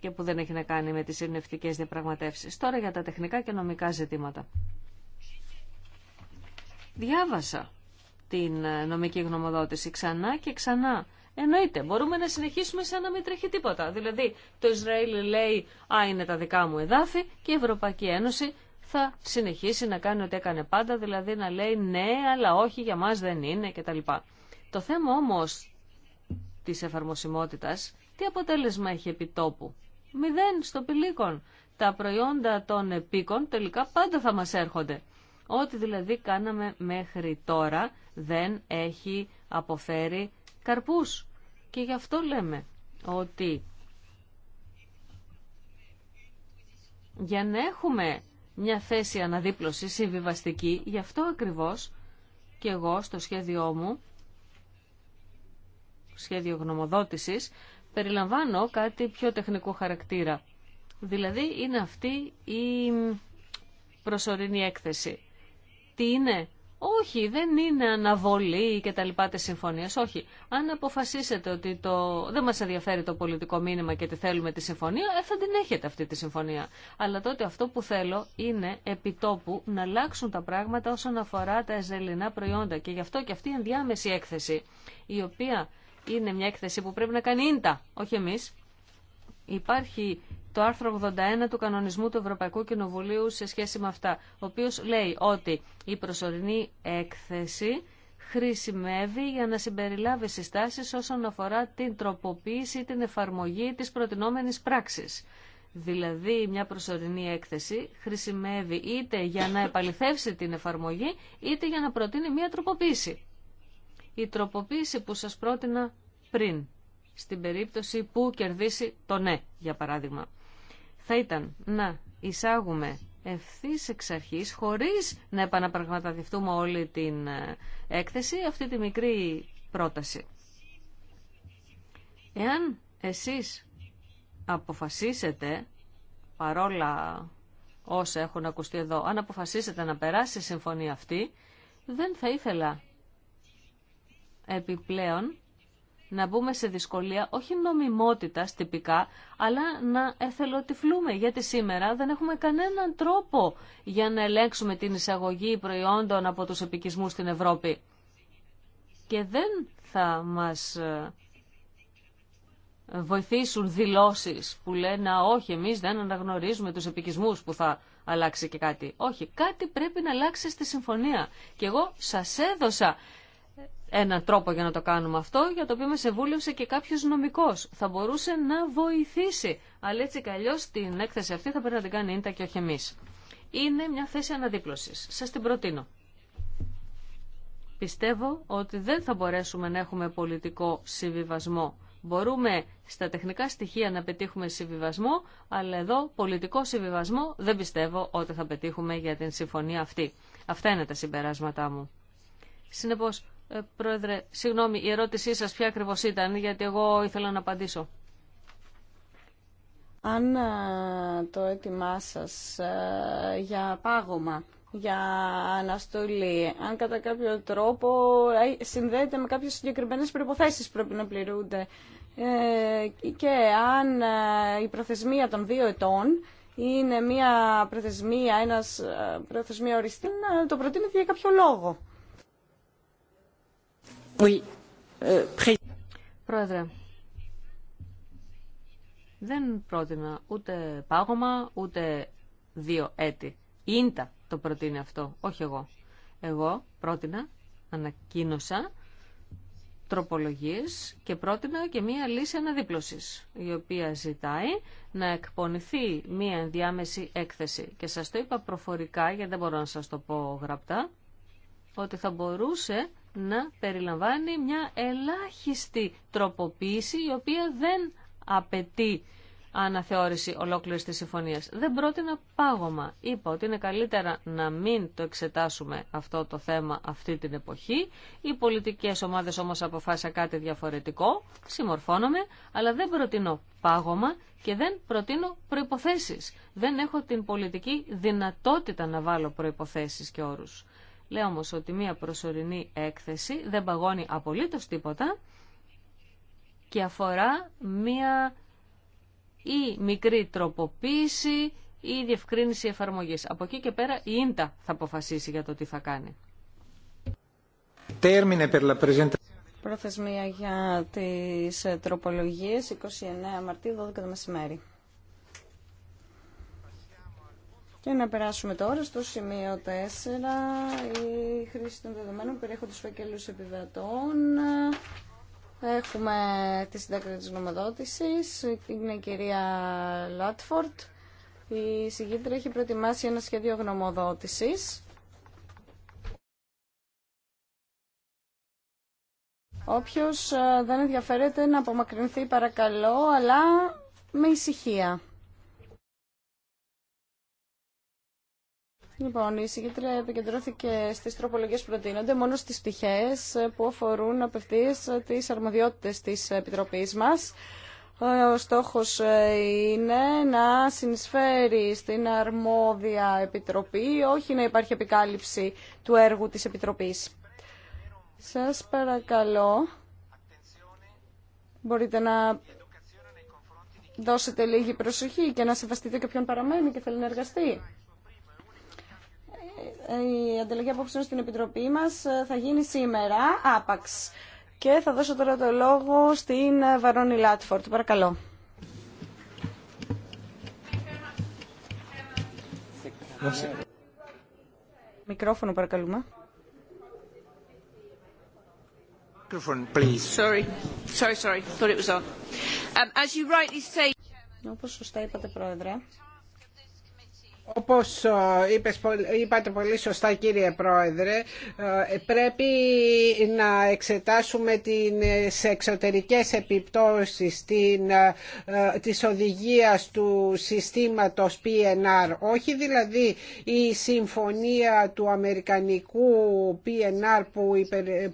και που δεν έχει να κάνει με τις ειρνευτικές διαπραγματεύσεις. Τώρα για τα τεχνικά και νομικά ζητήματα. Διάβασα την ε, νομική γνωμοδότηση ξανά και ξανά Εννοείται, μπορούμε να συνεχίσουμε σαν να μην τρέχει τίποτα. Δηλαδή, το Ισραήλ λέει, α, είναι τα δικά μου εδάφη και η Ευρωπαϊκή Ένωση θα συνεχίσει να κάνει ό,τι έκανε πάντα, δηλαδή να λέει ναι, αλλά όχι, για μας δεν είναι κτλ. Το θέμα όμως της εφαρμοσιμότητας, τι αποτέλεσμα έχει επιτόπου. Μηδέν στο πηλίκον. Τα προϊόντα των επίκων τελικά πάντα θα μας έρχονται. Ό,τι δηλαδή κάναμε μέχρι τώρα δεν έχει αποφέρει καρπούς. Και γι' αυτό λέμε ότι για να έχουμε μια θέση αναδίπλωση συμβιβαστική, γι' αυτό ακριβώς και εγώ στο σχέδιό μου, σχέδιο γνωμοδότησης, περιλαμβάνω κάτι πιο τεχνικό χαρακτήρα. Δηλαδή είναι αυτή η προσωρινή έκθεση. Τι είναι όχι, δεν είναι αναβολή και τα λοιπά τη συμφωνίας. Όχι. Αν αποφασίσετε ότι το... δεν μας ενδιαφέρει το πολιτικό μήνυμα και τη θέλουμε τη συμφωνία, ε, θα την έχετε αυτή τη συμφωνία. Αλλά τότε αυτό που θέλω είναι επιτόπου να αλλάξουν τα πράγματα όσον αφορά τα εζελινά προϊόντα. Και γι' αυτό και αυτή η ενδιάμεση έκθεση, η οποία είναι μια έκθεση που πρέπει να κάνει ίντα, όχι εμείς. Υπάρχει το άρθρο 81 του κανονισμού του Ευρωπαϊκού Κοινοβουλίου σε σχέση με αυτά, ο οποίος λέει ότι η προσωρινή έκθεση χρησιμεύει για να συμπεριλάβει συστάσεις όσον αφορά την τροποποίηση ή την εφαρμογή της προτινόμενης πράξης. Δηλαδή μια προσωρινή έκθεση χρησιμεύει είτε για να επαληθεύσει την εφαρμογή είτε για να προτείνει μια τροποποίηση. Η τροποποίηση που σας πρότεινα πριν, στην περίπτωση που κερδίσει το ναι, για παράδειγμα θα ήταν να εισάγουμε ευθύ εξ αρχή, χωρί να επαναπραγματευτούμε όλη την ε, έκθεση, αυτή τη μικρή πρόταση. Εάν εσείς αποφασίσετε, παρόλα όσα έχουν ακουστεί εδώ, αν αποφασίσετε να περάσει η συμφωνία αυτή, δεν θα ήθελα επιπλέον να μπούμε σε δυσκολία όχι νομιμότητα τυπικά, αλλά να εθελοτυφλούμε, γιατί σήμερα δεν έχουμε κανέναν τρόπο για να ελέγξουμε την εισαγωγή προϊόντων από τους επικισμούς στην Ευρώπη. Και δεν θα μας ε, βοηθήσουν δηλώσεις που λένε όχι εμείς δεν αναγνωρίζουμε τους επικισμούς που θα αλλάξει και κάτι. Όχι, κάτι πρέπει να αλλάξει στη συμφωνία. Και εγώ σας έδωσα έναν τρόπο για να το κάνουμε αυτό, για το οποίο με σε και κάποιο νομικό. Θα μπορούσε να βοηθήσει. Αλλά έτσι κι την έκθεση αυτή θα πρέπει να την κάνει ίντα και όχι εμεί. Είναι μια θέση αναδίπλωση. Σα την προτείνω. Πιστεύω ότι δεν θα μπορέσουμε να έχουμε πολιτικό συμβιβασμό. Μπορούμε στα τεχνικά στοιχεία να πετύχουμε συμβιβασμό, αλλά εδώ πολιτικό συμβιβασμό δεν πιστεύω ότι θα πετύχουμε για την συμφωνία αυτή. Αυτά είναι τα συμπεράσματά μου. Συνεπώς, ε, πρόεδρε, συγγνώμη, η ερώτησή σας ποια ακριβώς ήταν, γιατί εγώ ήθελα να απαντήσω. Αν ε, το έτοιμά σας ε, για πάγωμα, για αναστολή, αν κατά κάποιο τρόπο συνδέεται με κάποιες συγκεκριμένες προϋποθέσεις πρέπει να πληρούνται και αν η προθεσμία των δύο ετών είναι μια προθεσμία, ένας προθεσμία οριστή, να το προτείνεται για κάποιο λόγο. Euh, Πρόεδρε, δεν πρότεινα ούτε πάγωμα, ούτε δύο έτη. Η Ίντα το προτείνει αυτό, όχι εγώ. Εγώ πρότεινα, ανακοίνωσα τροπολογίες και πρότεινα και μία λύση αναδίπλωσης, η οποία ζητάει να εκπονηθεί μία ενδιάμεση έκθεση. Και σας το είπα προφορικά, γιατί δεν μπορώ να σας το πω γραπτά, ότι θα μπορούσε να περιλαμβάνει μια ελάχιστη τροποποίηση η οποία δεν απαιτεί αναθεώρηση ολόκληρης της συμφωνίας. Δεν πρότεινα πάγωμα. Είπα ότι είναι καλύτερα να μην το εξετάσουμε αυτό το θέμα αυτή την εποχή. Οι πολιτικές ομάδες όμως αποφάσισαν κάτι διαφορετικό. Συμμορφώνομαι, αλλά δεν προτείνω πάγωμα και δεν προτείνω προϋποθέσεις. Δεν έχω την πολιτική δυνατότητα να βάλω προϋποθέσεις και όρους. Λέω όμως ότι μία προσωρινή έκθεση δεν παγώνει απολύτως τίποτα και αφορά μία ή μικρή τροποποίηση ή διευκρίνηση εφαρμογής. Από εκεί και πέρα η ίντα θα αποφασίσει για το τι θα κάνει. Προθεσμία για τις τροπολογίες 29 Μαρτίου 12 το μεσημέρι. Και να περάσουμε τώρα στο σημείο 4, η χρήση των δεδομένων που περιέχονται επιβατών. Έχουμε τη συντάκτη της νομοδότησης, είναι η κυρία Λάτφορτ. Η συγκίτρια έχει προετοιμάσει ένα σχέδιο γνωμοδότησης. Όποιος ε, δεν ενδιαφέρεται να απομακρυνθεί παρακαλώ, αλλά με ησυχία. Λοιπόν, η συγκέντρια επικεντρώθηκε στις τροπολογίες που προτείνονται μόνο στις πτυχές που αφορούν απευθείας τις αρμοδιότητες της Επιτροπής μας. Ο στόχος ε, είναι να συνεισφέρει στην αρμόδια Επιτροπή, όχι να υπάρχει επικάλυψη του έργου της Επιτροπής. Σας παρακαλώ, μπορείτε να δώσετε λίγη προσοχή και να σεβαστείτε και ποιον παραμένει και θέλει να εργαστεί η ανταλλαγή απόψεων στην Επιτροπή μας ε, θα γίνει σήμερα, άπαξ. Και θα δώσω τώρα το λόγο στην ε, Βαρόνι Λάτφορτ. Παρακαλώ. Μικρόφωνο παρακαλούμε. Όπως σωστά είπατε, Πρόεδρε, όπως ε, είπατε πολύ σωστά κύριε Πρόεδρε, ε, πρέπει να εξετάσουμε τις ε, εξωτερικές επιπτώσεις την, της οδηγίας του συστήματος PNR. Όχι δηλαδή η συμφωνία του Αμερικανικού PNR που,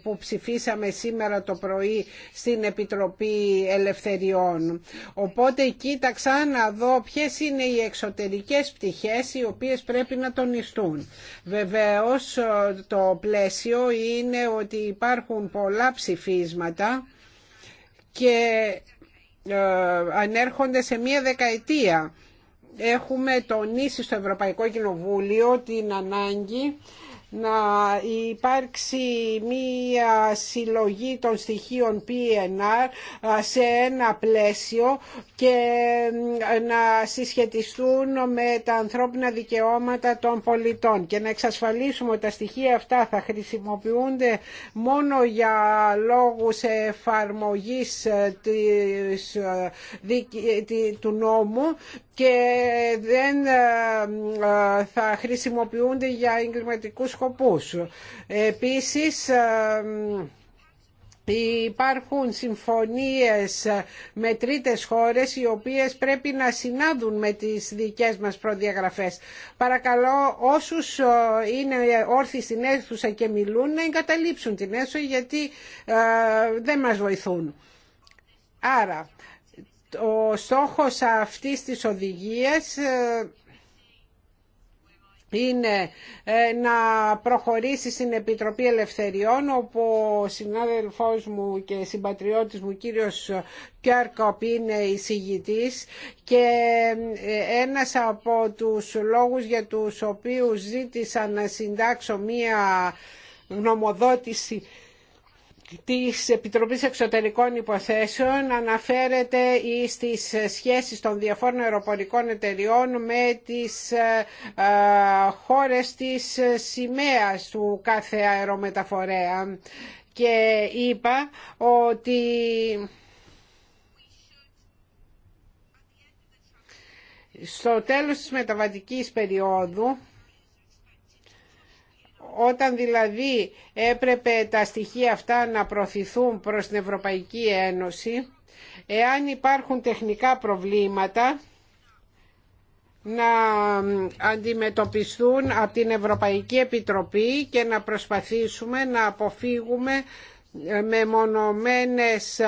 που ψηφίσαμε σήμερα το πρωί στην Επιτροπή Ελευθεριών. Οπότε κοίταξα να δω ποιες είναι οι εξωτερικές πτυχές οι οποίες πρέπει να τονιστούν. Βεβαίως ε, το πλαίσιο είναι ότι υπάρχουν πολλά ψηφίσματα και ε, ανέρχονται σε μία δεκαετία. Έχουμε τονίσει στο Ευρωπαϊκό Κοινοβούλιο την ανάγκη να υπάρξει μία συλλογή των στοιχείων PNR ε, σε ένα πλαίσιο και ε, να συσχετιστούν με τα ανθρώπινα δικαιώματα των πολιτών και να εξασφαλίσουμε ότι τα στοιχεία αυτά θα χρησιμοποιούνται μόνο για λόγους εφαρμογής ε, της, ε, του νόμου και δεν θα χρησιμοποιούνται για εγκληματικούς σκοπούς. Επίσης, Υπάρχουν συμφωνίες με τρίτες χώρες οι οποίες πρέπει να συνάδουν με τις δικές μας προδιαγραφές. Παρακαλώ όσους ε, είναι όρθιοι στην αίθουσα και μιλούν να εγκαταλείψουν την αίθουσα γιατί ε, δεν μας βοηθούν. Άρα, ο στόχος αυτής της οδηγίας ε, είναι ε, να προχωρήσει στην Επιτροπή Ελευθεριών όπου ο συνάδελφός μου και συμπατριώτης μου κύριος Κιάρκοπ είναι εισηγητής και ε, ένας από τους λόγους για τους οποίους ζήτησα να συντάξω μία γνωμοδότηση της Επιτροπής Εξωτερικών Υποθέσεων αναφέρεται στις σχέσεις των διαφόρων αεροπορικών εταιριών με τις ε, ε, χώρες της σημαίας του κάθε αερομεταφορέα και είπα ότι στο τέλος της μεταβατικής περίοδου όταν δηλαδή έπρεπε τα στοιχεία αυτά να προωθηθούν προς την Ευρωπαϊκή Ένωση, εάν υπάρχουν τεχνικά προβλήματα να αντιμετωπιστούν από την Ευρωπαϊκή Επιτροπή και να προσπαθήσουμε να αποφύγουμε με μονομένες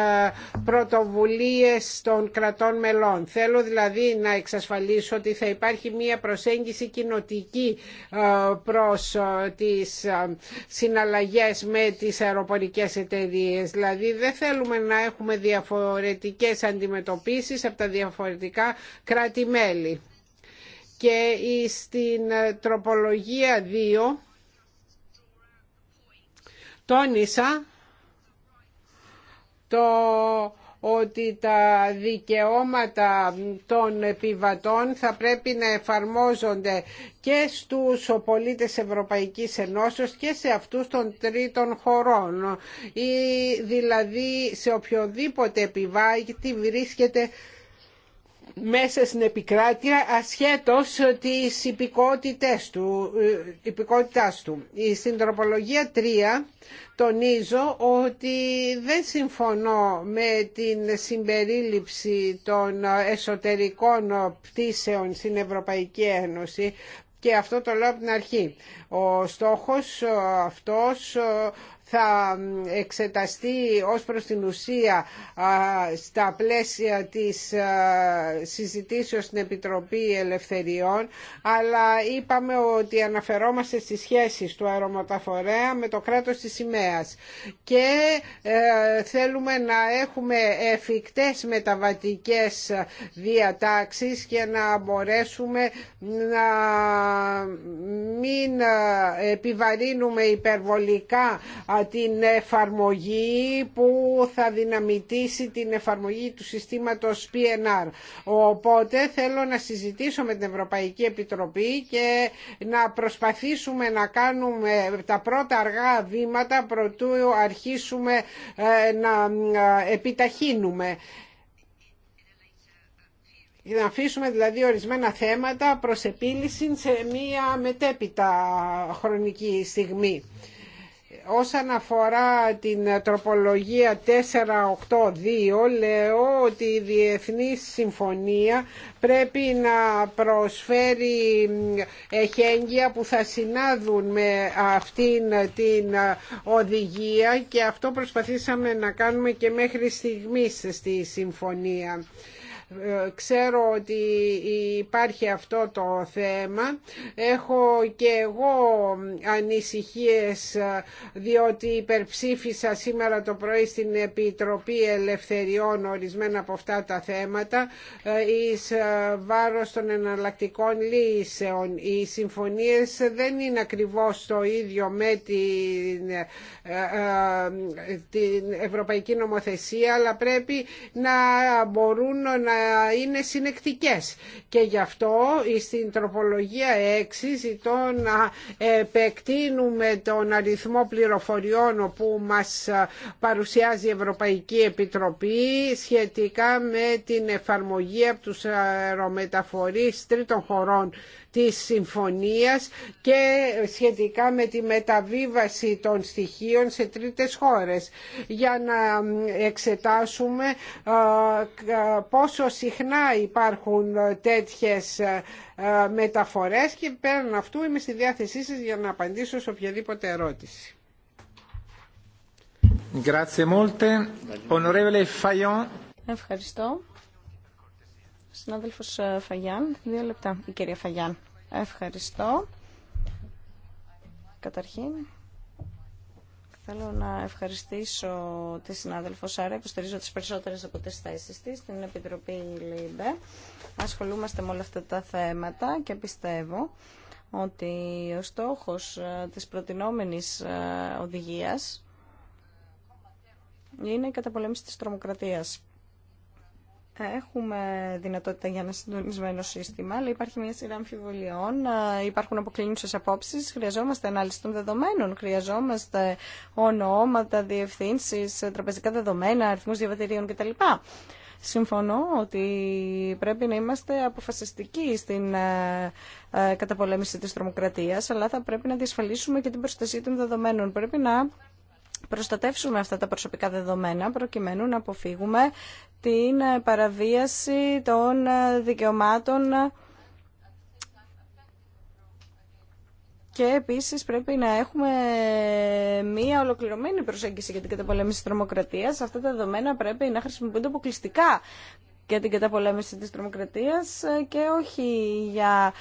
πρωτοβουλίες των κρατών μελών. Θέλω δηλαδή να εξασφαλίσω ότι θα υπάρχει μία προσέγγιση κοινοτική προς τις συναλλαγές με τις αεροπορικές εταιρείες. Δηλαδή δεν θέλουμε να έχουμε διαφορετικές αντιμετωπίσεις από τα διαφορετικά κράτη-μέλη. Και στην ε, τροπολογία 2 τόνισα το ότι τα δικαιώματα των επιβατών θα πρέπει να εφαρμόζονται και στους πολίτες Ευρωπαϊκής Ενώσεως και σε αυτούς των τρίτων χωρών ή δηλαδή σε οποιοδήποτε επιβάτη βρίσκεται μέσα στην επικράτεια ασχέτως της υπηκότητας του. Ε, υπηκότητάς του. Στην τροπολογία 3 τονίζω ότι δεν συμφωνώ με την συμπερίληψη των εσωτερικών πτήσεων στην Ευρωπαϊκή Ένωση και αυτό το λέω από την αρχή. Ο στόχος αυτός θα εξεταστεί ως προς την ουσία στα πλαίσια της συζητήσεως στην Επιτροπή Ελευθεριών αλλά είπαμε ότι αναφερόμαστε στις σχέσεις του αερομεταφορέα με το κράτος της σημαίας και ε, θέλουμε να έχουμε εφικτές μεταβατικές διατάξεις και να μπορέσουμε να μην ε, επιβαρύνουμε υπερβολικά την εφαρμογή που θα δυναμητήσει την εφαρμογή του συστήματος PNR. Οπότε θέλω να συζητήσω με την Ευρωπαϊκή Επιτροπή και να προσπαθήσουμε να κάνουμε τα πρώτα αργά βήματα προτού αρχίσουμε ε, να ε, επιταχύνουμε να αφήσουμε δηλαδή ορισμένα θέματα προς επίλυση σε μία μετέπειτα χρονική στιγμή όσον αφορά την τροπολογία 482 λέω ότι η Διεθνή Συμφωνία πρέπει να προσφέρει εχέγγυα που θα συνάδουν με αυτήν την οδηγία και αυτό προσπαθήσαμε να κάνουμε και μέχρι στιγμής στη συμφωνία. Ε, ξέρω ότι υπάρχει αυτό το θέμα. Έχω και εγώ ανησυχίες ε, διότι υπερψήφισα σήμερα το πρωί στην Επιτροπή Ελευθεριών ορισμένα από αυτά τα θέματα ε, εις βάρος των εναλλακτικών λύσεων. Οι συμφωνίες δεν είναι ακριβώς το ίδιο με την, την Ευρωπαϊκή Νομοθεσία αλλά πρέπει να μπορούν να είναι συνεκτικές και γι' αυτό στην τροπολογία 6 ζητώ να επεκτείνουμε τον αριθμό πληροφοριών που μας παρουσιάζει η Ευρωπαϊκή Επιτροπή σχετικά με την εφαρμογή από τους αερομεταφορείς τρίτων χωρών της συμφωνίας και σχετικά με τη μεταβίβαση των στοιχείων σε τρίτες χώρες για να εξετάσουμε ε, πόσο συχνά υπάρχουν ε, τέτοιες ε, μεταφορές και πέραν αυτού είμαι στη διάθεσή σας για να απαντήσω σε οποιαδήποτε ερώτηση. Ευχαριστώ. Συνάδελφος Φαγιάν, δύο λεπτά η κυρία Φαγιάν. Ευχαριστώ. Καταρχήν, θέλω να ευχαριστήσω τη συνάδελφο Σάρα, που στηρίζω τις περισσότερες από τις θέσεις της, στην Επιτροπή ΛΥΜΠΕ. Ασχολούμαστε με όλα αυτά τα θέματα και πιστεύω ότι ο στόχος ε, της προτινόμενης ε, οδηγίας είναι η καταπολέμηση της τρομοκρατίας. Έχουμε δυνατότητα για ένα συντονισμένο σύστημα, αλλά υπάρχει μια σειρά αμφιβολιών, υπάρχουν αποκλίνουσες απόψεις, χρειαζόμαστε ανάλυση των δεδομένων, χρειαζόμαστε ονόματα, διευθύνσεις, τραπεζικά δεδομένα, αριθμούς διαβατηρίων κτλ. Συμφωνώ ότι πρέπει να είμαστε αποφασιστικοί στην ε, ε, καταπολέμηση της τρομοκρατίας, αλλά θα πρέπει να διασφαλίσουμε και την προστασία των δεδομένων. Πρέπει να προστατεύσουμε αυτά τα προσωπικά δεδομένα προκειμένου να αποφύγουμε την παραβίαση των δικαιωμάτων Και επίσης πρέπει να έχουμε μία ολοκληρωμένη προσέγγιση για την καταπολέμηση της τρομοκρατίας. Αυτά τα δεδομένα πρέπει να χρησιμοποιούνται αποκλειστικά και την καταπολέμηση της τρομοκρατίας ε, και όχι για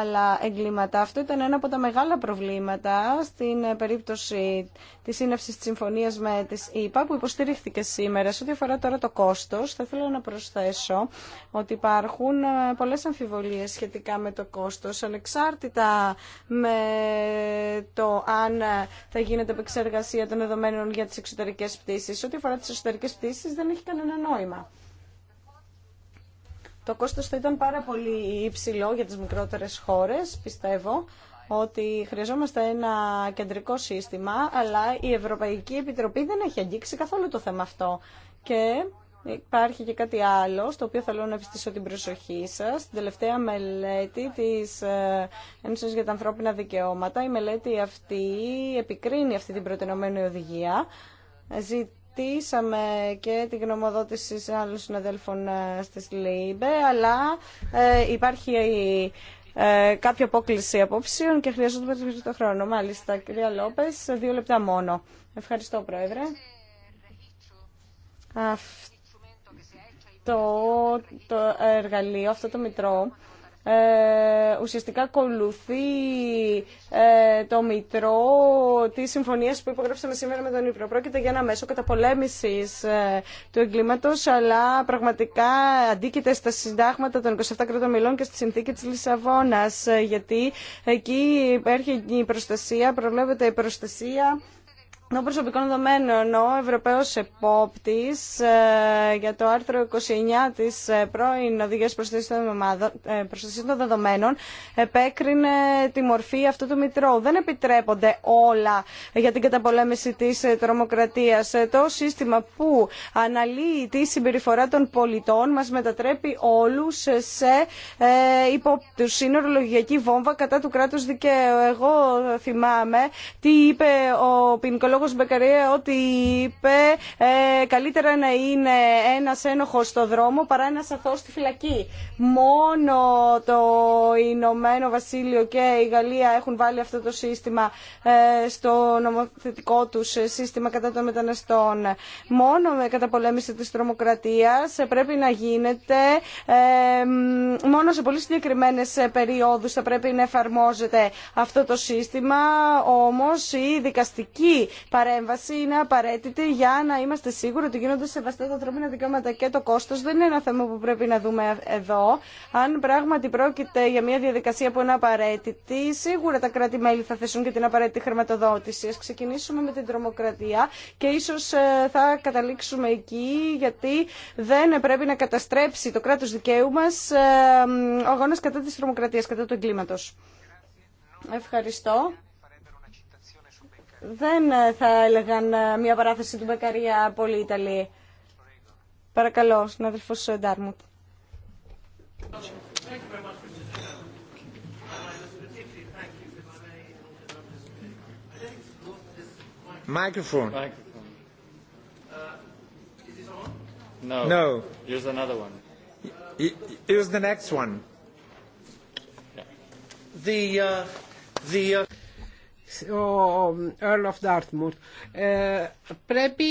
άλλα εγκλήματα. Αυτό ήταν ένα από τα μεγάλα προβλήματα στην ε, περίπτωση της σύναυσης της συμφωνίας με τις ΕΙΠΑ που υποστηρίχθηκε σήμερα. Σε ό,τι αφορά τώρα το κόστος, θα ήθελα να προσθέσω ότι υπάρχουν ε, πολλές αμφιβολίες σχετικά με το κόστος, ανεξάρτητα με το αν θα γίνεται επεξεργασία των δεδομένων για τις εξωτερικές πτήσεις. Ό,τι αφορά τις εξωτερικές πτήσεις δεν έχει κανένα νόημα. Το κόστος θα ήταν πάρα πολύ υψηλό για τις μικρότερες χώρες, πιστεύω ότι χρειαζόμαστε ένα κεντρικό σύστημα, αλλά η Ευρωπαϊκή Επιτροπή δεν έχει αγγίξει καθόλου το θέμα αυτό. Και υπάρχει και κάτι άλλο, στο οποίο θέλω να επιστήσω την προσοχή σας. Στην τελευταία μελέτη της ε, Ένωσης για τα Ανθρώπινα Δικαιώματα, η μελέτη αυτή επικρίνει αυτή την προτενωμένη οδηγία, ζητήσαμε και την γνωμοδότηση σε άλλους συναδέλφων ε, στη ΛΕΙΜΠΕ, αλλά ε, υπάρχει ε, κάποια απόκληση απόψεων και χρειαζόταν περισσότερο χρόνο. Μάλιστα, κυρία Λόπες, δύο λεπτά μόνο. Ευχαριστώ, Πρόεδρε. Αυτό το εργαλείο, αυτό το μητρό, ε, ουσιαστικά ακολουθεί ε, το μητρό τη συμφωνία που υπογράψαμε σήμερα με τον Ήπειρο. Πρόκειται για ένα μέσο καταπολέμηση ε, του εγκλήματο, αλλά πραγματικά αντίκειται στα συντάγματα των 27 κρατών μελών και στη συνθήκη τη Λισαβόνα. Γιατί εκεί υπάρχει η προστασία, προβλέπεται η προστασία ενώ προσωπικών δεδομένων ο Ευρωπαίος Επόπτης ε, για το άρθρο 29 της ε, πρώην οδηγία προστασία ε, των Δεδομένων επέκρινε τη μορφή αυτού του Μητρώου. Δεν επιτρέπονται όλα για την καταπολέμηση της τρομοκρατίας. Το σύστημα που αναλύει τη συμπεριφορά των πολιτών μας μετατρέπει όλου σε Είναι ορολογιακή βόμβα κατά του κράτου δικαίου. Εγώ θυμάμαι τι είπε ο ποινικό. Λόγος Μπεκαρία ότι είπε ε, καλύτερα να είναι ένας ένοχος στο δρόμο παρά ένας αθώος στη φυλακή. Μόνο το Ηνωμένο Βασίλειο και η Γαλλία έχουν βάλει αυτό το σύστημα ε, στο νομοθετικό τους σύστημα κατά των μεταναστών. Μόνο με καταπολέμηση της τρομοκρατίας πρέπει να γίνεται ε, μόνο σε πολύ συγκεκριμένες περιόδους θα πρέπει να εφαρμόζεται αυτό το σύστημα όμως η δικαστική παρέμβαση είναι απαραίτητη για να είμαστε σίγουροι ότι γίνονται σεβαστά τα ανθρώπινα δικαιώματα και το κόστο δεν είναι ένα θέμα που πρέπει να δούμε εδώ. Αν πράγματι πρόκειται για μια διαδικασία που είναι απαραίτητη, σίγουρα τα κράτη-μέλη θα θέσουν και την απαραίτητη χρηματοδότηση. Α ξεκινήσουμε με την τρομοκρατία και ίσω ε, θα καταλήξουμε εκεί, γιατί δεν πρέπει να καταστρέψει το κράτο δικαίου μα ε, ο αγώνα κατά τη τρομοκρατία, κατά του εγκλήματο. Ευχαριστώ δεν ε, θα έλεγαν ε, μια παράθεση του Μπακαρία πολύ Ιταλή. Παρακαλώ, συνάδελφος Ντάρμουτ. Microphone. Microphone. Uh, no. No. Here's another one. Here's the next one. The, uh, the uh, ο Earl of Dartmouth. Ε, πρέπει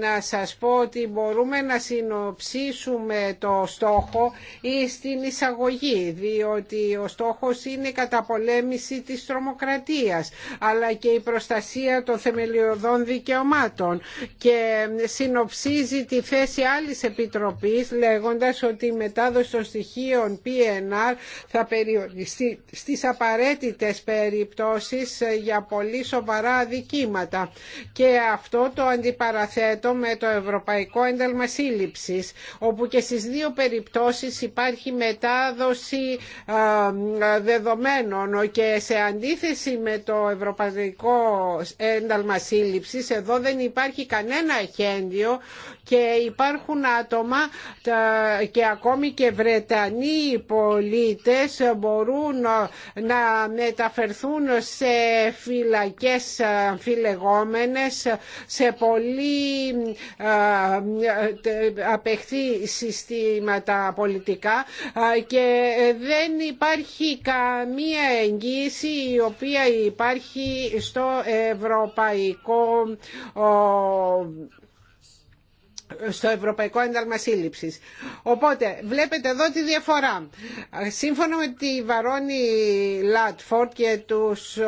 να σας πω ότι μπορούμε να συνοψίσουμε το στόχο η στην εισαγωγή, διότι ο στόχος είναι η καταπολέμηση της τρομοκρατίας, αλλά και η προστασία των θεμελιωδών δικαιωμάτων και συνοψίζει τη θέση άλλης επιτροπής λέγοντας ότι η μετάδοση των στοιχείων PNR θα περιοριστεί στις απαραίτητες περιπτώσεις ε, για πολύ σοβαρά αδικήματα και αυτό το αντιπαραθέτω με το Ευρωπαϊκό Ένταλμα Σύλληψης όπου και στις δύο περιπτώσεις υπάρχει μετάδοση ε, ε, δεδομένων και σε αντίθεση με το Ευρωπαϊκό Ένταλμα εδώ δεν υπάρχει κανένα αχέντιο και υπάρχουν άτομα και ακόμη και Βρετανοί πολίτες μπορούν να μεταφερθούν σε φυλακές αμφιλεγόμενες σε πολύ απεχθή συστήματα πολιτικά και δεν υπάρχει καμία εγγύηση η οποία υπάρχει στο ευρωπαϊκό στο Ευρωπαϊκό Ένταλμα Οπότε βλέπετε εδώ τη διαφορά. Σύμφωνα με τη Βαρόνη Λάτφορτ και τους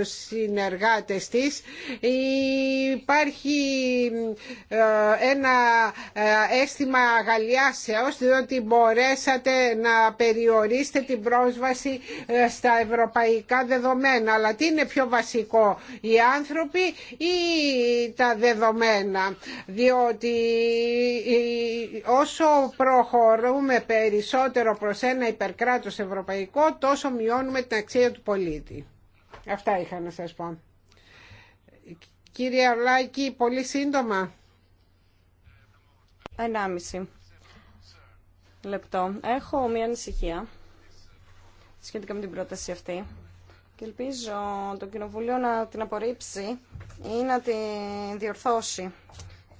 συνεργάτες της υπάρχει ε, ένα ε, αίσθημα αγαλιάσεω διότι μπορέσατε να περιορίσετε την πρόσβαση ε, στα ευρωπαϊκά δεδομένα. Αλλά τι είναι πιο βασικό, οι άνθρωποι ή τα δεδομένα. Διότι όσο προχωρούμε περισσότερο προς ένα υπερκράτος ευρωπαϊκό τόσο μειώνουμε την αξία του πολίτη. Αυτά είχα να σας πω. Κύριε Αυλάκη, πολύ σύντομα. λεπτό. Έχω μία ανησυχία σχετικά με την πρόταση αυτή και ελπίζω το Κοινοβουλίο να την απορρίψει ή να την διορθώσει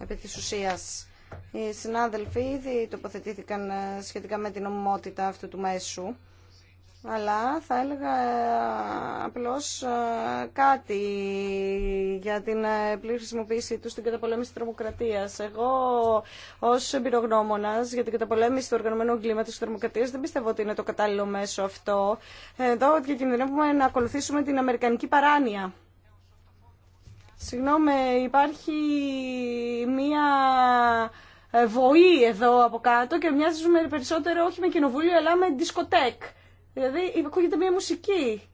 επί της ουσίας. Οι συνάδελφοι ήδη τοποθετήθηκαν ε, σχετικά με την ομιμότητα αυτού του μέσου, αλλά θα έλεγα ε, απλώς ε, κάτι για την πλήρη χρησιμοποίηση του στην καταπολέμηση της τρομοκρατίας. Εγώ ως εμπειρογνώμονας για την καταπολέμηση του οργανωμένου εγκλήματος της τρομοκρατίας δεν πιστεύω ότι είναι το κατάλληλο μέσο αυτό. Εδώ διακινδυνεύουμε να ακολουθήσουμε την αμερικανική παράνοια. Συγγνώμη, υπάρχει μία ε, βοή εδώ από κάτω και μοιάζουμε περισσότερο όχι με κοινοβούλιο αλλά με δισκοτέκ. Δηλαδή ακούγεται μία μουσική.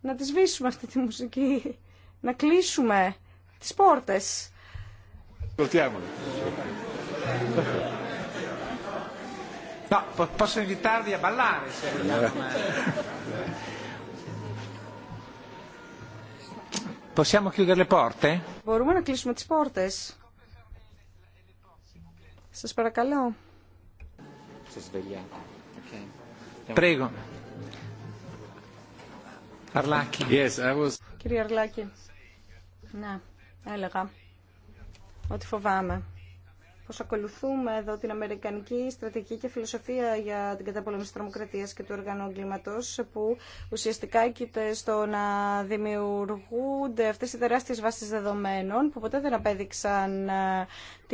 Να τη σβήσουμε αυτή τη μουσική. Να κλείσουμε τις πόρτες. No, posso invitarvi a Μπορούμε να κλείσουμε τις πόρτες. Σας παρακαλώ. Πρέγω. Αρλάκη. Yes, I was... Κύριε Αρλάκη. Ναι, έλεγα ότι φοβάμαι πως ακολουθούμε εδώ την Αμερικανική στρατηγική και φιλοσοφία για την καταπολέμηση της τρομοκρατίας και του οργανού που ουσιαστικά εκείται στο να δημιουργούνται αυτές οι τεράστιες βάσεις δεδομένων που ποτέ δεν απέδειξαν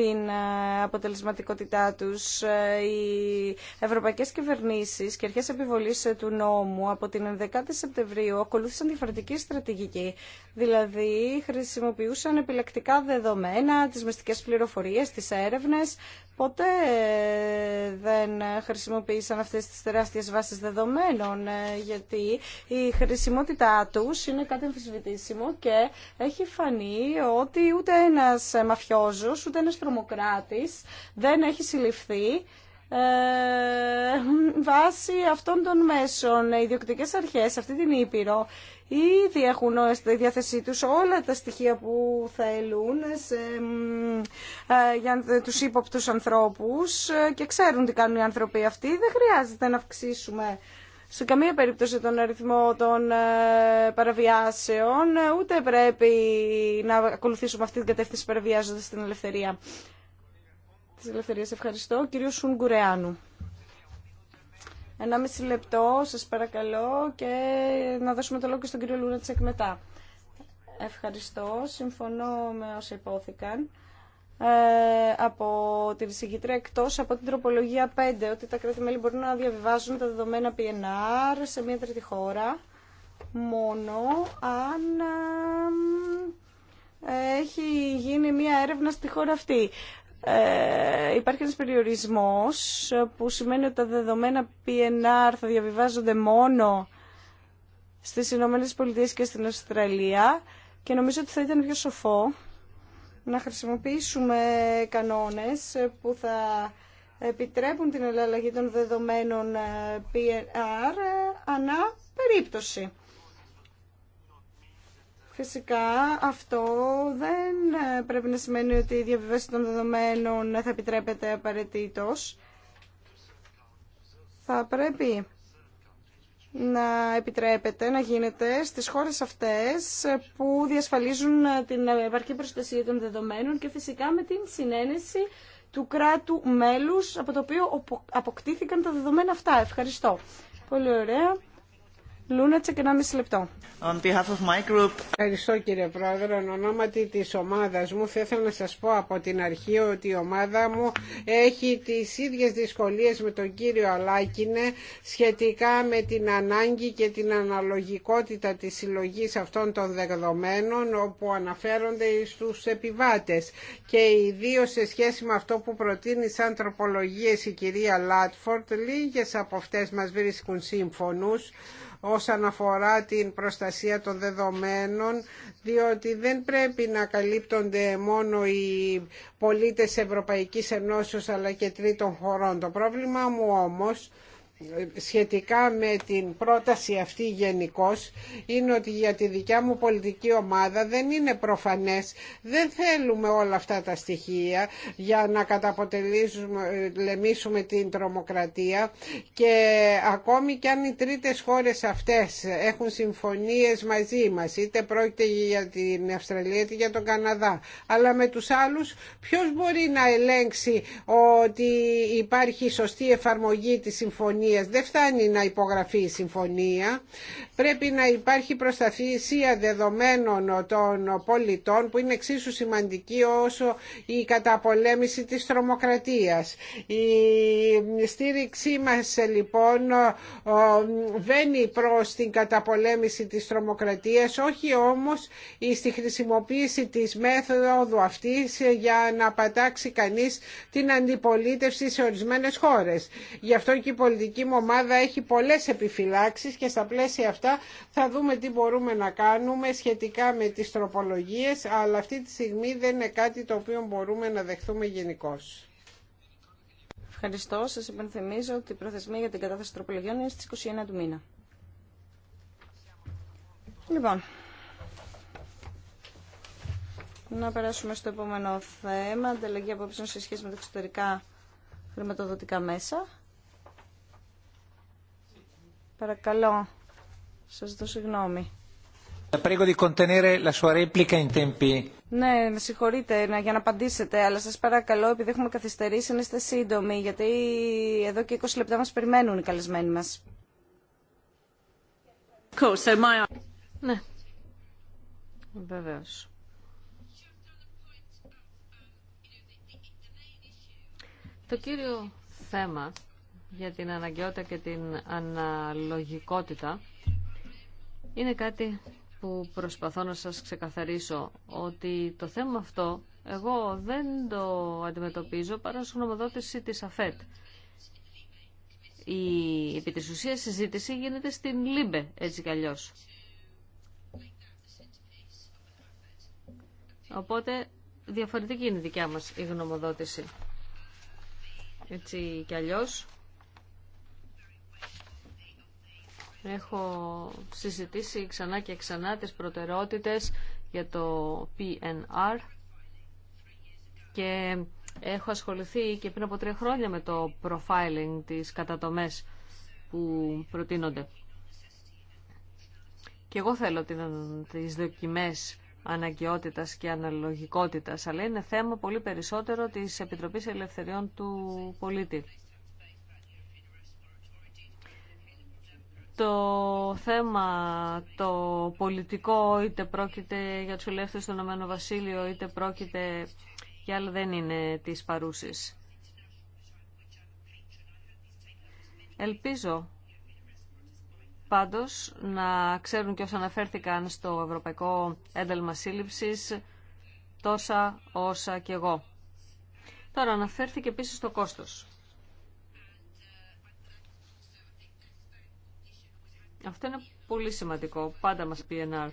την ε, αποτελεσματικότητά τους. Ε, οι ευρωπαϊκές κυβερνήσεις και αρχές επιβολής ε, του νόμου από την 11η Σεπτεμβρίου ακολούθησαν διαφορετική στρατηγική. Δηλαδή χρησιμοποιούσαν επιλεκτικά δεδομένα, τις μυστικές πληροφορίες, τις έρευνες. Ποτέ δεν χρησιμοποίησαν αυτές τις τεράστιες βάσεις δεδομένων γιατί η χρησιμότητά τους είναι κάτι αμφισβητήσιμο και έχει φανεί ότι ούτε ένας μαφιόζος, ούτε ένας τρομοκράτη, δεν έχει συλληφθεί ε, βάσει αυτών των μέσων. Οι διοκτικές αρχές αυτή την Ήπειρο ήδη έχουν στη διάθεσή τους όλα τα στοιχεία που θέλουν σε, ε, για τους ύποπτους ανθρώπους ε, και ξέρουν τι κάνουν οι άνθρωποι αυτοί. Δεν χρειάζεται να αυξήσουμε σε καμία περίπτωση τον αριθμό των ε, παραβιάσεων, ε, ούτε πρέπει να ακολουθήσουμε αυτή την κατεύθυνση παραβιάζοντα την ελευθερία. Της ελευθερίας ευχαριστώ. Κύριο Σουνγκουρεάνου. Ένα μισή λεπτό, σας παρακαλώ, και να δώσουμε το λόγο και στον κύριο Λούνατσεκ μετά. Ευχαριστώ. Συμφωνώ με όσα υπόθηκαν. Ε, από την συγκήτρια εκτός από την τροπολογία 5 ότι τα κράτη-μέλη μπορούν να διαβιβάζουν τα δεδομένα PNR σε μια τρίτη χώρα μόνο αν ε, έχει γίνει μια έρευνα στη χώρα αυτή. Ε, υπάρχει ένας περιορισμός που σημαίνει ότι τα δεδομένα PNR θα διαβιβάζονται μόνο στις Ηνωμένες Πολιτείες και στην Αυστραλία και νομίζω ότι θα ήταν πιο σοφό να χρησιμοποιήσουμε κανόνες που θα επιτρέπουν την αλλαγή των δεδομένων ε, PR ε, ανά περίπτωση. Φυσικά αυτό δεν ε, πρέπει να σημαίνει ότι η διαβίβαση των δεδομένων θα επιτρέπεται απαραίτητο. Θα πρέπει να επιτρέπεται να γίνεται στις χώρες αυτές που διασφαλίζουν την επαρκή προστασία των δεδομένων και φυσικά με την συνένεση του κράτου μέλους από το οποίο αποκτήθηκαν τα δεδομένα αυτά. Ευχαριστώ. Πολύ ωραία. Λούνατσα και μισή λεπτό. Ευχαριστώ κύριε Πρόεδρε. Εν ονόματι τη ομάδα μου θα ήθελα να σα πω από την αρχή ότι η ομάδα μου έχει τι ίδιε δυσκολίε με τον κύριο Αλάκινε σχετικά με την ανάγκη και την αναλογικότητα τη συλλογή αυτών των δεδομένων όπου αναφέρονται στου επιβάτε. και ιδίω σε σχέση με αυτό που προτείνει σαν τροπολογίε η κυρία Λάτφορτ λίγε από αυτέ μα βρίσκουν σύμφωνου όσον αφορά την προστασία των δεδομένων διότι δεν πρέπει να καλύπτονται μόνο οι πολίτες Ευρωπαϊκής Ενώσεως αλλά και τρίτων χωρών. Το πρόβλημα μου όμως σχετικά με την πρόταση αυτή γενικώ είναι ότι για τη δικιά μου πολιτική ομάδα δεν είναι προφανές δεν θέλουμε όλα αυτά τα στοιχεία για να καταποτελήσουμε την τρομοκρατία και ακόμη και αν οι τρίτες χώρες αυτές έχουν συμφωνίες μαζί μας είτε πρόκειται για την Αυστραλία είτε για τον Καναδά αλλά με τους άλλους ποιος μπορεί να ελέγξει ότι υπάρχει σωστή εφαρμογή της συμφωνίας δεν φτάνει να υπογραφεί η συμφωνία. Πρέπει να υπάρχει προστασία δεδομένων των πολιτών που είναι εξίσου σημαντική όσο η καταπολέμηση της τρομοκρατίας. Η στήριξή μας λοιπόν βαίνει προς την καταπολέμηση της τρομοκρατίας, όχι όμως στη χρησιμοποίηση της μέθοδου αυτής για να πατάξει κανείς την αντιπολίτευση σε ορισμένες χώρες. Γι' αυτό και η πολιτική η ομάδα έχει πολλές επιφυλάξεις και στα πλαίσια αυτά θα δούμε τι μπορούμε να κάνουμε σχετικά με τις τροπολογίες, αλλά αυτή τη στιγμή δεν είναι κάτι το οποίο μπορούμε να δεχθούμε γενικώ. Ευχαριστώ. Σας υπενθυμίζω ότι η προθεσμία για την κατάθεση τροπολογιών είναι στις 21 του μήνα. Λοιπόν, να περάσουμε στο επόμενο θέμα, ανταλλαγή απόψεων σε σχέση με τα εξωτερικά χρηματοδοτικά μέσα. Παρακαλώ, σας δω συγγνώμη. Ναι, με συγχωρείτε για να απαντήσετε, αλλά σας παρακαλώ, επειδή έχουμε καθυστερήσει, να είστε σύντομοι, γιατί εδώ και 20 λεπτά μας περιμένουν οι καλεσμένοι μας. Ναι, βεβαίως. Το κύριο θέμα για την αναγκαιότητα και την αναλογικότητα είναι κάτι που προσπαθώ να σας ξεκαθαρίσω ότι το θέμα αυτό εγώ δεν το αντιμετωπίζω παρά ως γνωμοδότηση της ΑΦΕΤ. Η επί της συζήτηση γίνεται στην ΛΥΜΠΕ έτσι κι αλλιώς. Οπότε διαφορετική είναι η δικιά μας η γνωμοδότηση. Έτσι κι αλλιώς Έχω συζητήσει ξανά και ξανά τις προτεραιότητες για το PNR και έχω ασχοληθεί και πριν από τρία χρόνια με το profiling της κατατομές που προτείνονται. Και εγώ θέλω τις δοκιμές αναγκαιότητας και αναλογικότητας, αλλά είναι θέμα πολύ περισσότερο της Επιτροπής Ελευθεριών του Πολίτη. το θέμα το πολιτικό, είτε πρόκειται για τους ελεύθερους στον Βασίλιο Βασίλειο, είτε πρόκειται για άλλα δεν είναι της παρούσης. Ελπίζω πάντως να ξέρουν και όσοι αναφέρθηκαν στο Ευρωπαϊκό Ένταλμα Σύλληψης τόσα όσα και εγώ. Τώρα αναφέρθηκε επίσης το κόστος. Αυτό είναι πολύ σημαντικό, πάντα μας ΕΝΑΡ.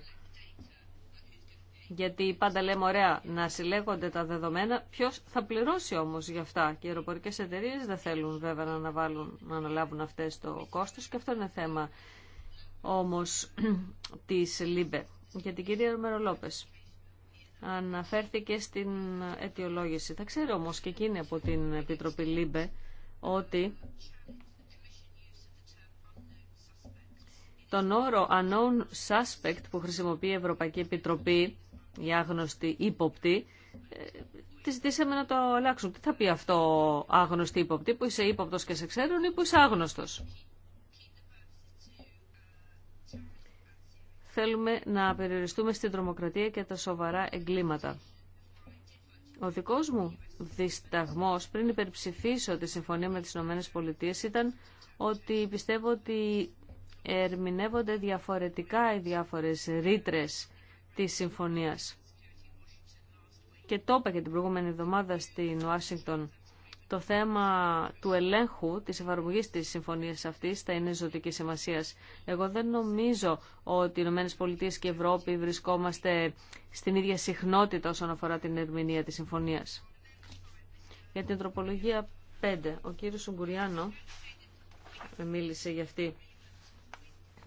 Γιατί πάντα λέμε, ωραία, να συλλέγονται τα δεδομένα, Ποιο θα πληρώσει όμως γι' αυτά. Και οι αεροπορικές εταιρείε δεν θέλουν βέβαια να, βάλουν να αναλάβουν αυτές το κόστος και αυτό είναι θέμα όμως της ΛΥΜΠΕ. Για την κυρία Ρομερολόπε. Αναφέρθηκε στην αιτιολόγηση. Θα ξέρω όμω και εκείνη από την Επιτροπή ΛΥΜΠΕ ότι τον όρο unknown suspect που χρησιμοποιεί η Ευρωπαϊκή Επιτροπή, η άγνωστη ύποπτη, ε, τη ζητήσαμε να το αλλάξουν. Τι θα πει αυτό άγνωστη ύποπτη, που είσαι ύποπτος και σε ξέρουν ή που είσαι άγνωστος. Θέλουμε να περιοριστούμε στην τρομοκρατία και τα σοβαρά εγκλήματα. Ο δικός μου δισταγμός πριν υπερψηφίσω τη συμφωνία με τις ΗΠΑ ήταν ότι πιστεύω ότι ερμηνεύονται διαφορετικά οι διάφορες ρήτρε της συμφωνίας. Και το είπα και την προηγούμενη εβδομάδα στην Ουάσιγκτον. Το θέμα του ελέγχου της εφαρμογής της συμφωνίας αυτής θα είναι ζωτική σημασία. Εγώ δεν νομίζω ότι οι ΗΠΑ και η Ευρώπη βρισκόμαστε στην ίδια συχνότητα όσον αφορά την ερμηνεία της συμφωνίας. Για την τροπολογία 5, ο κύριος Σουγκουριάνο μίλησε για αυτή.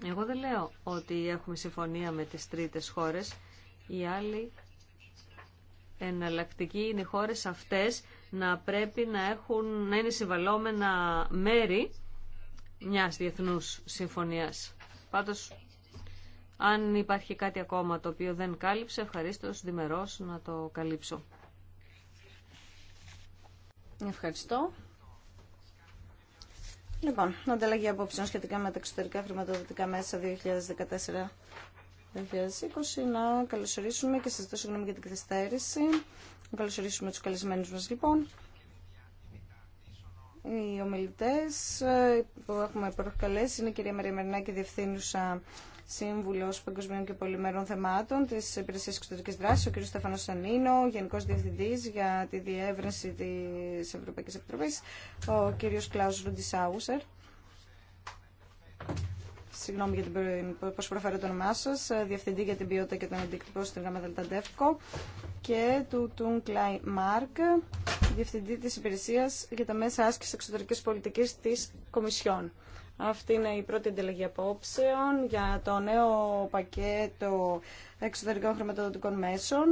Εγώ δεν λέω ότι έχουμε συμφωνία με τις τρίτες χώρες. Οι άλλοι εναλλακτικοί είναι οι χώρες αυτές να πρέπει να, έχουν, να είναι συμβαλόμενα μέρη μιας διεθνούς συμφωνίας. Πάντως, αν υπάρχει κάτι ακόμα το οποίο δεν κάλυψε, ευχαρίστως διμερός να το καλύψω. Ευχαριστώ. Λοιπόν, ανταλλαγή απόψεων σχετικά με τα εξωτερικά χρηματοδοτικά μέσα 2014-2020. Να καλωσορίσουμε και σα δώσω συγγνώμη για την καθυστέρηση. Να καλωσορίσουμε του καλεσμένου μα λοιπόν. Οι ομιλητές ε, που έχουμε προκαλέσει είναι η κυρία Μαρία Μερνάκη, διευθύνουσα Σύμβουλο Παγκοσμίων και Πολυμερών Θεμάτων τη Υπηρεσία Εξωτερική Δράση, ο κ. Στεφανό Σανίνο, Γενικό Διευθυντή για τη Διεύρυνση τη Ευρωπαϊκή Επιτροπή, ο κ. Κλάου Ρουντισάουσερ. Συγγνώμη για την πώ προφέρω το όνομά ε, Διευθυντή για την Ποιότητα και τον Αντίκτυπο στην και του Τουν Κλάι Μάρκ, Διευθυντή της Υπηρεσίας για τα Μέσα άσκηση Εξωτερικής Πολιτικής της Κομισιόν. Αυτή είναι η πρώτη ανταλλαγή απόψεων για το νέο πακέτο εξωτερικών χρηματοδοτικών μέσων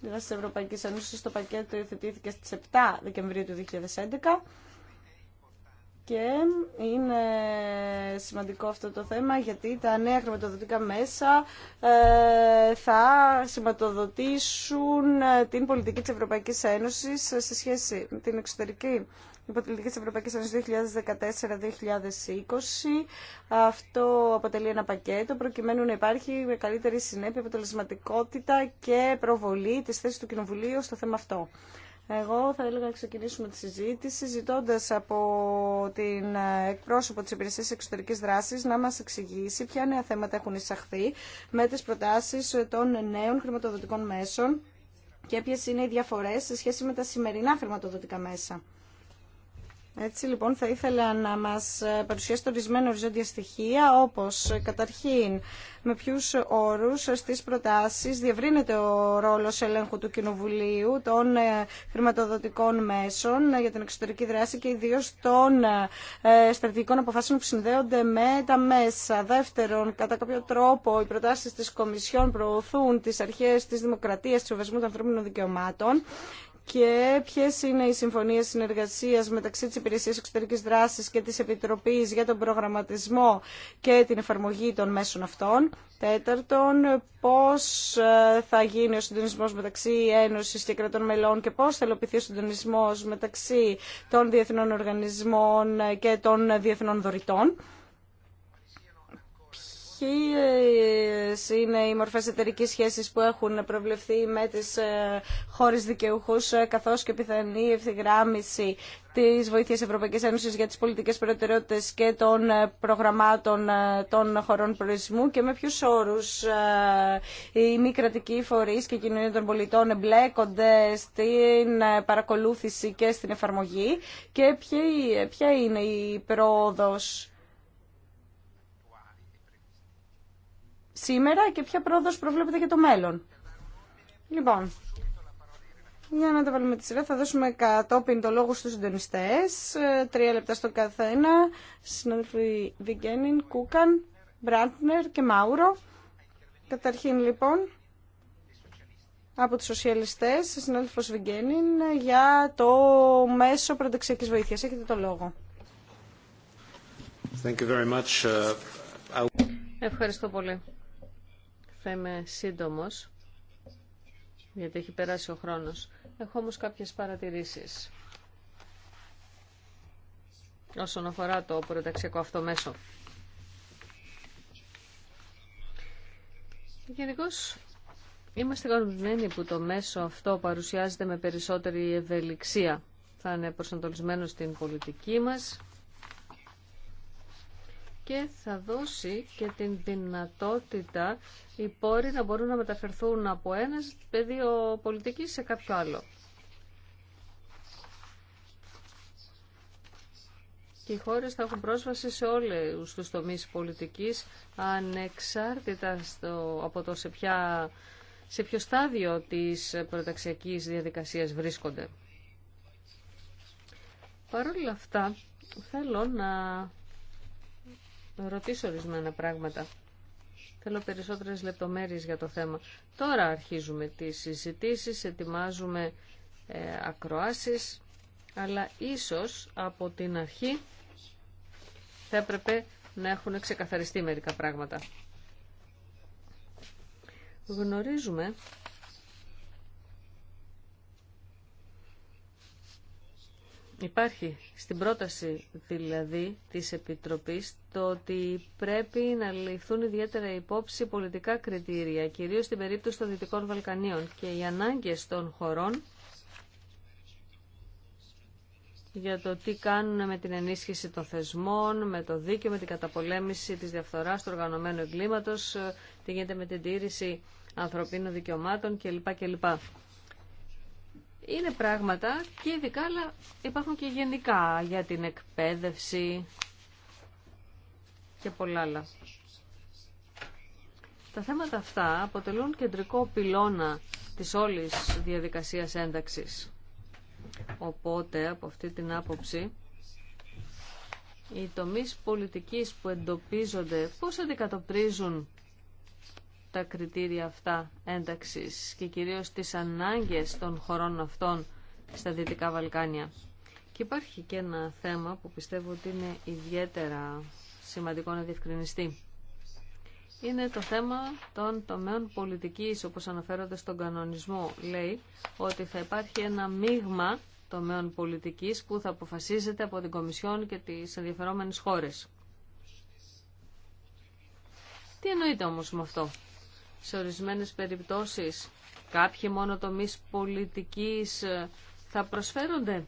δηλαδή της Ευρωπαϊκής Ένωσης. Το πακέτο υιοθετήθηκε στις 7 Δεκεμβρίου του 2011 και είναι σημαντικό αυτό το θέμα γιατί τα νέα χρηματοδοτικά μέσα ε, θα σηματοδοτήσουν ε, την πολιτική της Ευρωπαϊκής Ένωσης σε σχέση με την εξωτερική πολιτική της Ευρωπαϊκής Ένωσης 2014-2020. Αυτό αποτελεί ένα πακέτο προκειμένου να υπάρχει με καλύτερη συνέπεια, αποτελεσματικότητα και προβολή της θέσης του Κοινοβουλίου στο θέμα αυτό. Εγώ θα έλεγα να ξεκινήσουμε τη συζήτηση ζητώντα από την ε, εκπρόσωπο τη Υπηρεσία Εξωτερική Δράση να μα εξηγήσει ποια νέα θέματα έχουν εισαχθεί με τι προτάσει των νέων χρηματοδοτικών μέσων και ποιε είναι οι διαφορέ σε σχέση με τα σημερινά χρηματοδοτικά μέσα. Έτσι λοιπόν θα ήθελα να μας το ορισμένα οριζόντια στοιχεία όπως καταρχήν με ποιους όρους στις προτάσεις διευρύνεται ο ρόλος ελέγχου του Κοινοβουλίου των ε, χρηματοδοτικών μέσων για την εξωτερική δράση και ιδίως των ε, στρατηγικών αποφάσεων που συνδέονται με τα μέσα. Δεύτερον, κατά κάποιο τρόπο οι προτάσεις της Κομισιόν προωθούν τις αρχές της δημοκρατίας, του σεβασμού των ανθρώπινων δικαιωμάτων και ποιε είναι οι συμφωνίε συνεργασία μεταξύ τη Υπηρεσία Εξωτερική Δράση και τη Επιτροπή για τον προγραμματισμό και την εφαρμογή των μέσων αυτών. Τέταρτον, πώ ε, θα γίνει ο συντονισμό μεταξύ Ένωση και κρατών μελών και πώ θα ελοπιθεί ο συντονισμό μεταξύ των διεθνών οργανισμών και των διεθνών δωρητών ποιες είναι οι μορφές εταιρική σχέσης που έχουν προβλεφθεί με τις ε, χώρες δικαιούχους, ε, καθώς και πιθανή ευθυγράμμιση της Βοήθειας Ευρωπαϊκής Ένωσης για τις πολιτικές προτεραιότητες και των ε, προγραμμάτων των χωρών προορισμού και με ποιους όρους οι μη κρατικοί φορείς και οι κοινωνία των πολιτών εμπλέκονται στην παρακολούθηση και στην εφαρμογή και ποια είναι η πρόοδος σήμερα και ποια πρόοδος προβλέπεται για το μέλλον. Λοιπόν, για να τα βάλουμε τη σειρά, θα δώσουμε κατόπιν το λόγο στους συντονιστές. Ε, τρία λεπτά στον καθένα. Συνάδελφοι Βιγγένιν, Κούκαν, Μπραντνερ και Μάουρο. Καταρχήν λοιπόν, από τους σοσιαλιστές, συνάδελφος Βιγκένιν για το μέσο πρωτεξιακής βοήθειας. Έχετε το λόγο. Thank you very much. Uh, Ευχαριστώ πολύ θα είμαι σύντομος, γιατί έχει περάσει ο χρόνος. Έχω όμως κάποιες παρατηρήσεις όσον αφορά το προταξιακό αυτό μέσο. Γενικώ είμαστε κανονισμένοι που το μέσο αυτό παρουσιάζεται με περισσότερη ευελιξία. Θα είναι προσανατολισμένο στην πολιτική μας και θα δώσει και την δυνατότητα οι πόροι να μπορούν να μεταφερθούν από ένα πεδίο πολιτικής σε κάποιο άλλο. Και οι χώρες θα έχουν πρόσβαση σε όλους τους τομείς πολιτικής ανεξάρτητα στο, από το σε, σε ποιο στάδιο της προταξιακής διαδικασίας βρίσκονται. Παρ' όλα αυτά, θέλω να ρωτήσω ορισμένα πράγματα. Θέλω περισσότερες λεπτομέρειες για το θέμα. Τώρα αρχίζουμε τις συζητήσεις, ετοιμάζουμε ε, ακροάσεις, αλλά ίσως από την αρχή θα έπρεπε να έχουν ξεκαθαριστεί μερικά πράγματα. Γνωρίζουμε Υπάρχει στην πρόταση δηλαδή της Επιτροπής το ότι πρέπει να ληφθούν ιδιαίτερα υπόψη πολιτικά κριτήρια, κυρίως στην περίπτωση των Δυτικών Βαλκανίων και οι ανάγκες των χωρών για το τι κάνουν με την ενίσχυση των θεσμών, με το δίκαιο, με την καταπολέμηση της διαφθοράς του οργανωμένου εγκλήματος, ε, τι γίνεται με την τήρηση ανθρωπίνων δικαιωμάτων κλπ. κλπ είναι πράγματα και ειδικά, αλλά υπάρχουν και γενικά για την εκπαίδευση και πολλά άλλα. Τα θέματα αυτά αποτελούν κεντρικό πυλώνα της όλης διαδικασίας ένταξης. Οπότε, από αυτή την άποψη, οι τομείς πολιτικής που εντοπίζονται πώς αντικατοπτρίζουν τα κριτήρια αυτά ένταξης και κυρίως τις ανάγκες των χωρών αυτών στα Δυτικά Βαλκάνια. Και υπάρχει και ένα θέμα που πιστεύω ότι είναι ιδιαίτερα σημαντικό να διευκρινιστεί. Είναι το θέμα των τομέων πολιτικής, όπως αναφέρονται στον κανονισμό. Λέει ότι θα υπάρχει ένα μείγμα τομέων πολιτικής που θα αποφασίζεται από την Κομισιόν και τις ενδιαφερόμενες χώρες. Τι εννοείται όμως με αυτό σε ορισμένες περιπτώσεις κάποιοι μόνο τομείς πολιτικής ε, θα προσφέρονται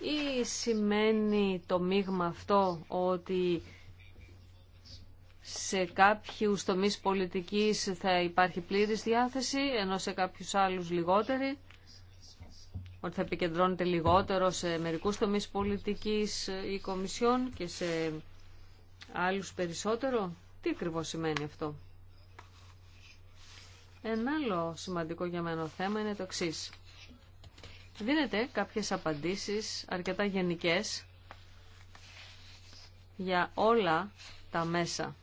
ή σημαίνει το μείγμα αυτό ότι σε κάποιους τομείς πολιτικής θα υπάρχει πλήρης διάθεση, ενώ σε κάποιους άλλους λιγότερη, ότι θα επικεντρώνεται λιγότερο σε μερικούς τομείς πολιτικής ή ε, κομισιόν και σε άλλους περισσότερο. Τι ακριβώς σημαίνει αυτό. Ένα άλλο σημαντικό για μένα θέμα είναι το εξή. Δίνετε κάποιες απαντήσεις αρκετά γενικές για όλα τα μέσα,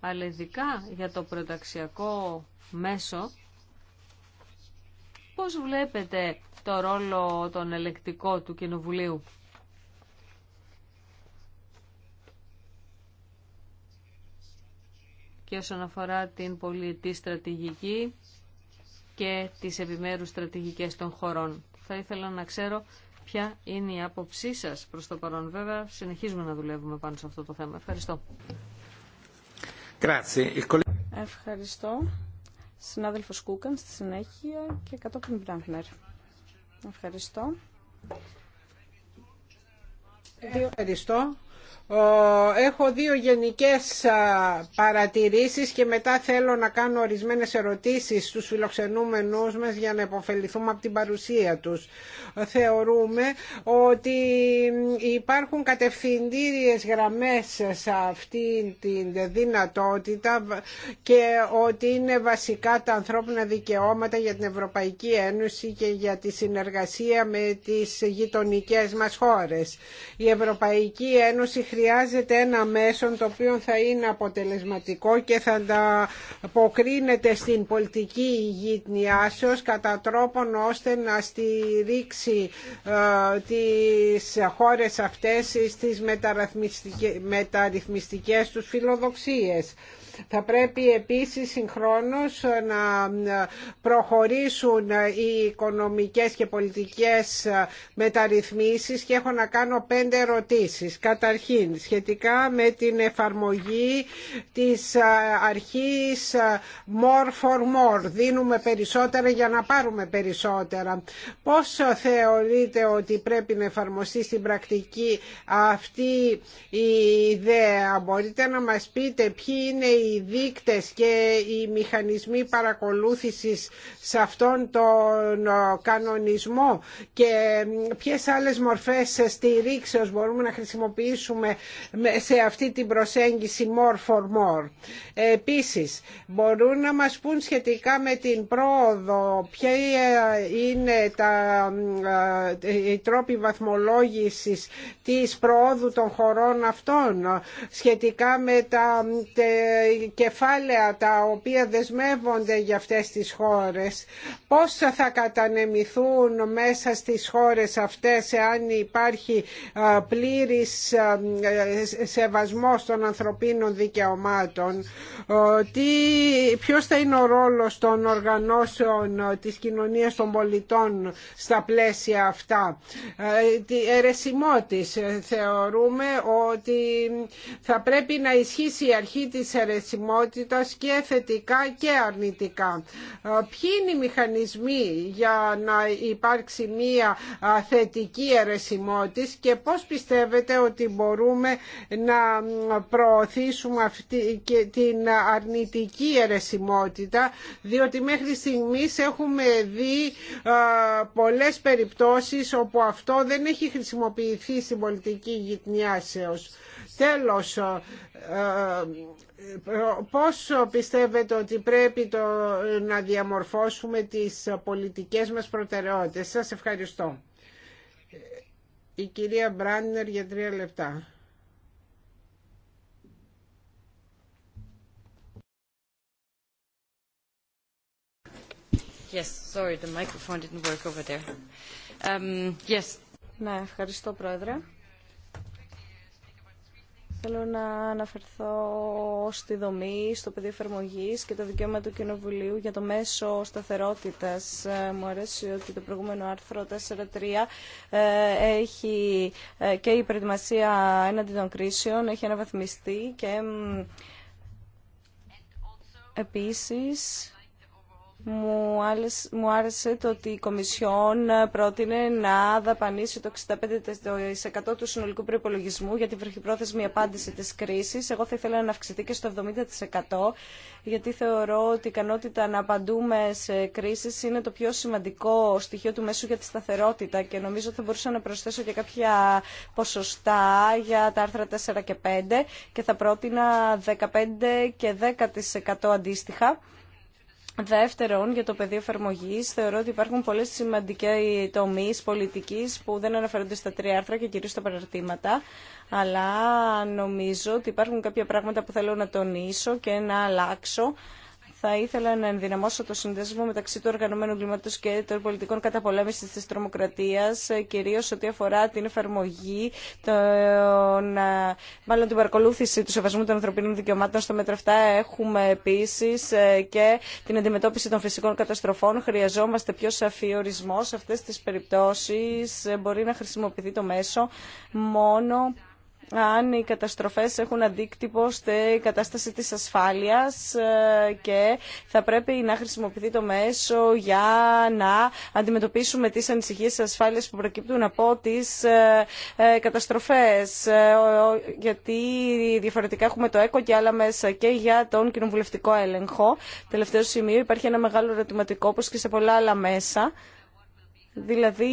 αλλά ειδικά για το προταξιακό μέσο, πώς βλέπετε το ρόλο τον ελεκτικό του Κοινοβουλίου. και όσον αφορά την πολιτική στρατηγική και τις επιμέρους στρατηγικές των χωρών. Θα ήθελα να ξέρω ποια είναι η άποψή σας προς το παρόν. Βέβαια, συνεχίζουμε να δουλεύουμε πάνω σε αυτό το θέμα. Ευχαριστώ. Ευχαριστώ. Συνάδελφος Κούκαν στη συνέχεια και κατόπιν Μπραντνερ. Ευχαριστώ. Ευχαριστώ. Έχω δύο γενικές παρατηρήσεις και μετά θέλω να κάνω ορισμένες ερωτήσεις στους φιλοξενούμενους μας για να επωφεληθούμε από την παρουσία τους. Θεωρούμε ότι υπάρχουν κατευθυντήριες γραμμές σε αυτή τη δυνατότητα και ότι είναι βασικά τα ανθρώπινα δικαιώματα για την Ευρωπαϊκή Ένωση και για τη συνεργασία με τις γειτονικές μας χώρες. Η Ευρωπαϊκή Ένωση χρειάζεται ένα μέσο το οποίο θα είναι αποτελεσματικό και θα τα αποκρίνεται στην πολιτική ηγητνιάσεως κατά τρόπον ώστε να στηρίξει ε, τις χώρες αυτές στις μεταρρυθμιστικές τους φιλοδοξίες. Θα πρέπει επίσης συγχρόνως να προχωρήσουν οι οικονομικές και πολιτικές μεταρρυθμίσεις και έχω να κάνω πέντε ερωτήσεις. Καταρχήν, σχετικά με την εφαρμογή της αρχής more for more. Δίνουμε περισσότερα για να πάρουμε περισσότερα. Πώς θεωρείτε ότι πρέπει να εφαρμοστεί στην πρακτική αυτή η ιδέα. Μπορείτε να μας πείτε ποιοι είναι οι οι δείκτες και οι μηχανισμοί παρακολούθησης σε αυτόν τον ε, κανονισμό και ποιες άλλες μορφές στηρίξεως μπορούμε να χρησιμοποιήσουμε σε αυτή την προσέγγιση more for more. Επίσης, μπορούν να μας πούν σχετικά με την πρόοδο ποια ε, είναι τα, ε, οι τρόποι βαθμολόγησης της πρόοδου των χωρών αυτών σχετικά με τα κεφάλαια τα οποία δεσμεύονται για αυτές τις χώρες, πώς θα κατανεμηθούν μέσα στις χώρες αυτές εάν υπάρχει πλήρης σεβασμός των ανθρωπίνων δικαιωμάτων, τι, ποιος θα είναι ο ρόλος των οργανώσεων της κοινωνίας των πολιτών στα πλαίσια αυτά. Ε, τη ε, θεωρούμε ότι θα πρέπει να ισχύσει η αρχή της αιρεσιμότητας και θετικά και αρνητικά. Ε, ποιοι είναι οι μηχανισμοί για να υπάρξει μία θετική αιρεσιμότητα και πώς πιστεύετε ότι μπορούμε να προωθήσουμε αυτή και την αρνητική αιρεσιμότητα διότι μέχρι στιγμής έχουμε δει πολλές περιπτώσεις όπου αυτό δεν έχει χρησιμοποιηθεί στην πολιτική γυκνιάσεως. Τέλος, ε, ε, πόσο πιστεύετε ότι πρέπει το, να διαμορφώσουμε τις πολιτικές μας προτεραιότητες. Σας ευχαριστώ. Η κυρία Μπράννερ για τρία λεπτά. Yes, sorry, the microphone didn't work over there. Um, yes. Ναι, ευχαριστώ πρόεδρε. Θέλω να αναφερθώ στη δομή, στο πεδίο εφαρμογή και το δικαίωμα του Κοινοβουλίου για το μέσο σταθερότητα. Ε, μου αρέσει ότι το προηγούμενο άρθρο 4.3 ε, έχει ε, και η προετοιμασία έναντι των κρίσεων, έχει αναβαθμιστεί και επίσης μου, άρεσε το ότι η Κομισιόν πρότεινε να δαπανίσει το 65% του συνολικού προπολογισμού για την βραχυπρόθεσμη απάντηση της κρίσης. Εγώ θα ήθελα να αυξηθεί και στο 70% γιατί θεωρώ ότι η ικανότητα να απαντούμε σε κρίσεις είναι το πιο σημαντικό στοιχείο του μέσου για τη σταθερότητα και νομίζω θα μπορούσα να προσθέσω και κάποια ποσοστά για τα άρθρα 4 και 5 και θα πρότεινα 15 και 10% αντίστοιχα Δεύτερον, για το πεδίο εφαρμογή, θεωρώ ότι υπάρχουν πολλέ σημαντικέ τομεί πολιτική που δεν αναφέρονται στα τρία άρθρα και κυρίω στα παραρτήματα. Αλλά νομίζω ότι υπάρχουν κάποια πράγματα που θέλω να τονίσω και να αλλάξω θα ήθελα να ενδυναμώσω το συνδέσμο μεταξύ του οργανωμένου κλίματος και των πολιτικών καταπολέμησης της τρομοκρατίας, ε, κυρίως ό,τι αφορά την εφαρμογή, ε, μάλλον την παρακολούθηση του σεβασμού των ανθρωπίνων δικαιωμάτων στο μέτρο Έχουμε επίσης ε, και την αντιμετώπιση των φυσικών καταστροφών. Χρειαζόμαστε πιο σαφή ορισμό σε αυτές τις περιπτώσεις. Μπορεί να χρησιμοποιηθεί το μέσο μόνο αν οι καταστροφές έχουν αντίκτυπο στη κατάσταση της ασφάλειας ε, και θα πρέπει να χρησιμοποιηθεί το μέσο για να αντιμετωπίσουμε τις ανησυχίες της ασφάλειας που προκύπτουν από τις ε, ε, καταστροφές. Γιατί διαφορετικά έχουμε το ΕΚΟ και άλλα μέσα και για τον κοινοβουλευτικό έλεγχο. Τελευταίο σημείο υπάρχει ένα μεγάλο ερωτηματικό όπως και σε πολλά άλλα μέσα Δηλαδή,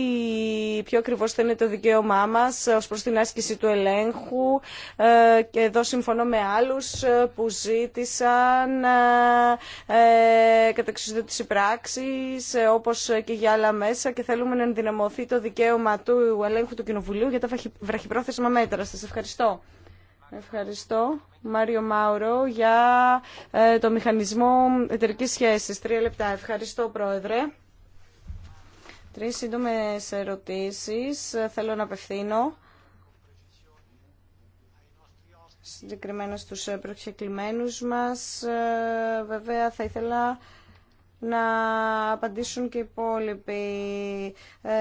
πιο ακριβώς θα είναι το δικαίωμά μας ως προς την άσκηση του ελέγχου ε, και εδώ συμφωνώ με άλλους ε, που ζήτησαν ε, ε της πράξης όπως και για άλλα μέσα και θέλουμε να ενδυναμωθεί το δικαίωμα του ελέγχου του Κοινοβουλίου για τα βραχυπρόθεσμα μέτρα. Σας ευχαριστώ. Ευχαριστώ, Μάριο Μάουρο, για το μηχανισμό εταιρικής σχέσης. Τρία λεπτά. Ευχαριστώ, Πρόεδρε. Τρει σύντομε ερωτήσεις θέλω να απευθύνω συγκεκριμένα στους προσκεκλημένους μας. Βέβαια θα ήθελα να απαντήσουν και οι υπόλοιποι. Ε,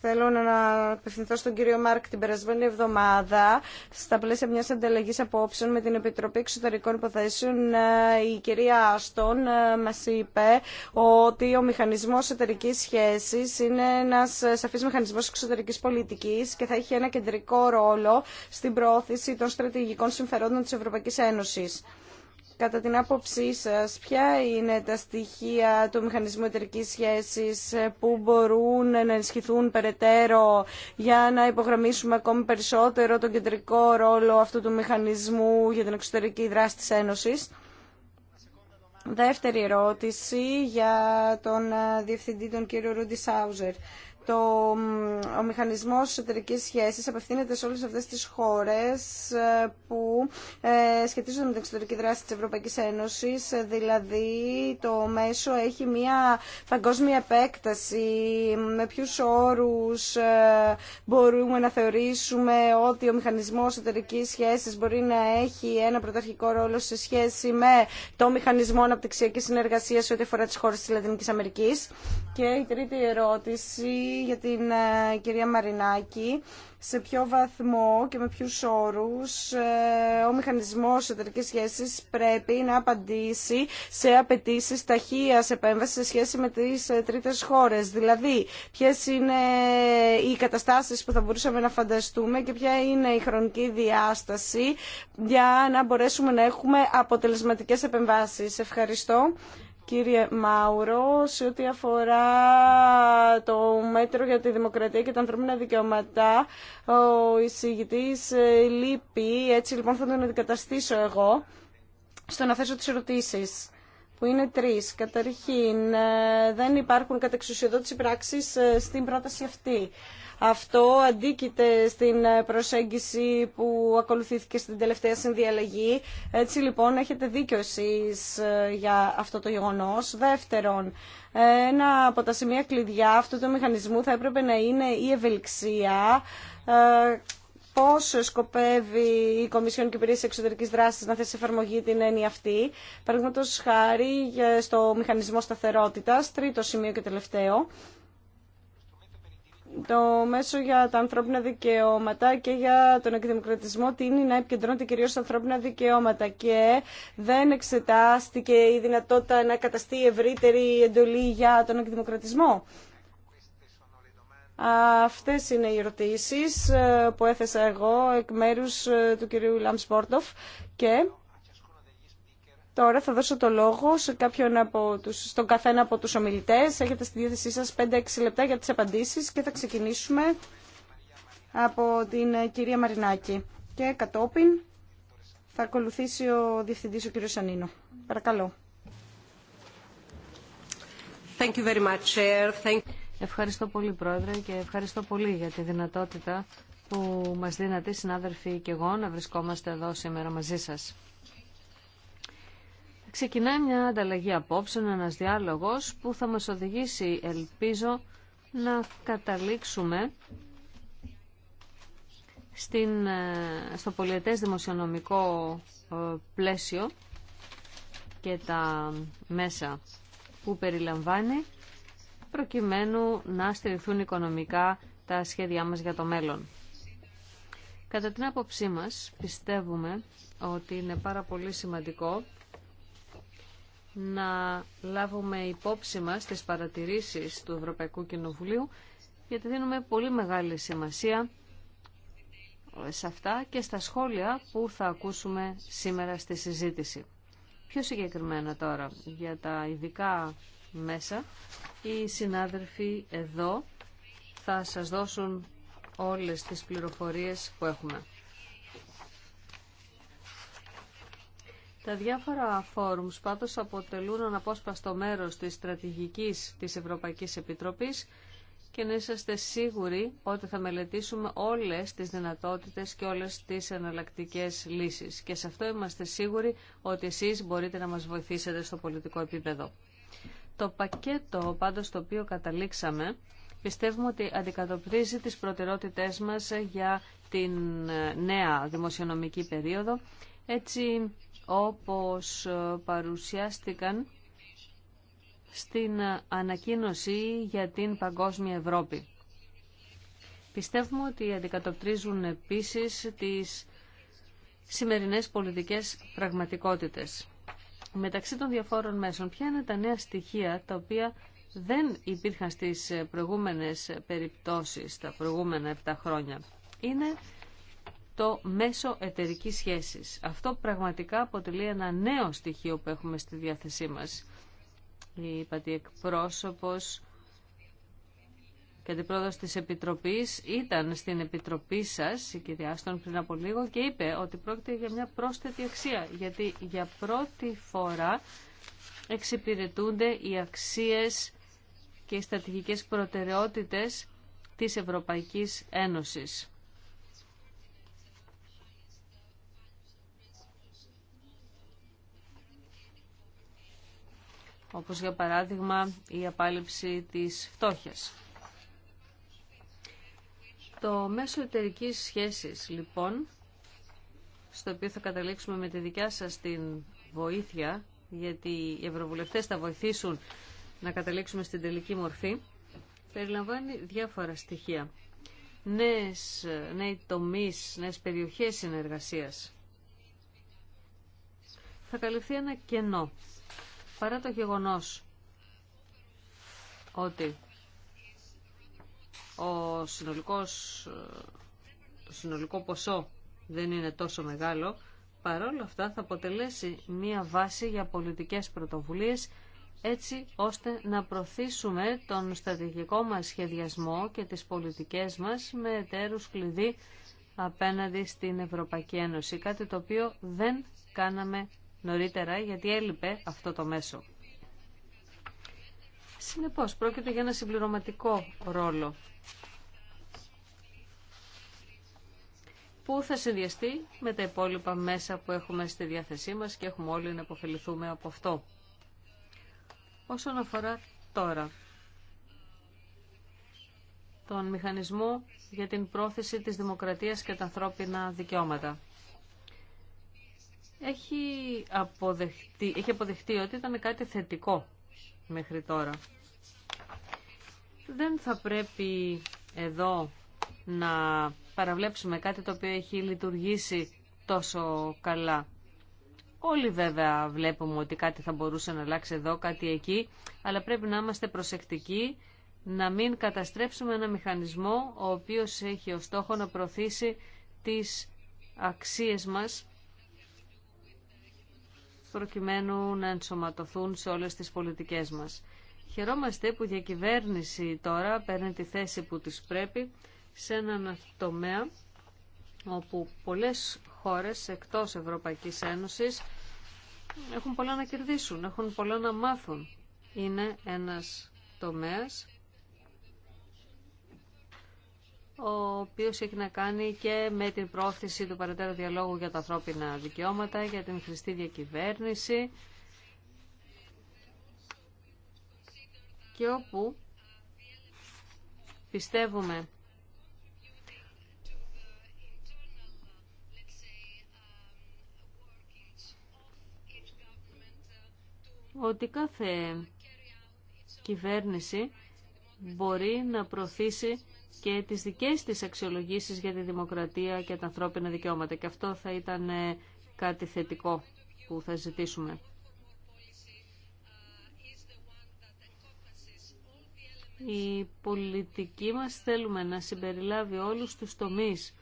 θέλω να απευθυνθώ στον κύριο Μάρκ την περασμένη εβδομάδα στα πλαίσια μιας ανταλλαγής απόψεων με την Επιτροπή Εξωτερικών Υποθέσεων. Ε, η κυρία Άστον ε, μας είπε ότι ο μηχανισμός εταιρικής σχέσης είναι ένας σαφής μηχανισμός εξωτερικής πολιτικής και θα έχει ένα κεντρικό ρόλο στην προώθηση των στρατηγικών συμφερόντων της Ευρωπαϊκής Ένωσης. Κατά την άποψή σας, ποια είναι τα στοιχεία του μηχανισμού εταιρικής σχέσης που μπορούν να ενισχυθούν περαιτέρω για να υπογραμμίσουμε ακόμη περισσότερο τον κεντρικό ρόλο αυτού του μηχανισμού για την εξωτερική δράση της Ένωσης. Δεύτερη ερώτηση για τον ε, Διευθυντή, τον κύριο Ρούντι Σάουζερ το, ο μηχανισμός εσωτερική σχέσης απευθύνεται σε όλες αυτές τις χώρες ε, που ε, σχετίζονται με την εξωτερική δράση της Ευρωπαϊκής Ένωσης, ε, δηλαδή το μέσο έχει μια παγκόσμια επέκταση, με ποιους όρους μπορούμε να θεωρήσουμε ότι ο μηχανισμός εσωτερική σχέσης μπορεί να έχει ένα πρωταρχικό ρόλο σε σχέση με το μηχανισμό αναπτυξιακής συνεργασίας ό,τι αφορά τις χώρες της Λατινικής Αμερικής. Και η τρίτη ερώτηση για την ε, κυρία Μαρινάκη σε ποιο βαθμό και με ποιους όρους ε, ο μηχανισμός εταιρικής σχέσης πρέπει να απαντήσει σε απαιτήσει ταχείας επέμβαση σε σχέση με τις ε, τρίτες χώρες. Δηλαδή, ποιες είναι οι καταστάσεις που θα μπορούσαμε να φανταστούμε και ποια είναι η χρονική διάσταση για να μπορέσουμε να έχουμε αποτελεσματικές επεμβάσεις. Ευχαριστώ κύριε Μάουρο, σε ό,τι αφορά το μέτρο για τη δημοκρατία και τα ανθρωπίνα δικαιώματα, ο εισηγητής ε, λείπει, έτσι λοιπόν θα τον αντικαταστήσω εγώ, στο να θέσω τις ερωτήσεις που είναι τρεις. Καταρχήν, ε, δεν υπάρχουν κατεξουσιοδότηση πράξης ε, στην πρόταση αυτή. Αυτό αντίκειται στην ε, προσέγγιση που ακολουθήθηκε στην τελευταία συνδιαλλαγή. Έτσι λοιπόν έχετε δίκιο εσείς ε, για αυτό το γεγονός. Δεύτερον, ένα από τα σημεία κλειδιά αυτού του μηχανισμού θα έπρεπε να είναι η ευελιξία ε, πώς σκοπεύει η Κομισιόν και Υπηρεσία Εξωτερική Δράση να θέσει εφαρμογή την έννοια αυτή. Παραδείγματο χάρη στο μηχανισμό σταθερότητας, τρίτο σημείο και τελευταίο το μέσο για τα ανθρώπινα δικαιώματα και για τον εκδημοκρατισμό είναι να επικεντρώνεται κυρίως στα ανθρώπινα δικαιώματα και δεν εξετάστηκε η δυνατότητα να καταστεί ευρύτερη εντολή για τον εκδημοκρατισμό. Αυτές είναι οι ερωτήσεις ε, που έθεσα εγώ εκ μέρους ε, του κυρίου Λαμσπόρτοφ και Τώρα θα δώσω το λόγο σε κάποιον από τους, στον καθένα από τους ομιλητές. Έχετε στη διάθεσή σας 5-6 λεπτά για τις απαντήσεις και θα ξεκινήσουμε από την κυρία Μαρινάκη. Και κατόπιν θα ακολουθήσει ο Διευθυντής ο κύριος Σανίνο. Παρακαλώ. Thank you very much, Thank... Ευχαριστώ πολύ Πρόεδρε και ευχαριστώ πολύ για τη δυνατότητα που μας δίνατε συνάδελφοι και εγώ να βρισκόμαστε εδώ σήμερα μαζί σας. Ξεκινάει μια ανταλλαγή απόψεων, ένας διάλογος που θα μας οδηγήσει, ελπίζω, να καταλήξουμε στην, ε, στο πολιετές δημοσιονομικό ε, πλαίσιο και τα μέσα που περιλαμβάνει προκειμένου να στηριχθούν οικονομικά τα σχέδιά μας για το μέλλον. Κατά την άποψή μας πιστεύουμε ότι είναι πάρα πολύ σημαντικό να λάβουμε υπόψη μας τις παρατηρήσεις του Ευρωπαϊκού Κοινοβουλίου γιατί δίνουμε πολύ μεγάλη σημασία σε αυτά και στα σχόλια που θα ακούσουμε σήμερα στη συζήτηση. Πιο συγκεκριμένα τώρα για τα ειδικά μέσα, οι συνάδελφοι εδώ θα σας δώσουν όλες τις πληροφορίες που έχουμε. Τα διάφορα φόρουμς πάντως αποτελούν αναπόσπαστο μέρος της στρατηγικής της Ευρωπαϊκής Επιτροπής και να είσαστε σίγουροι ότι θα μελετήσουμε όλες τις δυνατότητες και όλες τις εναλλακτικέ λύσεις. Και σε αυτό είμαστε σίγουροι ότι εσείς μπορείτε να μας βοηθήσετε στο πολιτικό επίπεδο. Το πακέτο πάντως το οποίο καταλήξαμε πιστεύουμε ότι αντικατοπτρίζει τις προτεραιότητές μας για την ε, νέα δημοσιονομική περίοδο. Έτσι όπως ε, παρουσιάστηκαν στην ανακοίνωση για την Παγκόσμια Ευρώπη. Πιστεύουμε ότι αντικατοπτρίζουν επίσης τις σημερινές πολιτικές πραγματικότητες. Μεταξύ των διαφόρων μέσων, ποια είναι τα νέα στοιχεία τα οποία δεν υπήρχαν στις προηγούμενες περιπτώσεις τα προηγούμενα 7 χρόνια. Είναι αυτό μέσω εταιρικής σχέσης. Αυτό πραγματικά αποτελεί ένα νέο στοιχείο που έχουμε στη διάθεσή μας. Η πατή εκπρόσωπος και αντιπρόεδρος της Επιτροπής ήταν στην Επιτροπή σας, η κυρία Άστον, πριν από λίγο και είπε ότι πρόκειται για μια πρόσθετη αξία, γιατί για πρώτη φορά εξυπηρετούνται οι αξίες και οι στρατηγικές προτεραιότητες της Ευρωπαϊκής Ένωσης. όπως για παράδειγμα η απάλληψη της φτώχειας. Το μέσο εταιρική σχέσης, λοιπόν, στο οποίο θα καταλήξουμε με τη δικιά σας την βοήθεια, γιατί οι ευρωβουλευτές θα βοηθήσουν να καταλήξουμε στην τελική μορφή, περιλαμβάνει διάφορα στοιχεία. Νέες, νέοι τομείς, νέες περιοχές συνεργασίας. Θα καλυφθεί ένα κενό Παρά το γεγονός ότι ο συνολικός, το ε, συνολικό ποσό δεν είναι τόσο μεγάλο, παρόλα αυτά θα αποτελέσει μία βάση για πολιτικές πρωτοβουλίες έτσι ώστε να προθίσουμε τον στρατηγικό μας σχεδιασμό και τις πολιτικές μας με εταίρους κλειδί απέναντι στην Ευρωπαϊκή Ένωση, κάτι το οποίο δεν κάναμε νωρίτερα γιατί έλειπε αυτό το μέσο. Συνεπώς, πρόκειται για ένα συμπληρωματικό ρόλο που θα συνδυαστεί με τα υπόλοιπα μέσα που έχουμε στη διάθεσή μας και έχουμε όλοι να αποφεληθούμε από αυτό. Όσον αφορά τώρα τον μηχανισμό για την πρόθεση της δημοκρατίας και τα ανθρώπινα δικαιώματα έχει αποδεχτεί, έχει αποδεχτεί ότι ήταν κάτι θετικό μέχρι τώρα. Δεν θα πρέπει εδώ να παραβλέψουμε κάτι το οποίο έχει λειτουργήσει τόσο καλά. Όλοι βέβαια βλέπουμε ότι κάτι θα μπορούσε να αλλάξει εδώ, κάτι εκεί, αλλά πρέπει να είμαστε προσεκτικοί να μην καταστρέψουμε ένα μηχανισμό ο οποίος έχει ως στόχο να προωθήσει τις αξίες μας προκειμένου να ενσωματωθούν σε όλες τις πολιτικές μας. Χαιρόμαστε που η διακυβέρνηση τώρα παίρνει τη θέση που της πρέπει σε έναν τομέα όπου πολλές χώρες εκτός Ευρωπαϊκής Ένωσης έχουν πολλά να κερδίσουν, έχουν πολλά να μάθουν. Είναι ένας τομέας ο οποίος έχει να κάνει και με την πρόθεση του παρατέρου διαλόγου για τα ανθρώπινα δικαιώματα, για την χρηστή διακυβέρνηση και όπου πιστεύουμε ότι κάθε κυβέρνηση μπορεί να προωθήσει και τις δικές της αξιολογήσεις για τη δημοκρατία και τα ανθρώπινα δικαιώματα. Και αυτό θα ήταν ε, κάτι θετικό που θα ζητήσουμε. Η πολιτική μας θέλουμε να συμπεριλάβει όλους τους τομείς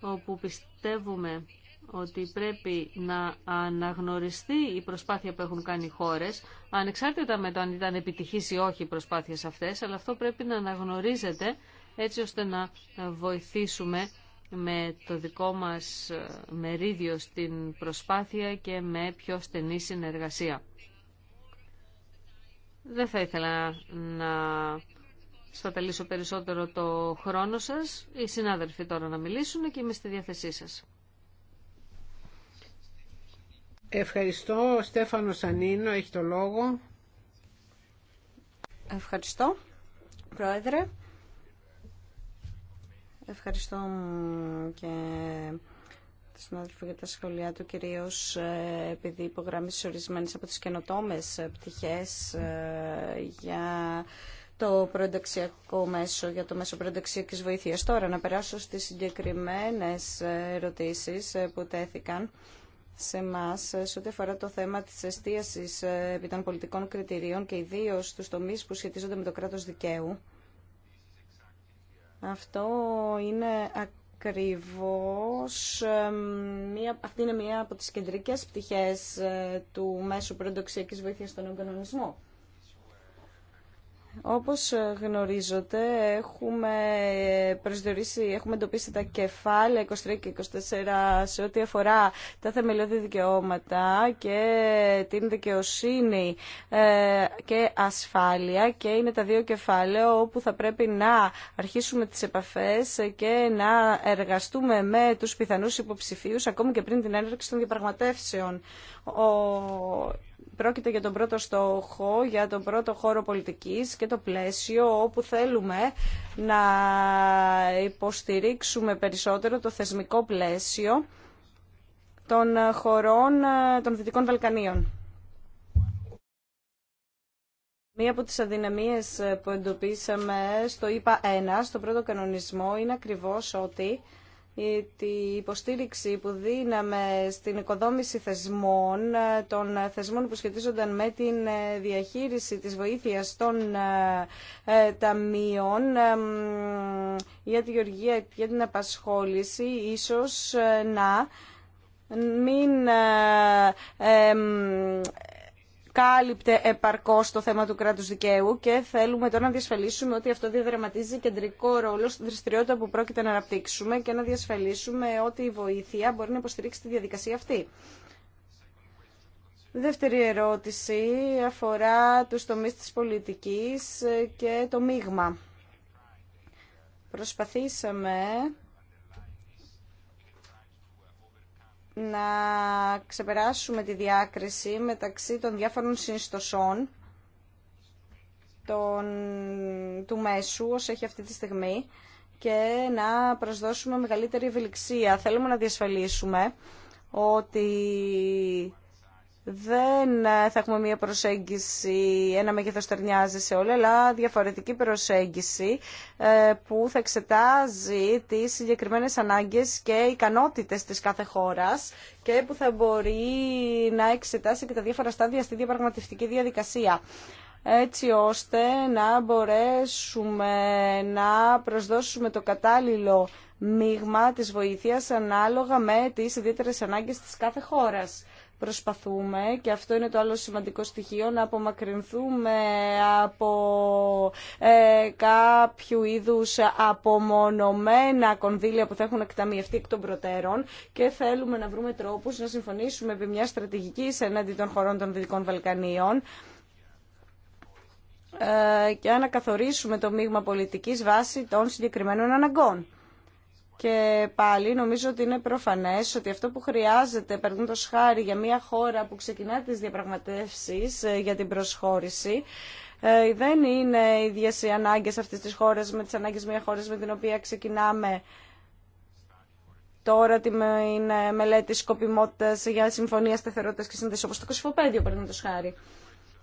όπου πιστεύουμε ότι πρέπει να αναγνωριστεί η προσπάθεια που έχουν κάνει οι χώρες, ανεξάρτητα με το αν ήταν επιτυχής ή όχι οι προσπάθειες αυτές, αλλά αυτό πρέπει να αναγνωρίζεται έτσι ώστε να βοηθήσουμε με το δικό μας ε, μερίδιο στην προσπάθεια και με πιο στενή συνεργασία. Δεν θα ήθελα να σπαταλίσω περισσότερο το χρόνο σας. Οι συνάδελφοι τώρα να μιλήσουν και είμαι στη διάθεσή σας. Ευχαριστώ. Στέφανο Στέφανος Ανίνο έχει το λόγο. Ευχαριστώ, Πρόεδρε. Ευχαριστώ και τον συνάδελφο για τα σχολεία του, κυρίω ε, επειδή υπογράμμισε ορισμένε από τι καινοτόμε ε, πτυχέ ε, για το προενταξιακό μέσο, για το μέσο προενταξιακή βοήθεια. Τώρα, να περάσω στι συγκεκριμένε ερωτήσει που τέθηκαν σε εμά σε ό,τι αφορά το θέμα τη εστίαση επί των πολιτικών κριτηρίων και ιδίω στου τομεί που σχετίζονται με το κράτο δικαίου. Αυτό είναι ακριβώς, μία, αυτή είναι μία από τις κεντρικές πτυχές ε, του μέσου προντοξιακής βοήθειας στον Οικονομισμό. Όπως γνωρίζετε, έχουμε προσδιορίσει, έχουμε εντοπίσει τα κεφάλαια 23 και 24 σε ό,τι αφορά τα θεμελιώδη δικαιώματα και την δικαιοσύνη ε, και ασφάλεια και είναι τα δύο κεφάλαια όπου θα πρέπει να αρχίσουμε τις επαφές και να εργαστούμε με τους πιθανούς υποψηφίους ακόμη και πριν την έναρξη των διαπραγματεύσεων. Ο Πρόκειται για τον πρώτο στόχο, για τον πρώτο χώρο πολιτικής και το πλαίσιο όπου θέλουμε να υποστηρίξουμε περισσότερο το θεσμικό πλαίσιο των χωρών των Δυτικών Βαλκανίων. Μία από τις αδυναμίες που εντοπίσαμε στο ΙΠΑ 1, στο πρώτο κανονισμό, είναι ακριβώς ότι η υποστήριξη που δίναμε στην οικοδόμηση θεσμών, ε, των θεσμών που σχετίζονταν με την ε, διαχείριση της βοήθειας των ε, ταμείων για τη γεωργία και την απασχόληση, ίσως να μην κάλυπτε επαρκώς το θέμα του κράτου δικαίου και θέλουμε τώρα να διασφαλίσουμε ότι αυτό διαδραματίζει κεντρικό ρόλο στην δραστηριότητα που πρόκειται να αναπτύξουμε και να διασφαλίσουμε ότι η βοήθεια μπορεί να υποστηρίξει τη διαδικασία αυτή. Δεύτερη ερώτηση αφορά τους τομείς της πολιτικής και το μείγμα. Προσπαθήσαμε να ξεπεράσουμε τη διάκριση μεταξύ των διάφορων συνιστοσών των, του μέσου όσο έχει αυτή τη στιγμή και να προσδώσουμε μεγαλύτερη ευελιξία. Θέλουμε να διασφαλίσουμε ότι δεν θα έχουμε μία προσέγγιση, ένα μέγεθος τερνιάζει σε όλα, αλλά διαφορετική προσέγγιση ε, που θα εξετάζει τις συγκεκριμένες ανάγκες και ικανότητες της κάθε χώρας και που θα μπορεί να εξετάσει και τα διάφορα στάδια στη διαπραγματευτική διαδικασία έτσι ώστε να μπορέσουμε να προσδώσουμε το κατάλληλο μείγμα της βοήθειας ανάλογα με τις ιδιαίτερες ανάγκες της κάθε χώρας προσπαθούμε, και αυτό είναι το άλλο σημαντικό στοιχείο, να απομακρυνθούμε από ε, κάποιου είδους απομονωμένα κονδύλια που θα έχουν εκταμιευτεί εκ των προτέρων και θέλουμε να βρούμε τρόπους να συμφωνήσουμε επί μια στρατηγική εναντί των χωρών των Δυτικών Βαλκανίων ε, και να καθορίσουμε το μείγμα πολιτικής βάση των συγκεκριμένων αναγκών. Και πάλι νομίζω ότι είναι προφανές ότι αυτό που χρειάζεται, το χάρη, για μια χώρα που ξεκινά τις διαπραγματεύσεις ε, για την προσχώρηση, ε, δεν είναι ίδιες οι ανάγκες αυτής της χώρας με τις ανάγκες μια χώρας με την οποία ξεκινάμε τώρα τη μελέτη σκοπιμότητας για συμφωνία σταθερότητας και σύνδεση, όπως το κοσφοπέδιο, το χάρη.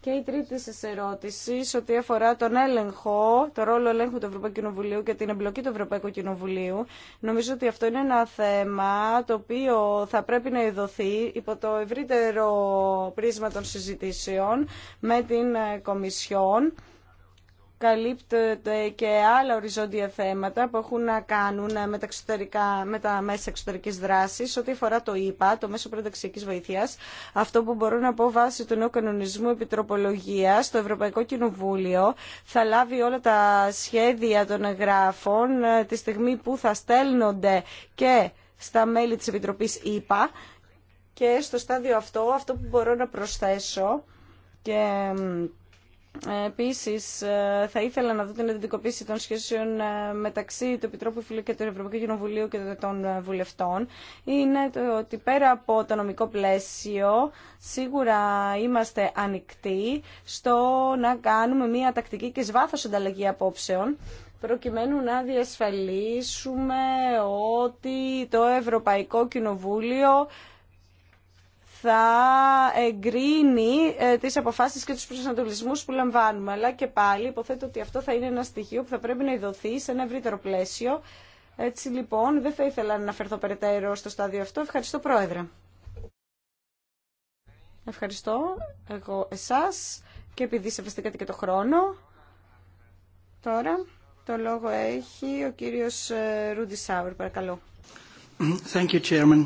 Και η τρίτη σα ερώτηση, ό,τι αφορά τον έλεγχο, το ρόλο ελέγχου του Ευρωπαϊκού Κοινοβουλίου και την εμπλοκή του Ευρωπαϊκού Κοινοβουλίου, νομίζω ότι αυτό είναι ένα θέμα το οποίο θα πρέπει να ειδωθεί υπό το ευρύτερο πρίσμα των συζητήσεων με την ε, Κομισιόν καλύπτεται και άλλα οριζόντια θέματα που έχουν να κάνουν με τα, εξωτερικά, με τα μέσα εξωτερική δράση, ό,τι αφορά το ΙΠΑ, το μέσο προενταξιακή βοήθεια. Αυτό που μπορώ να πω βάσει του νέου κανονισμού επιτροπολογία, το Ευρωπαϊκό Κοινοβούλιο θα λάβει όλα τα σχέδια των εγγράφων ε, τη στιγμή που θα στέλνονται και στα μέλη της Επιτροπής ΙΠΑ και στο στάδιο αυτό, αυτό που μπορώ να προσθέσω και Επίση, ε, θα ήθελα να δω την εντατικοποίηση των σχέσεων ε, μεταξύ του Επιτρόπου Φίλου και του Ευρωπαϊκού Κοινοβουλίου και των ε, βουλευτών. Είναι το ότι πέρα από το νομικό πλαίσιο, σίγουρα είμαστε ανοιχτοί στο να κάνουμε μια τακτική και σβάθος ανταλλαγή απόψεων προκειμένου να διασφαλίσουμε ότι το Ευρωπαϊκό Κοινοβούλιο θα εγκρίνει ε, τις αποφάσεις και τους προσανατολισμούς που λαμβάνουμε. Αλλά και πάλι υποθέτω ότι αυτό θα είναι ένα στοιχείο που θα πρέπει να ειδωθεί σε ένα ευρύτερο πλαίσιο. Έτσι λοιπόν δεν θα ήθελα να αναφερθώ περαιτέρω στο στάδιο αυτό. Ευχαριστώ Πρόεδρε. Ευχαριστώ εγώ εσάς και επειδή σεβαστήκατε και το χρόνο. Τώρα το λόγο έχει ο κύριος ε, Ρούντι Σάουρ, παρακαλώ. Thank you, Chairman.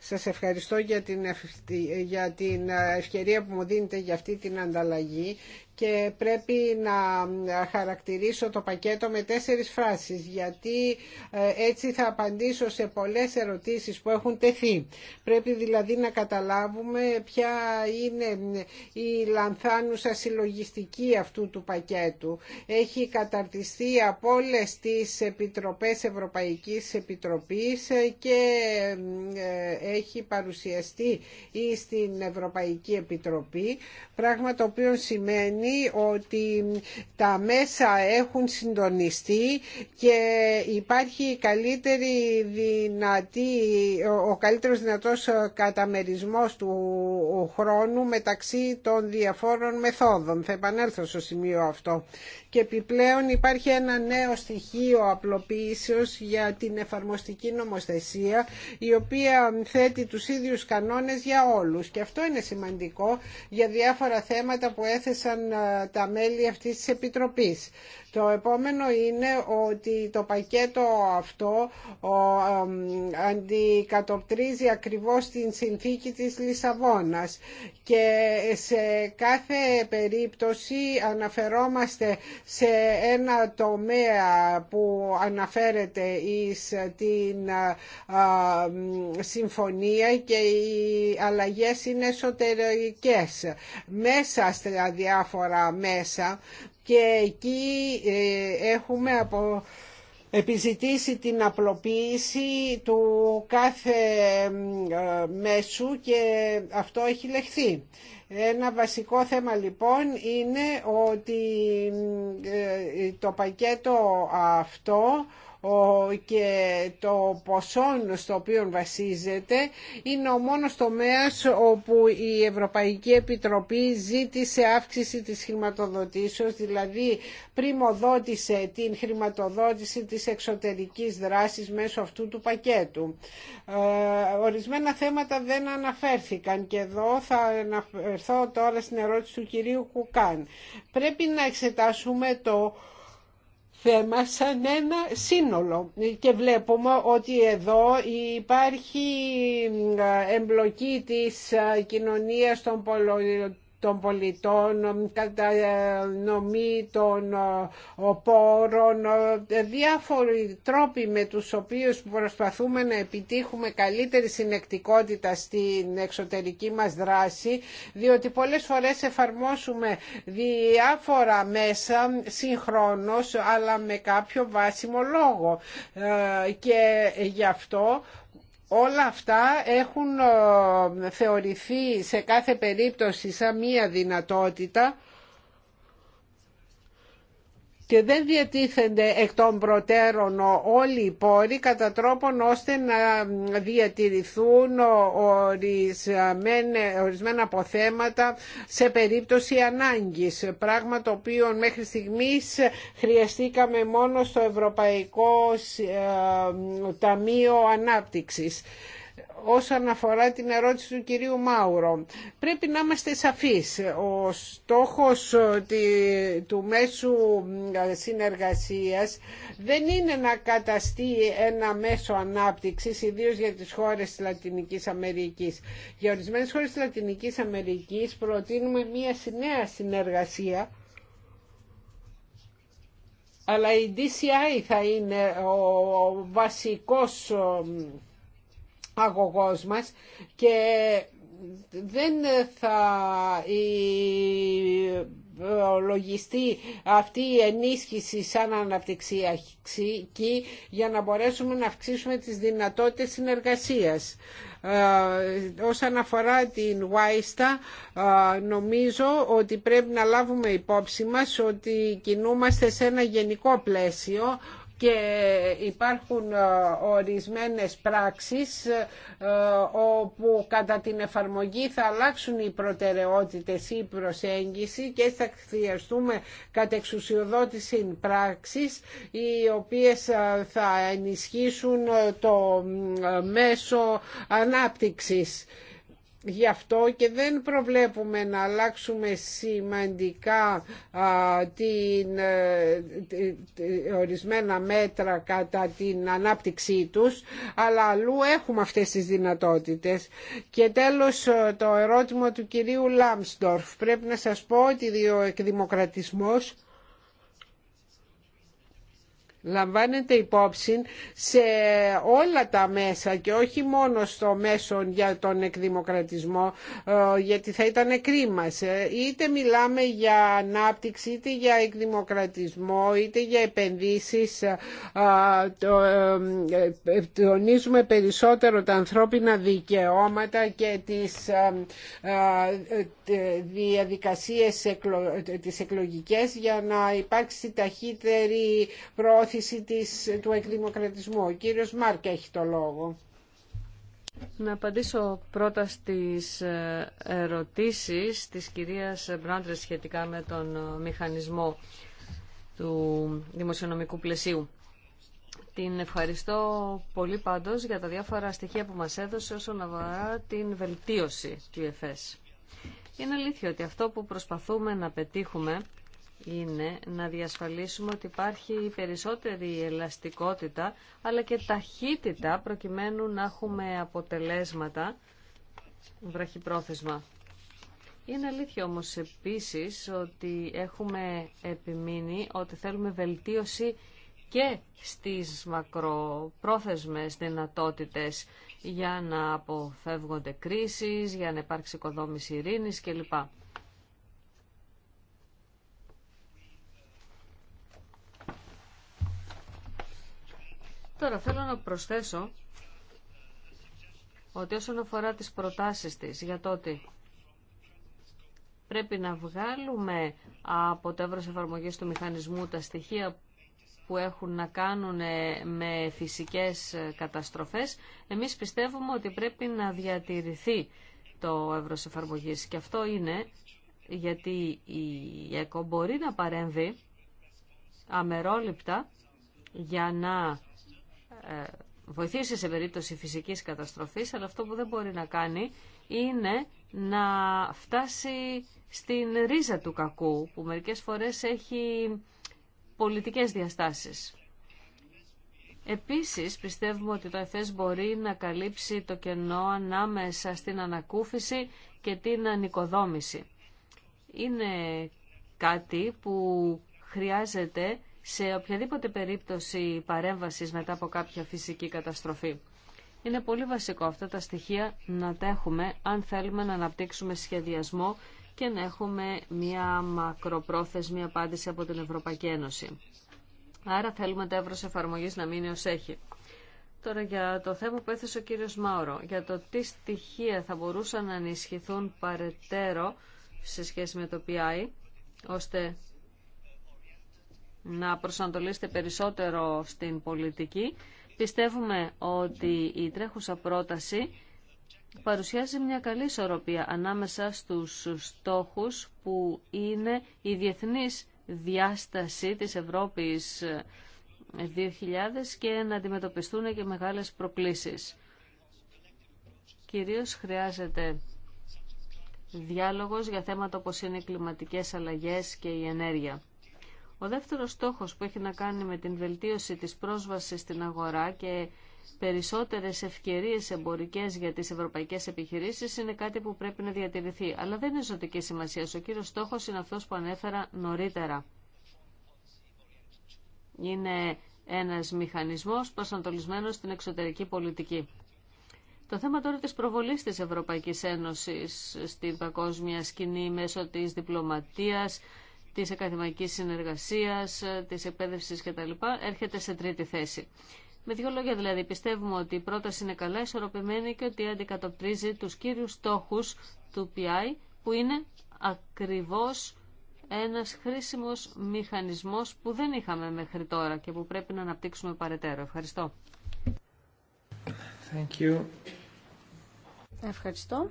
Σας ευχαριστώ για την, για την ευκαιρία που μου δίνετε για αυτή την ανταλλαγή και πρέπει να χαρακτηρίσω το πακέτο με τέσσερις φράσεις γιατί ε, έτσι θα απαντήσω σε πολλές ερωτήσεις που έχουν τεθεί. Πρέπει δηλαδή να καταλάβουμε ποια είναι ε, η λανθάνουσα συλλογιστική αυτού του πακέτου. Έχει καταρτιστεί από όλε τις Επιτροπές Ευρωπαϊκής Επιτροπής και ε, έχει παρουσιαστεί ή στην Ευρωπαϊκή Επιτροπή, πράγμα το οποίο σημαίνει ότι τα μέσα έχουν συντονιστεί και υπάρχει καλύτερη δυνατή, ο καλύτερος δυνατός καταμερισμός του χρόνου μεταξύ των διαφόρων μεθόδων. Θα επανέλθω στο σημείο αυτό. Και επιπλέον υπάρχει ένα νέο στοιχείο απλοποίησεως για την εφαρμοστική νομοθεσία η οποία θέτει τους ίδιους κανόνες για όλους και αυτό είναι σημαντικό για διάφορα θέματα που έθεσαν ε, τα μέλη αυτής της Επιτροπής. Το επόμενο είναι ότι το πακέτο αυτό αντικατοπτρίζει ακριβώς την συνθήκη της Λισαβόνας και σε κάθε περίπτωση αναφερόμαστε σε ένα τομέα που αναφέρεται εις την συμφωνία και οι αλλαγές είναι εσωτερικές μέσα στα διάφορα μέσα και εκεί ε, έχουμε από επιζητήσει την απλοποίηση του κάθε ε, μέσου και αυτό έχει λεχθεί. Ένα βασικό θέμα λοιπόν είναι ότι ε, το πακέτο αυτό και το ποσό στο οποίο βασίζεται είναι ο μόνος τομέας όπου η Ευρωπαϊκή Επιτροπή ζήτησε αύξηση της χρηματοδοτήσεως, δηλαδή πριμοδότησε την χρηματοδότηση της εξωτερικής δράσης μέσω αυτού του πακέτου. Ε, ορισμένα θέματα δεν αναφέρθηκαν και εδώ θα αναφερθώ τώρα στην ερώτηση του κυρίου Κουκάν. Πρέπει να εξετάσουμε το θέμα σαν ένα σύνολο και βλέπουμε ότι εδώ υπάρχει ε, εμπλοκή της ε, κοινωνίας των πολιτών των πολιτών, κατανομή των ε, πόρων, ε, διάφοροι τρόποι με τους οποίους προσπαθούμε να επιτύχουμε καλύτερη συνεκτικότητα στην εξωτερική μας δράση, διότι πολλές φορές εφαρμόσουμε διάφορα μέσα συγχρόνως, αλλά με κάποιο βάσιμο λόγο. Ε, και γι' αυτό Όλα αυτά έχουν ε, θεωρηθεί σε κάθε περίπτωση σαν μία δυνατότητα και δεν διατίθενται εκ των προτέρων όλοι οι πόροι κατά τρόπον ώστε να διατηρηθούν ορισμένα αποθέματα σε περίπτωση ανάγκης. Πράγμα το οποίο μέχρι στιγμής χρειαστήκαμε μόνο στο Ευρωπαϊκό ε, Ταμείο Ανάπτυξης όσον αφορά την ερώτηση του κυρίου Μάουρο. Πρέπει να είμαστε σαφείς. Ο στόχος ε, του μέσου ε, συνεργασίας δεν είναι να καταστεί ένα μέσο ανάπτυξης, ιδίως για τις χώρες της Λατινικής Αμερικής. Για ορισμένες χώρες της Λατινικής Αμερικής προτείνουμε μία νέα συνεργασία αλλά η DCI θα είναι ο βασικός αγωγός μας και δεν θα λογιστεί αυτή η ενίσχυση σαν αναπτυξιακή για να μπορέσουμε να αυξήσουμε τις δυνατότητες συνεργασίας. Ε, όσον αφορά την Βάιστα, ε, νομίζω ότι πρέπει να λάβουμε υπόψη μας ότι κινούμαστε σε ένα γενικό πλαίσιο και υπάρχουν ε, ορισμένες πράξεις ε, όπου κατά την εφαρμογή θα αλλάξουν οι προτεραιότητες ή η προσέγγιση και θα χρειαστούμε κατεξουσιοδότηση πράξεις οι οποίες ε, θα ενισχύσουν το μέσο ανάπτυξης Γι' αυτό και δεν προβλέπουμε να αλλάξουμε σημαντικά την, ε, ορισμένα μέτρα κατά την ανάπτυξή τους, αλλά αλλού έχουμε αυτές τις δυνατότητες. Και τέλος ε, το ερώτημα του κυρίου Λάμστορφ. Πρέπει να σας πω ότι ο εκδημοκρατισμός λαμβάνεται υπόψη σε όλα τα μέσα και όχι μόνο στο μέσο για τον εκδημοκρατισμό ε, γιατί θα ήταν κρίμα. Είτε μιλάμε για ανάπτυξη, είτε για εκδημοκρατισμό, είτε για επενδύσεις ε, ε, τονίζουμε περισσότερο τα ανθρώπινα δικαιώματα και τις διαδικασίες τις εκλογικές για να υπάρξει ταχύτερη πρόθεση της, του εκδημοκρατισμού. Ο κύριος Μάρκ έχει το λόγο. Να απαντήσω πρώτα στις ε, ερωτήσεις της κυρίας Μπράντρες σχετικά με τον ε, μηχανισμό του δημοσιονομικού πλαισίου. Την ευχαριστώ πολύ πάντως για τα διάφορα στοιχεία που μας έδωσε όσον αφορά την βελτίωση του ΕΦΕΣ. Είναι αλήθεια ότι αυτό που προσπαθούμε να πετύχουμε είναι να διασφαλίσουμε ότι υπάρχει περισσότερη ελαστικότητα αλλά και ταχύτητα προκειμένου να έχουμε αποτελέσματα βραχυπρόθεσμα. Είναι αλήθεια όμως επίσης ότι έχουμε επιμείνει ότι θέλουμε βελτίωση και στις μακροπρόθεσμες δυνατότητες για να αποφεύγονται κρίσεις, για να υπάρξει οικοδόμηση ειρήνης κλπ. Τώρα θέλω να προσθέσω ότι όσον αφορά τις προτάσεις της για το ότι πρέπει να βγάλουμε από το εύρος εφαρμογής του μηχανισμού τα στοιχεία που έχουν να κάνουν με φυσικές καταστροφές, εμείς πιστεύουμε ότι πρέπει να διατηρηθεί το εύρος εφαρμογής. Και αυτό είναι γιατί η ΕΚΟ μπορεί να παρέμβει αμερόληπτα για να ε, βοηθήσει σε περίπτωση φυσικής καταστροφής, αλλά αυτό που δεν μπορεί να κάνει είναι να φτάσει στην ρίζα του κακού, που μερικές φορές έχει πολιτικές διαστάσεις. Επίσης, πιστεύουμε ότι το ΕΦΕΣ μπορεί να καλύψει το κενό ανάμεσα στην ανακούφιση και την ανοικοδόμηση. Είναι κάτι που χρειάζεται σε οποιαδήποτε περίπτωση παρέμβασης μετά από κάποια φυσική καταστροφή. Είναι πολύ βασικό αυτά τα στοιχεία να τα έχουμε αν θέλουμε να αναπτύξουμε σχεδιασμό και να έχουμε μια μακροπρόθεσμη απάντηση από την Ευρωπαϊκή Ένωση. Άρα θέλουμε τα εύρος εφαρμογής να μείνει ως έχει. Τώρα για το θέμα που έθεσε ο κύριος Μάουρο, για το τι στοιχεία θα μπορούσαν να ενισχυθούν παρετέρω σε σχέση με το PI, ώστε να προσανατολίσετε περισσότερο στην πολιτική. Πιστεύουμε ότι η τρέχουσα πρόταση παρουσιάζει μια καλή ισορροπία ανάμεσα στους στόχους που είναι η διεθνής διάσταση της Ευρώπης 2000 και να αντιμετωπιστούν και μεγάλες προκλήσεις. Κυρίως χρειάζεται διάλογος για θέματα όπως είναι οι κλιματικές αλλαγές και η ενέργεια. Ο δεύτερος στόχος που έχει να κάνει με την βελτίωση της πρόσβασης στην αγορά και περισσότερες ευκαιρίες εμπορικές για τις ευρωπαϊκές επιχειρήσεις είναι κάτι που πρέπει να διατηρηθεί. Αλλά δεν είναι ζωτική σημασία. Ο κύριος στόχος είναι αυτός που ανέφερα νωρίτερα. Είναι ένας μηχανισμός προσανατολισμένος στην εξωτερική πολιτική. Το θέμα τώρα της προβολής της Ευρωπαϊκής Ένωσης στην παγκόσμια σκηνή μέσω της διπλωματίας, της ακαδημαϊκής συνεργασίας, της εκπαίδευση κτλ. έρχεται σε τρίτη θέση. Με δύο λόγια δηλαδή, πιστεύουμε ότι η πρόταση είναι καλά ισορροπημένη και ότι αντικατοπτρίζει τους κύριους στόχους του PI, που είναι ακριβώς ένας χρήσιμος μηχανισμός που δεν είχαμε μέχρι τώρα και που πρέπει να αναπτύξουμε παρετέρω. Ευχαριστώ. Thank you. Ευχαριστώ.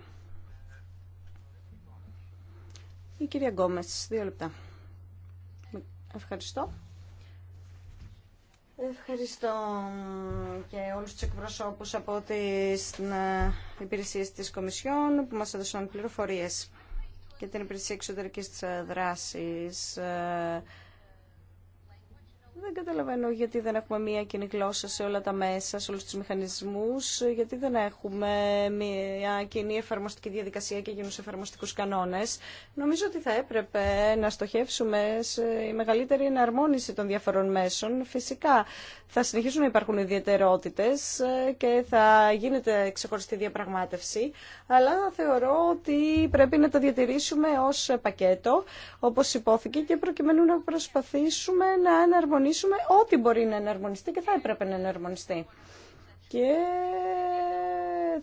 Η κυρία Γκόμες, δύο λεπτά. Ευχαριστώ. Ευχαριστώ και όλους τους εκπροσώπους από τις ε, υπηρεσίες της Κομισιόν που μας έδωσαν πληροφορίες και την υπηρεσία εξωτερικής δράσης. Ε, δεν καταλαβαίνω γιατί δεν έχουμε μία κοινή γλώσσα σε όλα τα μέσα, σε όλους τους μηχανισμούς, γιατί δεν έχουμε μία κοινή εφαρμοστική διαδικασία και κοινού εφαρμοστικούς κανόνες. Νομίζω ότι θα έπρεπε να στοχεύσουμε σε η μεγαλύτερη εναρμόνιση των διαφορών μέσων. Φυσικά θα συνεχίσουν να υπάρχουν ιδιαιτερότητες και θα γίνεται ξεχωριστή διαπραγμάτευση, αλλά θεωρώ ότι πρέπει να τα διατηρήσουμε ως πακέτο, όπως υπόθηκε, και προκειμένου να προσπαθήσουμε να εναρμονίσουμε εναρμονίσουμε ό,τι μπορεί να εναρμονιστεί και θα έπρεπε να εναρμονιστεί. Και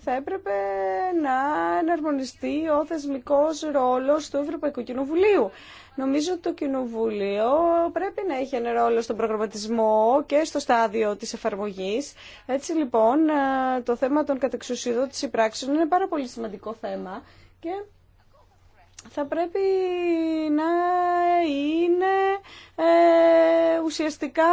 θα έπρεπε να εναρμονιστεί ο θεσμικός ρόλος του Ευρωπαϊκού Κοινοβουλίου. Νομίζω ότι το Κοινοβούλιο πρέπει να έχει ένα ρόλο στον προγραμματισμό και στο στάδιο της εφαρμογής. Έτσι λοιπόν ε, το θέμα των κατεξουσιοδότηση πράξεων είναι πάρα πολύ σημαντικό θέμα και θα πρέπει να είναι ε, ουσιαστικά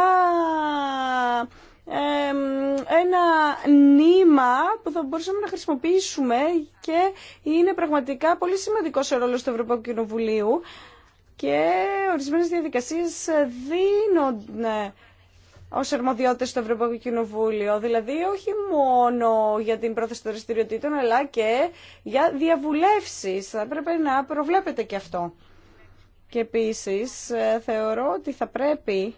ένα νήμα που θα μπορούσαμε να χρησιμοποιήσουμε και είναι πραγματικά πολύ σημαντικό ο ρόλο του Ευρωπαϊκού Κοινοβουλίου και ορισμένες διαδικασίες δίνονται ω αρμοδιότητε στο Ευρωπαϊκό Κοινοβούλιο, δηλαδή όχι μόνο για την πρόθεση των δραστηριοτήτων, αλλά και για διαβουλεύσει. Θα πρέπει να προβλέπετε και αυτό. Και επίση ε, θεωρώ ότι θα πρέπει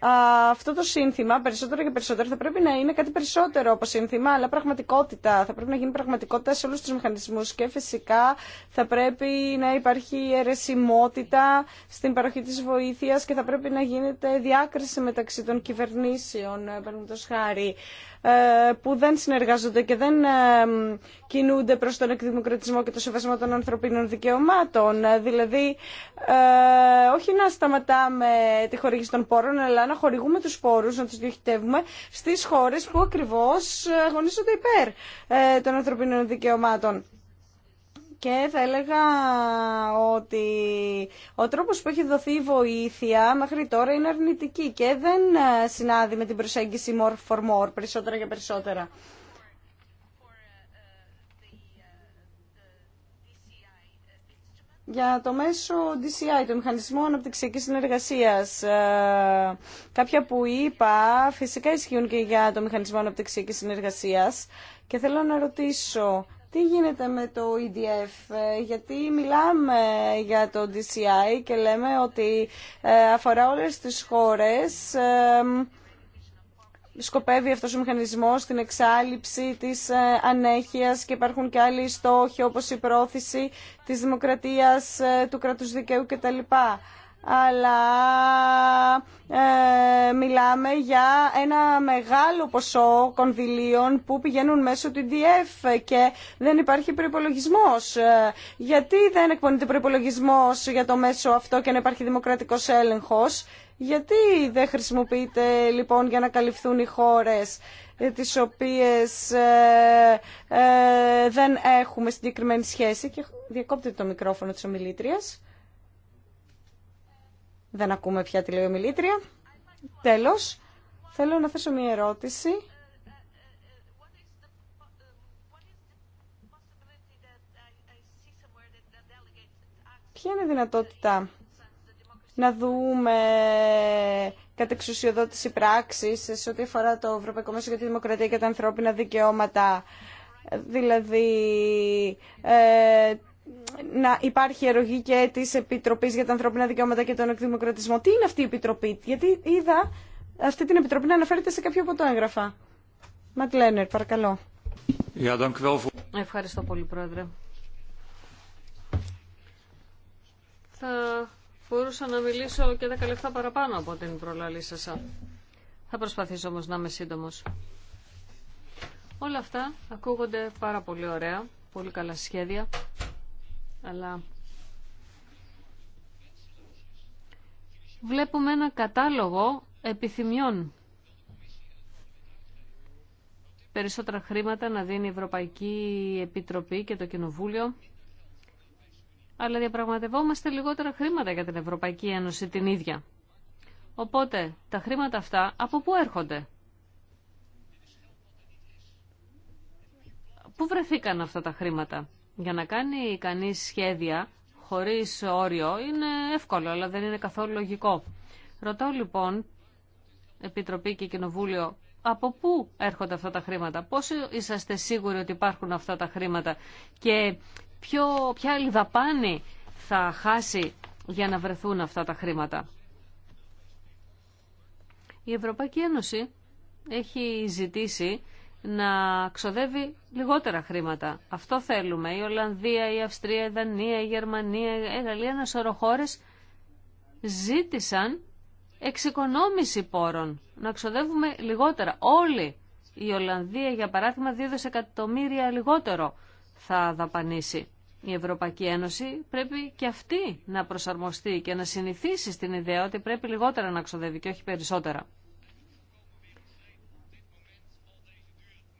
αυτό το σύνθημα περισσότερο και περισσότερο θα πρέπει να είναι κάτι περισσότερο από σύνθημα, αλλά πραγματικότητα. Θα πρέπει να γίνει πραγματικότητα σε όλους τους μηχανισμούς και φυσικά θα πρέπει να υπάρχει αιρεσιμότητα στην παροχή της βοήθειας και θα πρέπει να γίνεται διάκριση μεταξύ των κυβερνήσεων, παραδείγματος χάρη. Ε, που δεν συνεργάζονται και δεν ε, κινούνται προς τον εκδημοκρατισμό και το σεβασμό των ανθρωπίνων δικαιωμάτων. Ε, δηλαδή, όχι να σταματάμε τη χορήγηση των πόρων, αλλά να χορηγούμε τους πόρους, να τους διοχετεύουμε στις χώρες που ακριβώς αγωνίζονται υπέρ των ανθρωπίνων δικαιωμάτων και θα έλεγα ότι ο τρόπος που έχει δοθεί η βοήθεια μέχρι τώρα είναι αρνητική και δεν ε, συνάδει με την προσέγγιση more for more, περισσότερα για περισσότερα. για το μέσο DCI, το Μηχανισμό Αναπτυξιακής Συνεργασίας. Ε, κάποια που είπα φυσικά ισχύουν και για το Μηχανισμό Αναπτυξιακής Συνεργασίας και θέλω να ρωτήσω τι γίνεται με το EDF, ε, γιατί μιλάμε για το DCI και λέμε ότι ε, αφορά όλες τις χώρες ε, σκοπεύει αυτός ο μηχανισμός στην εξάλληψη της ανέχειας και υπάρχουν και άλλοι στόχοι όπως η πρόθεση της δημοκρατίας, του κρατούς δικαίου κτλ αλλά ε, μιλάμε για ένα μεγάλο ποσό κονδυλίων που πηγαίνουν μέσω του DF και δεν υπάρχει προϋπολογισμός. Ε, γιατί δεν εκπονείται προϋπολογισμός για το μέσο αυτό και να υπάρχει δημοκρατικός έλεγχος. Γιατί δεν χρησιμοποιείται λοιπόν για να καλυφθούν οι χώρες ε, τις οποίες δεν έχουμε συγκεκριμένη σχέση. Και διακόπτεται το μικρόφωνο της ομιλήτριας. Δεν ακούμε πια τη λέει Τέλος, θέλω να θέσω μια ερώτηση. Ποια είναι η δυνατότητα να δούμε κατεξουσιοδότηση πράξης σε ό,τι αφορά το Ευρωπαϊκό Μέσο για τη Δημοκρατία και τα ανθρώπινα δικαιώματα, δηλαδή ε, να υπάρχει ερωγή και τη Επιτροπή για τα Ανθρώπινα Δικαιώματα και τον Εκδημοκρατισμό. Τι είναι αυτή η Επιτροπή, γιατί είδα αυτή την Επιτροπή να αναφέρεται σε κάποιο από το έγγραφα. Ματ Λένερ, παρακαλώ. Ευχαριστώ πολύ, Πρόεδρε. Θα μπορούσα να μιλήσω και τα λεπτά παραπάνω από την προλαλή σας. Θα προσπαθήσω όμως να είμαι σύντομος. Όλα αυτά ακούγονται πάρα πολύ ωραία, πολύ καλά σχέδια αλλά βλέπουμε ένα κατάλογο επιθυμιών. Περισσότερα χρήματα να δίνει η Ευρωπαϊκή Επιτροπή και το Κοινοβούλιο. Αλλά διαπραγματευόμαστε λιγότερα χρήματα για την Ευρωπαϊκή Ένωση την ίδια. Οπότε τα χρήματα αυτά από πού έρχονται. Πού βρεθήκαν αυτά τα χρήματα. Για να κάνει κανείς σχέδια χωρίς όριο είναι εύκολο, αλλά δεν είναι καθόλου λογικό. Ρωτώ λοιπόν, Επιτροπή και Κοινοβούλιο, από πού έρχονται αυτά τα χρήματα, Πώς είσαστε σίγουροι ότι υπάρχουν αυτά τα χρήματα και ποιο, ποια άλλη δαπάνη θα χάσει για να βρεθούν αυτά τα χρήματα. Η Ευρωπαϊκή Ένωση έχει ζητήσει να ξοδεύει λιγότερα χρήματα. Αυτό θέλουμε. Η Ολλανδία, η Αυστρία, η Δανία, η Γερμανία, η Γαλλία, ένα σωρό χώρες ζήτησαν εξοικονόμηση πόρων. Να ξοδεύουμε λιγότερα. Όλοι. Η Ολλανδία, για παράδειγμα, 2 δισεκατομμύρια λιγότερο θα δαπανίσει. Η Ευρωπαϊκή Ένωση πρέπει και αυτή να προσαρμοστεί και να συνηθίσει στην ιδέα ότι πρέπει λιγότερα να ξοδεύει και όχι περισσότερα.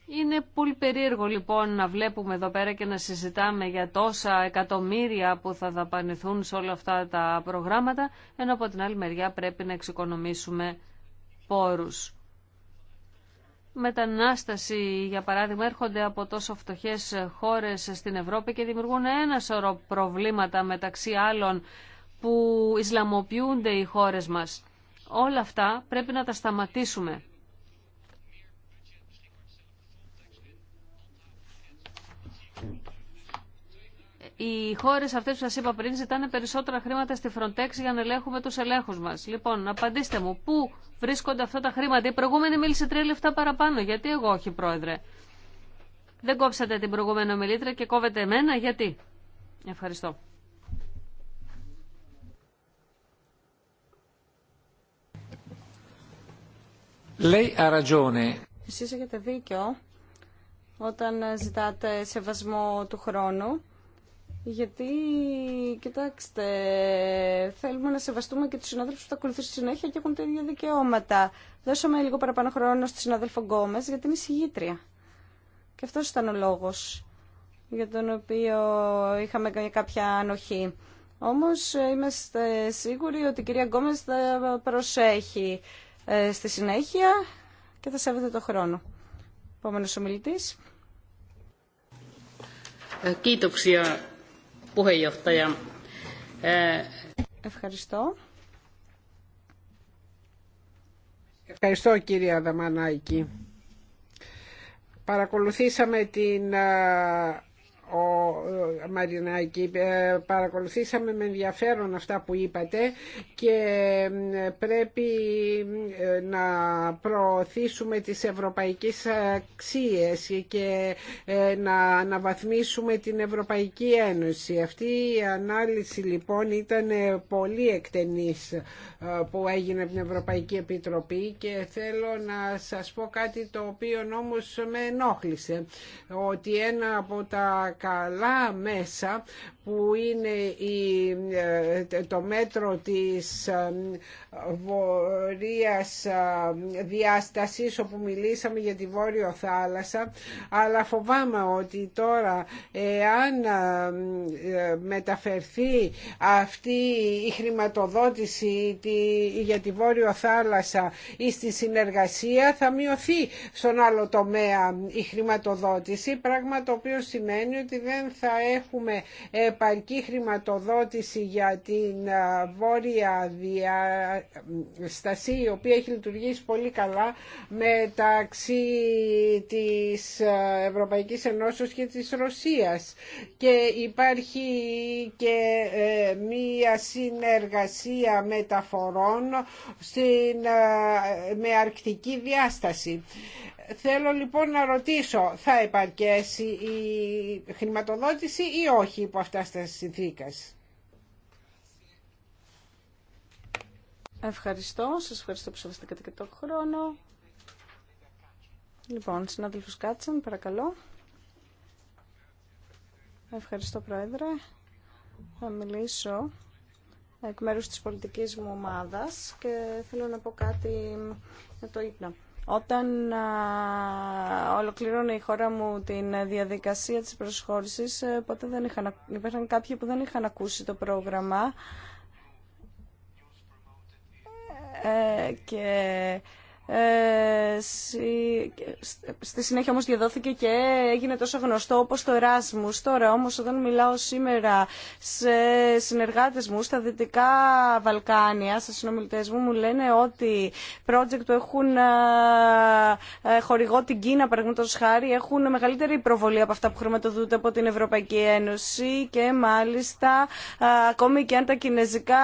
Είναι πολύ περίεργο λοιπόν να βλέπουμε εδώ πέρα και να συζητάμε για τόσα εκατομμύρια που θα δαπανηθούν σε όλα αυτά τα προγράμματα, ενώ από την άλλη μεριά πρέπει να εξοικονομήσουμε πόρους. Μετανάσταση, για παράδειγμα, έρχονται από τόσο φτωχές χώρες στην Ευρώπη και δημιουργούν ένα σωρό προβλήματα μεταξύ άλλων που ισλαμοποιούνται οι χώρες μας. Όλα αυτά πρέπει να τα σταματήσουμε. οι χώρες αυτές που σας είπα πριν ζητάνε περισσότερα χρήματα στη Frontex για να ελέγχουμε τους ελέγχους μας. Λοιπόν, απαντήστε μου, πού βρίσκονται αυτά τα χρήματα. Η προηγούμενη μίλησε τρία λεφτά παραπάνω. Γιατί εγώ όχι, Πρόεδρε. Δεν κόψατε την προηγούμενη ομιλήτρια και κόβετε εμένα. Γιατί. Ευχαριστώ. Λέει Εσείς έχετε δίκιο όταν ζητάτε σεβασμό του χρόνου. Γιατί, κοιτάξτε, θέλουμε να σεβαστούμε και τους συνάδελφους που θα ακολουθήσουν συνέχεια και έχουν τα ίδια δικαιώματα. Δώσαμε λίγο παραπάνω χρόνο στη συνάδελφο Γκόμες γιατί είναι συγγήτρια. Και αυτός ήταν ο λόγος για τον οποίο είχαμε κάποια ανοχή. Όμως είμαστε σίγουροι ότι η κυρία Γκόμες θα προσέχει ε, στη συνέχεια και θα σέβεται το χρόνο. Επόμενος ομιλητής. Ε, ε, Ευχαριστώ. Ευχαριστώ κυρία Αδαμανάκη. Παρακολουθήσαμε την ε, ο ε, Μαρινάκη. Ε, παρακολουθήσαμε με ενδιαφέρον αυτά που είπατε και ε, πρέπει να προωθήσουμε τις ευρωπαϊκές αξίες και να αναβαθμίσουμε την Ευρωπαϊκή Ένωση. Αυτή η ανάλυση λοιπόν ήταν πολύ εκτενής που έγινε από την Ευρωπαϊκή Επιτροπή και θέλω να σας πω κάτι το οποίο όμως με ενόχλησε ότι ένα από τα καλά μέσα που είναι ε, το μέτρο της ε, βορείας ε, διάστασης όπου μιλήσαμε για τη Βόρειο Θάλασσα αλλά φοβάμαι ότι τώρα εάν μεταφερθεί αυτή η χρηματοδότηση για τη Βόρειο Θάλασσα ή στη συνεργασία θα μειωθεί στον άλλο τομέα η χρηματοδότηση πράγμα το οποίο σημαίνει ότι δεν θα έχουμε επαρκή χρηματοδότηση για την βόρεια διαστασία η οποία έχει λειτουργήσει πολύ καλά μεταξύ της Ευρωπαϊκής Ενώσεως και της Ρωσίας και υπάρχει και ε, μία συνεργασία μεταφορών στην, με αρκτική διάσταση. Θέλω λοιπόν να ρωτήσω, θα επαρκέσει η χρηματοδότηση ή όχι υπό αυτά τα συνθήκε. Ευχαριστώ. Σας ευχαριστώ που δώσατε και το χρόνο. Λοιπόν, συνάδελφος Κάτσεν, παρακαλώ. Ευχαριστώ, Πρόεδρε. Θα μιλήσω εκ μέρους της πολιτικής μου ομάδας και θέλω να πω κάτι για το ύπνο. Όταν ολοκληρώνει η χώρα μου την διαδικασία της προσχώρησης, ε, ποτέ δεν είχαν, υπήρχαν κάποιοι που δεν είχαν ακούσει το πρόγραμμα ε, και ε, στη συνέχεια όμως διαδόθηκε και έγινε τόσο γνωστό όπως το Εράσμους. Τώρα όμως όταν μιλάω σήμερα σε συνεργάτες μου στα Δυτικά Βαλκάνια, σε συνομιλητές μου, μου λένε ότι project που έχουν ε, χορηγό την Κίνα, παραδείγματος χάρη, έχουν μεγαλύτερη προβολή από αυτά που χρηματοδοτούνται από την Ευρωπαϊκή Ένωση και μάλιστα ακόμη και αν τα κινέζικα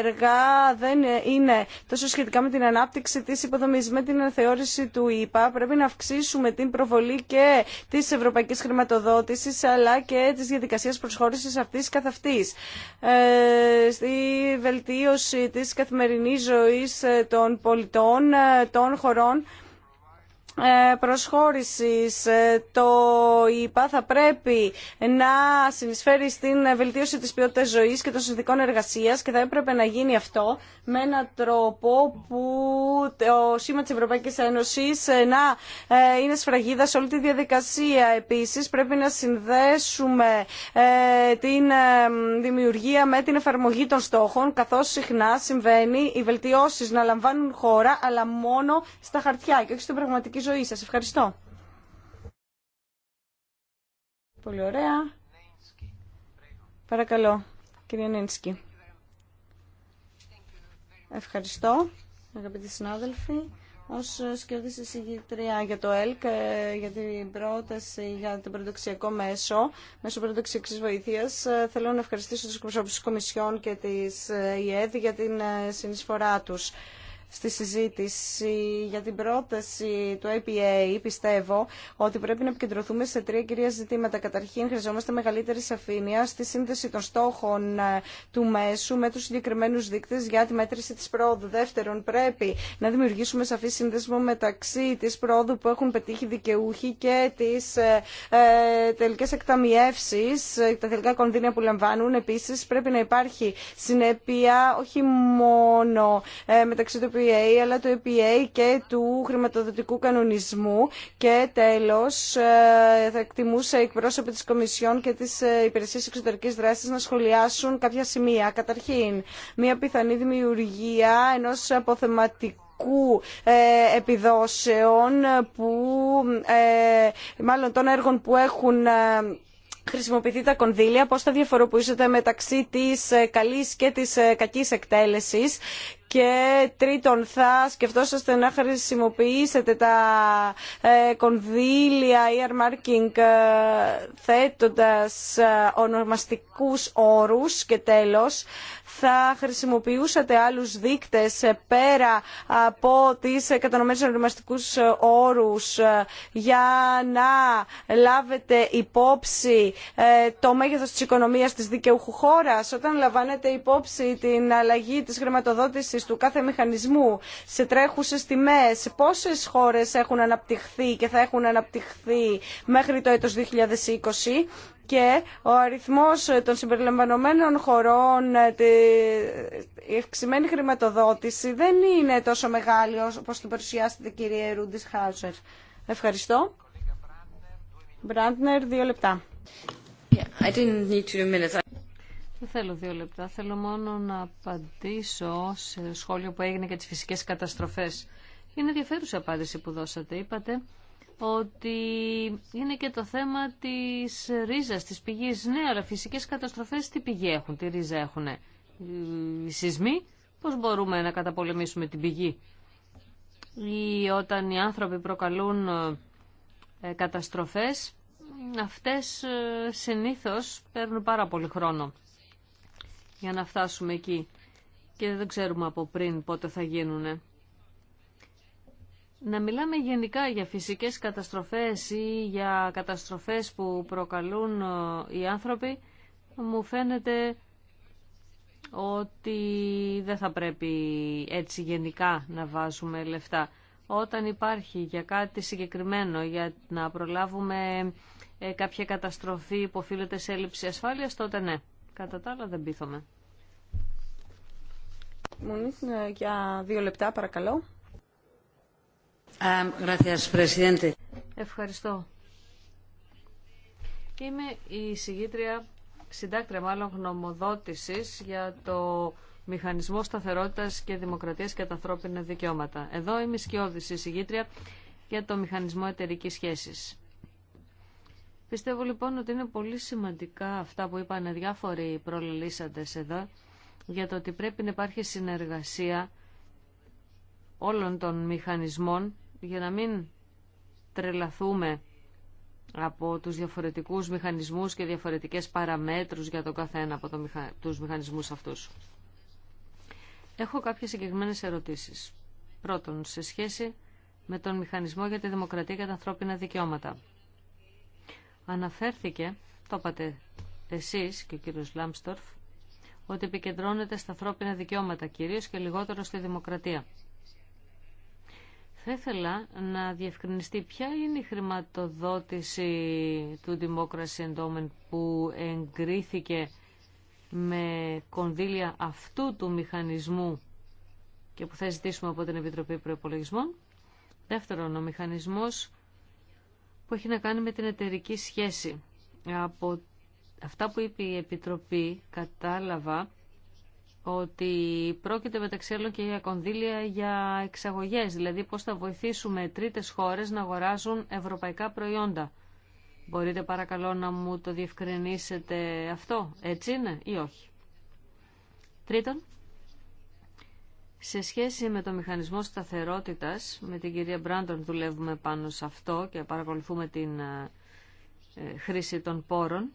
έργα δεν είναι τόσο σχετικά με την ανάπτυξη της υποδομής με την θεώρηση του ΙΠΑ πρέπει να αυξήσουμε την προβολή και τη ευρωπαϊκή χρηματοδότηση αλλά και τη διαδικασία προσχώρηση αυτή καθ' αυτή. Ε, στη βελτίωση της καθημερινή ζωή ε, των πολιτών, ε, των χωρών ε, προσχώρησης ε, το ΙΠΑ θα πρέπει να συνεισφέρει στην βελτίωση της ποιότητας ζωής και των συνδικών εργασίας και θα έπρεπε να γίνει αυτό με έναν τρόπο που το σήμα της Ευρωπαϊκής Ένωσης ε, να είναι σφραγίδα σε όλη τη διαδικασία. Επίσης πρέπει να συνδέσουμε την δημιουργία με την εφαρμογή των στόχων καθώς συχνά συμβαίνει οι βελτιώσεις να λαμβάνουν χώρα αλλά μόνο στα χαρτιά και όχι στην πραγματική ζωή σας. Ευχαριστώ. Πολύ ωραία. Παρακαλώ, κυρία Νίνσκι. Ευχαριστώ, αγαπητοί συνάδελφοι. Ως σκιώδης εισηγητρία για το ΕΛΚ, ε, για την πρόταση για το πρωτοξιακό μέσο, μέσω παραδοξιακής βοήθειας, ε, θέλω να ευχαριστήσω τους εκπροσώπους της Κομισιόν και της ε, ΙΕΔ για την συνεισφορά τους στη συζήτηση για την πρόταση του IPA πιστεύω ότι πρέπει να επικεντρωθούμε σε τρία κυρία ζητήματα. Καταρχήν χρειαζόμαστε μεγαλύτερη σαφήνεια στη σύνδεση των στόχων ε, του μέσου με του συγκεκριμένου δείκτες για τη μέτρηση τη πρόοδου. Δεύτερον, πρέπει να δημιουργήσουμε σαφή σύνδεσμο μεταξύ τη πρόοδου που έχουν πετύχει δικαιούχοι και τι ε, ε, τελικές ε, τα τελικά κονδύλια που λαμβάνουν. Επίση, πρέπει να υπάρχει συνέπεια όχι μόνο ε, μεταξύ του αλλά του EPA και του χρηματοδοτικού κανονισμού και τέλος ε, θα εκτιμούσα εκπρόσωποι της Κομισιόν και της ε, Υπηρεσίας Εξωτερικής Δράσης να σχολιάσουν κάποια σημεία. Καταρχήν, μια πιθανή δημιουργία ενός αποθεματικού ε, επιδόσεων που μάλλον των έργων που έχουν χρησιμοποιηθεί τα κονδύλια, πώς θα διαφοροποιήσετε μεταξύ της καλής και της κακής εκτέλεσης και τρίτον θα σκεφτόσαστε να χρησιμοποιήσετε τα ε, κονδύλια earmarking ε, θέτοντας ε, ονομαστικούς όρους και τέλος θα χρησιμοποιούσατε άλλους δείκτες πέρα από τις κατανομένες ονομαστικούς όρους για να λάβετε υπόψη το μέγεθος της οικονομίας της δικαιούχου χώρας όταν λαμβάνετε υπόψη την αλλαγή της χρηματοδότησης του κάθε μηχανισμού σε τρέχουσες τιμές, πόσες χώρες έχουν αναπτυχθεί και θα έχουν αναπτυχθεί μέχρι το έτος 2020 και ο αριθμός των συμπεριλαμβανομένων χωρών, η αυξημένη χρηματοδότηση δεν είναι τόσο μεγάλη όπως την παρουσιάσετε κυρία Ρούντις Χάουσερ. Ευχαριστώ. Μπραντνερ, δύο λεπτά. I didn't need minutes. Δεν θέλω δύο λεπτά. Θέλω μόνο να απαντήσω σε σχόλιο που έγινε για τις φυσικές καταστροφές. Είναι ενδιαφέρουσα απάντηση που δώσατε. Είπατε ότι είναι και το θέμα της ρίζας, της πηγής. Ναι, αλλά φυσικές καταστροφές τι πηγή έχουν, τι ρίζα έχουν. Οι σεισμοί, πώς μπορούμε να καταπολεμήσουμε την πηγή. Ή όταν οι άνθρωποι προκαλούν ε, καταστροφές, αυτές ε, συνήθως παίρνουν πάρα πολύ χρόνο για να φτάσουμε εκεί. Και δεν ξέρουμε από πριν πότε θα γίνουνε. Να μιλάμε γενικά για φυσικές καταστροφές ή για καταστροφές που προκαλούν ε, οι άνθρωποι, μου φαίνεται ότι δεν θα πρέπει έτσι γενικά να βάζουμε λεφτά. Όταν υπάρχει για κάτι συγκεκριμένο, για να προλάβουμε ε, κάποια καταστροφή που οφείλεται σε έλλειψη ασφάλειας, τότε ναι. Κατά τα άλλα δεν πείθομαι. Ε, για δύο λεπτά παρακαλώ. Ε, Ευχαριστώ. Είμαι η συγγήτρια, συντάκτρια μάλλον γνωμοδότησης για το Μηχανισμό Σταθερότητας και Δημοκρατίας και τα Ανθρώπινα Δικαιώματα. Εδώ είμαι η η συγγήτρια για το Μηχανισμό Εταιρικής Σχέσης. Πιστεύω λοιπόν ότι είναι πολύ σημαντικά αυτά που είπαν διάφοροι προλαλήσαντες εδώ για το ότι πρέπει να υπάρχει συνεργασία όλων των μηχανισμών για να μην τρελαθούμε από τους διαφορετικούς μηχανισμούς και διαφορετικές παραμέτρους για τον καθένα από το μηχα... τους μηχανισμούς αυτούς. Έχω κάποιες συγκεκριμένε ερωτήσεις. Πρώτον, σε σχέση με τον μηχανισμό για τη δημοκρατία και τα ανθρώπινα δικαιώματα. Αναφέρθηκε, το είπατε εσείς και ο κύριος Λάμπστορφ, ότι επικεντρώνεται στα ανθρώπινα δικαιώματα κυρίως και λιγότερο στη δημοκρατία. Θα ήθελα να διευκρινιστεί ποια είναι η χρηματοδότηση του Democracy Endowment που εγκρίθηκε με κονδύλια αυτού του μηχανισμού και που θα ζητήσουμε από την Επιτροπή Προπολογισμών. Δεύτερον, ο μηχανισμός που έχει να κάνει με την εταιρική σχέση. Από αυτά που είπε η Επιτροπή κατάλαβα ότι πρόκειται μεταξύ άλλων και για κονδύλια για εξαγωγές, δηλαδή πώς θα βοηθήσουμε τρίτες χώρες να αγοράζουν ευρωπαϊκά προϊόντα. Μπορείτε παρακαλώ να μου το διευκρινίσετε αυτό, έτσι είναι ή όχι. Τρίτον, σε σχέση με το μηχανισμό σταθερότητας, με την κυρία Μπράντον δουλεύουμε πάνω σε αυτό και παρακολουθούμε την ε, ε, χρήση των πόρων.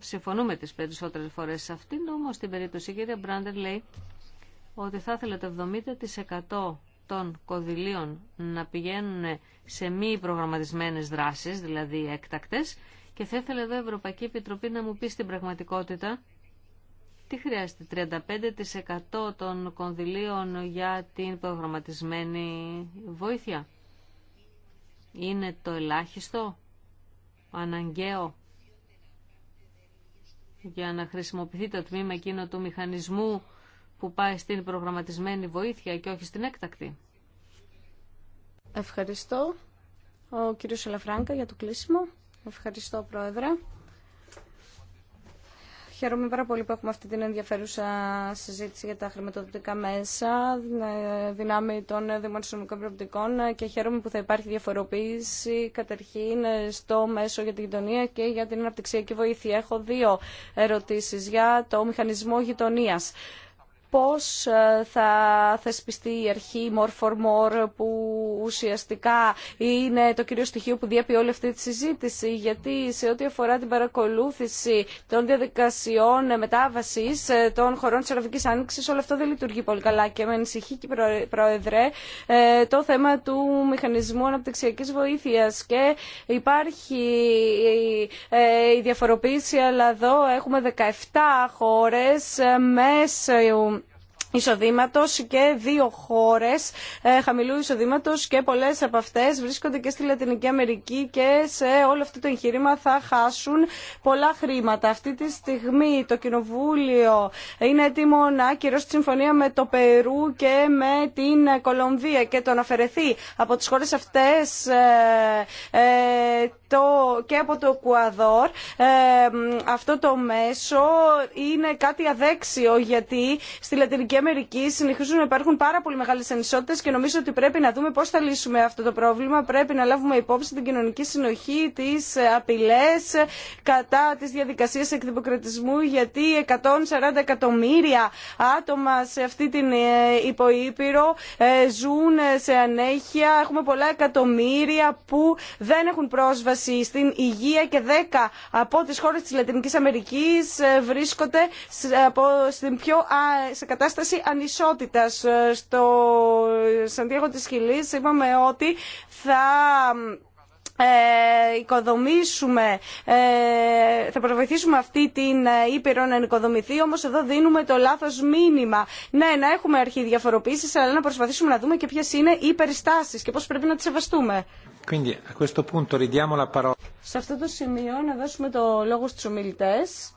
Συμφωνούμε τις περισσότερες φορές σε αυτήν, όμως στην περίπτωση η κυρία Μπράντερ λέει ότι θα ήθελε το 70% των κοδηλίων να πηγαίνουν σε μη προγραμματισμένες δράσεις, δηλαδή έκτακτες, και θα ήθελε εδώ η Ευρωπαϊκή Επιτροπή να μου πει στην πραγματικότητα τι χρειάζεται, 35% των κονδυλίων για την προγραμματισμένη βοήθεια. Είναι το ελάχιστο, αναγκαίο, για να χρησιμοποιηθεί το τμήμα εκείνο του μηχανισμού που πάει στην προγραμματισμένη βοήθεια και όχι στην έκτακτη. Ευχαριστώ. Ο κύριος Ελαφράγκα για το κλείσιμο. Ευχαριστώ, Πρόεδρε. Χαίρομαι πάρα πολύ που έχουμε αυτή την ενδιαφέρουσα συζήτηση για τα χρηματοδοτικά μέσα, ε, δυνάμει των δημοσιονομικών προοπτικών ε, και χαίρομαι που θα υπάρχει διαφοροποίηση καταρχήν ε, στο μέσο για την γειτονία και για την αναπτυξιακή βοήθεια. Έχω δύο ερωτήσεις για το μηχανισμό γειτονίας πώς ε, θα θεσπιστεί η αρχή more for more που ουσιαστικά είναι το κύριο στοιχείο που διέπει όλη αυτή τη συζήτηση γιατί σε ό,τι αφορά την παρακολούθηση των διαδικασιών μετάβασης ε, των χωρών της Αραβικής Άνοιξης όλο αυτό δεν λειτουργεί πολύ καλά και με ανησυχεί και Πρόεδρε το θέμα του μηχανισμού αναπτυξιακής βοήθειας και υπάρχει ε, η διαφοροποίηση αλλά εδώ έχουμε 17 χώρες μέσα... Εισοδήματο και δύο χώρες ε, χαμηλού εισοδήματο και πολλές από αυτές βρίσκονται και στη Λατινική Αμερική και σε όλο αυτό το εγχείρημα θα χάσουν πολλά χρήματα. Αυτή τη στιγμή το Κοινοβούλιο είναι έτοιμο να κυρώσει τη συμφωνία με το Περού και με την Κολομβία και το να από τις χώρες αυτές ε, ε, το, και από το Κουαδόρ αυτό το μέσο είναι κάτι αδέξιο γιατί στη Λατινική Αμερική συνεχίζουν να υπάρχουν πάρα πολύ μεγάλε ανισότητε και νομίζω ότι πρέπει να δούμε πώ θα λύσουμε αυτό το πρόβλημα. Πρέπει να λάβουμε υπόψη την κοινωνική συνοχή, τι απειλέ κατά τη διαδικασία εκδημοκρατισμού, γιατί 140 εκατομμύρια άτομα σε αυτή την ε, υποήπειρο ε, ζουν σε ανέχεια. Έχουμε πολλά εκατομμύρια που δεν έχουν πρόσβαση στην υγεία και 10 από τι χώρε τη Λατινική Αμερική ε, βρίσκονται στην πιο, σε κατάσταση κατάσταση ε, Στο Σαντιάγο της Χιλής είπαμε ότι θα ε, ε θα προβοηθήσουμε αυτή την ε, Ήπειρο να οικοδομηθεί, όμως εδώ δίνουμε το λάθος μήνυμα. Ναι, να έχουμε αρχή διαφοροποίησης, αλλά να προσπαθήσουμε να δούμε και ποιες είναι οι περιστάσεις και πώς πρέπει να τις σεβαστούμε. Σε αυτό το σημείο να δώσουμε το λόγο στους ομιλητές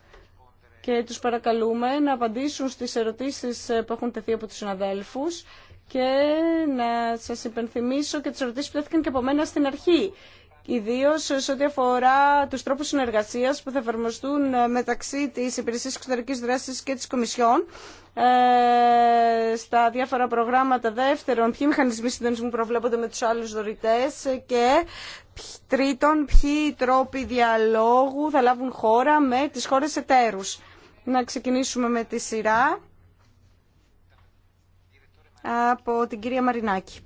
και τους παρακαλούμε να απαντήσουν στις ερωτήσεις ε, που έχουν τεθεί από τους συναδέλφους και να σας υπενθυμίσω και τις ερωτήσεις που τέθηκαν και από μένα στην αρχή. Ιδίω σε ό,τι αφορά του τρόπου συνεργασία που θα εφαρμοστούν ε, μεταξύ τη Υπηρεσία Εξωτερική Δράση και τη Κομισιόν ε, στα διάφορα προγράμματα. Δεύτερον, ποιοι μηχανισμοί συντονισμού προβλέπονται με του άλλου δωρητέ. Και τρίτον, ποιοι τρόποι διαλόγου θα λάβουν χώρα με τι χώρε εταίρου να ξεκινήσουμε με τη σειρά από την κυρία Μαρινάκη.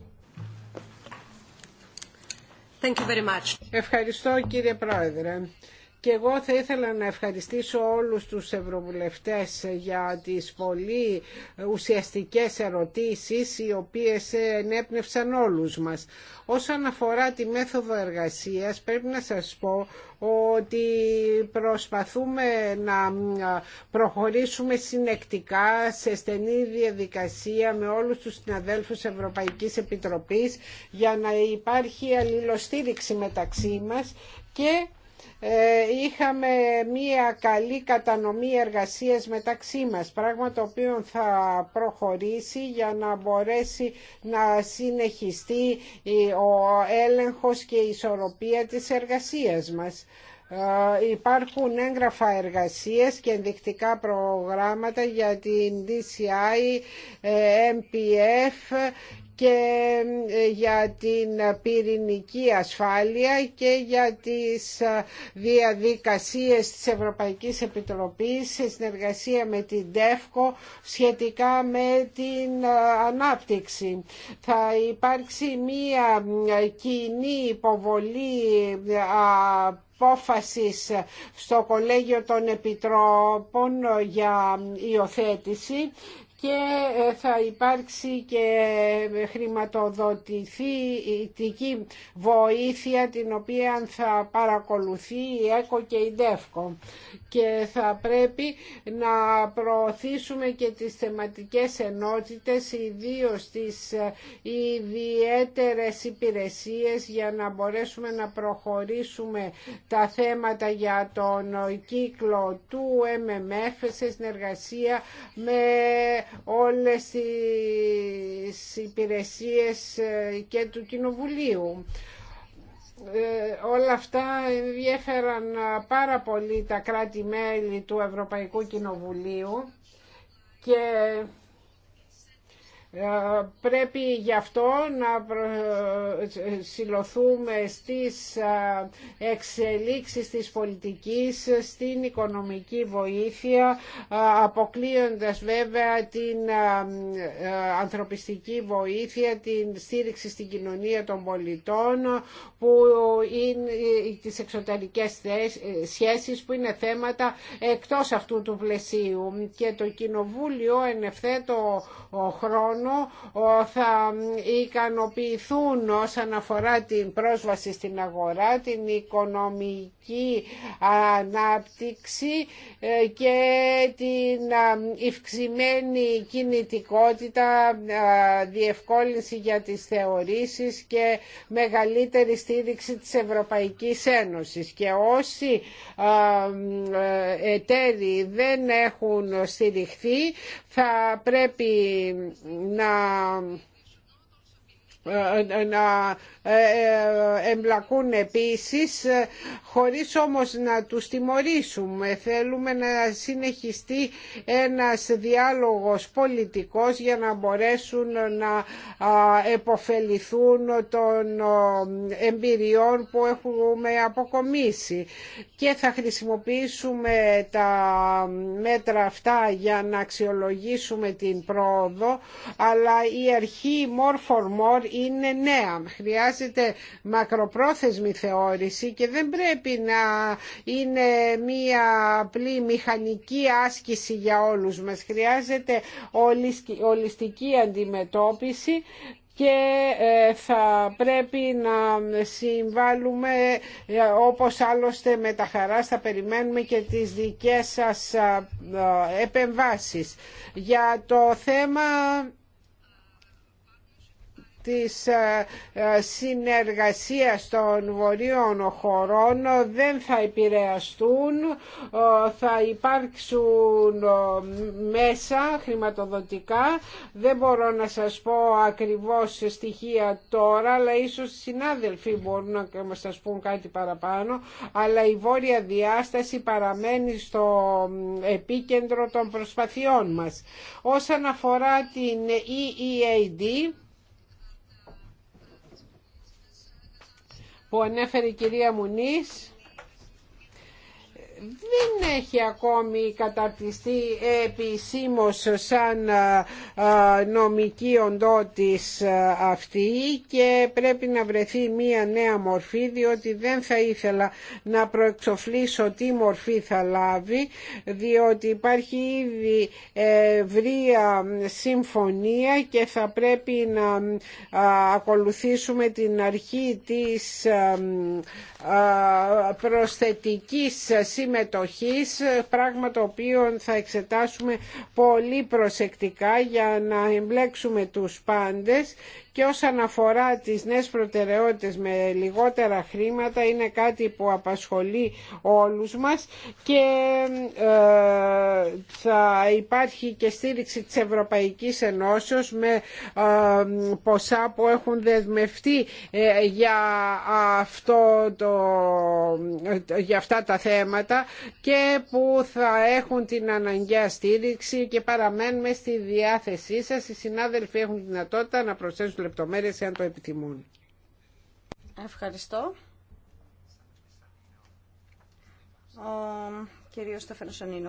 Thank you very much. Ευχαριστώ κύριε Πρόεδρε. Και εγώ θα ήθελα να ευχαριστήσω όλους τους ευρωβουλευτές για τις πολύ ουσιαστικές ερωτήσεις οι οποίες ενέπνευσαν όλους μας. Όσον αφορά τη μέθοδο εργασίας πρέπει να σας πω ότι προσπαθούμε να προχωρήσουμε συνεκτικά σε στενή διαδικασία με όλους τους συναδέλφους Ευρωπαϊκής Επιτροπής για να υπάρχει αλληλοστήριξη μεταξύ μας και ε, είχαμε μία καλή κατανομή εργασίες μεταξύ μας, πράγμα το οποίο θα προχωρήσει για να μπορέσει να συνεχιστεί ο έλεγχος και η ισορροπία της εργασίας μας. Ε, υπάρχουν έγγραφα εργασίες και ενδεικτικά προγράμματα για την DCI, ε, MPF και ε, για την πυρηνική ασφάλεια και για τις ε, διαδικασίες της Ευρωπαϊκής Επιτροπής σε συνεργασία με την ΤΕΦΚΟ σχετικά με την ε, ανάπτυξη. Θα υπάρξει μία κοινή υποβολή απόφασης στο Κολέγιο των Επιτρόπων για υιοθέτηση και ε, θα υπάρξει και ε, χρηματοδοτητική βοήθεια την οποία θα παρακολουθεί η ΕΚΟ και η ΔΕΦΚΟ και θα πρέπει να προωθήσουμε και τις θεματικές ενότητες, ιδίως τις ε, ιδιαίτερες υπηρεσίες για να μπορέσουμε να προχωρήσουμε τα θέματα για τον κύκλο του MMF σε συνεργασία με όλες τις υπηρεσίες ε, και του Κοινοβουλίου. Ε, όλα αυτά ενδιέφεραν ε, πάρα πολύ τα κράτη-μέλη του Ευρωπαϊκού Κοινοβουλίου και ε, πρέπει γι' αυτό να συλλοθούμε στις ε, εξελίξεις της πολιτικής, στην οικονομική βοήθεια, ε, αποκλείοντας βέβαια την ανθρωπιστική βοήθεια, την στήριξη στην κοινωνία των πολιτών, που είναι τις εξωτερικές σχέσεις που είναι θέματα εκτός αυτού του πλαισίου. Και το Κοινοβούλιο εν ευθέτω χρόνο θα ικανοποιηθούν όσον αφορά την πρόσβαση στην αγορά, την οικονομική ανάπτυξη ε, και την ευξημένη κινητικότητα, ε, διευκόλυνση για τις θεωρήσεις και μεγαλύτερη στήριξη της Ευρωπαϊκής Ένωσης. Και όσοι ε, εταίροι δεν έχουν στηριχθεί θα πρέπει να ε, να ε, ε, εμπλακούν επίσης χωρίς όμως να τους τιμωρήσουμε. Θέλουμε να συνεχιστεί ένας διάλογος πολιτικός για να μπορέσουν να εποφεληθούν των εμπειριών που έχουμε αποκομίσει και θα χρησιμοποιήσουμε τα μέτρα αυτά για να αξιολογήσουμε την πρόοδο αλλά η αρχή more for more είναι νέα. Χρειάζεται μακροπρόθεσμη θεώρηση και δεν πρέπει να είναι μία απλή μηχανική άσκηση για όλους μας. Χρειάζεται ολιστική αντιμετώπιση και ε, θα πρέπει να συμβάλλουμε ε, όπως άλλωστε με τα χαρά θα περιμένουμε και τις δικές σας ε, επεμβάσεις. Για το θέμα της ε, ε, συνεργασίας των βορείων χωρών δεν θα επηρεαστούν, ε, θα υπάρξουν μέσα χρηματοδοτικά. Δεν μπορώ να σας πω ακριβώς στοιχεία τώρα, αλλά ίσως συνάδελφοι μπορούν να μας σας πούν κάτι παραπάνω, αλλά η βόρεια διάσταση παραμένει στο επίκεντρο των προσπαθειών μας. Όσον αφορά την EEAD, που ανέφερε η κυρία Μουνής δεν έχει ακόμη καταρτιστεί επισήμως σαν νομική οντότης αυτή και πρέπει να βρεθεί μία νέα μορφή διότι δεν θα ήθελα να προεξοφλήσω τι μορφή θα λάβει διότι υπάρχει ήδη ευρεία συμφωνία και θα πρέπει να ακολουθήσουμε την αρχή της προσθετικής συμμετοχής πράγμα το οποίο θα εξετάσουμε πολύ προσεκτικά για να εμπλέξουμε τους πάντες και όσον αφορά τις νέες προτεραιότητες με λιγότερα χρήματα είναι κάτι που απασχολεί όλους μας και ε, θα υπάρχει και στήριξη της Ευρωπαϊκής Ενώσεως με ε, ποσά που έχουν δεσμευτεί ε, για, αυτό το, για αυτά τα θέματα και που θα έχουν την αναγκαία στήριξη και παραμένουμε στη διάθεσή σας. Οι συνάδελφοι έχουν δυνατότητα να προσθέσουν λεπτομέρειες εάν το επιτιμούν. Ευχαριστώ. Ο κύριος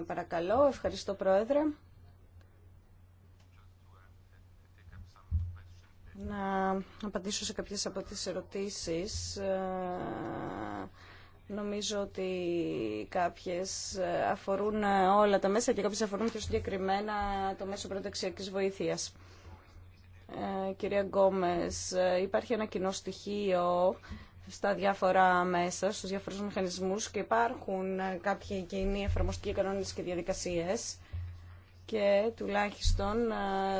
παρακαλώ. Ευχαριστώ, Πρόεδρε. Να απαντήσω σε κάποιες από τις ερωτήσεις. Ε, νομίζω ότι κάποιες αφορούν όλα τα μέσα και κάποιες αφορούν πιο συγκεκριμένα το μέσο πρωταξιακής βοήθειας. Ε, κυρία Γκόμες, ε, υπάρχει ένα κοινό στοιχείο στα διάφορα μέσα, στους διάφορους μηχανισμούς και υπάρχουν ε, κάποιοι κοινοί εφαρμοστικοί κανόνες και διαδικασίες και τουλάχιστον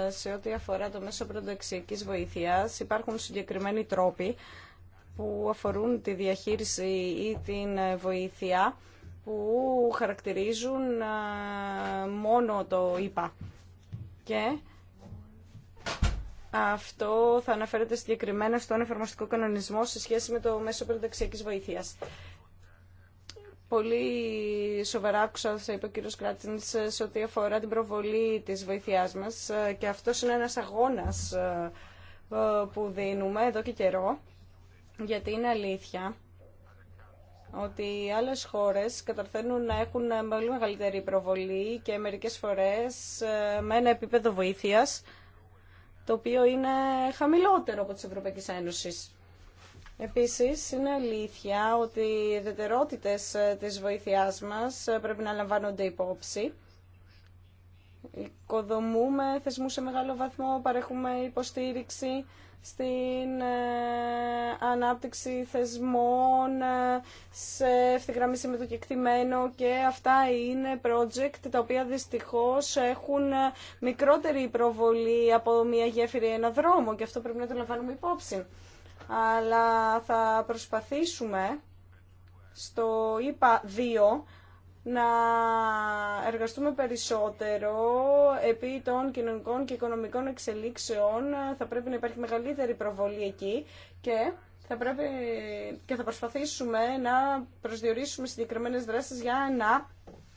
σε ό,τι αφορά το μέσο πρωτοεξιακής βοήθειας υπάρχουν συγκεκριμένοι τρόποι που αφορούν τη διαχείριση ή την βοήθεια που χαρακτηρίζουν μόνο το ΙΠΑ. Και αυτό θα αναφέρεται συγκεκριμένα στον εφαρμοστικό κανονισμό σε σχέση με το μέσο περιοδεξιακής βοήθειας. Πολύ σοβαρά άκουσα, όπως είπε ο κύριο Κράτσιν, σε ό,τι αφορά την προβολή της βοήθειάς μας και αυτό είναι ένας αγώνας ε, που δίνουμε εδώ και καιρό, γιατί είναι αλήθεια ότι οι άλλες χώρες καταρθένουν να έχουν πολύ μεγαλύτερη προβολή και μερικές φορές ε, με ένα επίπεδο βοήθειας το οποίο είναι χαμηλότερο από τις Ευρωπαϊκές Ένωσης. Επίσης, είναι αλήθεια ότι οι ιδιαιτερότητες ε, της βοήθειάς μας ε, πρέπει να λαμβάνονται υπόψη. Οικοδομούμε θεσμού σε μεγάλο βαθμό, παρέχουμε υποστήριξη στην ε, ανάπτυξη θεσμών, ε, σε ευθυγράμμιση με το κεκτημένο και αυτά είναι project τα οποία δυστυχώς έχουν ε, μικρότερη προβολή από μια γέφυρα ένα δρόμο και αυτό πρέπει να το λαμβάνουμε υπόψη. Αλλά θα προσπαθήσουμε στο ΙΠΑ 2 να εργαστούμε περισσότερο επί των κοινωνικών και οικονομικών εξελίξεων. Θα πρέπει να υπάρχει μεγαλύτερη προβολή εκεί και θα πρέπει και θα προσπαθήσουμε να προσδιορίσουμε συγκεκριμένες δράσεις για να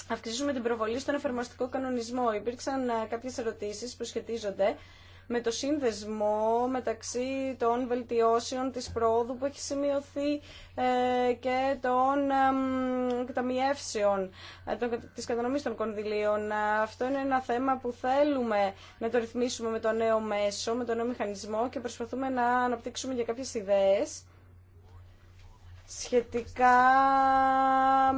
αυξήσουμε την προβολή στον εφαρμοστικό κανονισμό. Υπήρξαν ε, κάποιες ερωτήσεις που σχετίζονται με το σύνδεσμο μεταξύ των βελτιώσεων της πρόοδου που έχει σημειωθεί ε, και των ε, των της κατανομής των κονδυλίων. Αυτό είναι ένα θέμα που θέλουμε να το ρυθμίσουμε με το νέο μέσο, με το νέο μηχανισμό και προσπαθούμε να αναπτύξουμε για κάποιες ιδέες σχετικά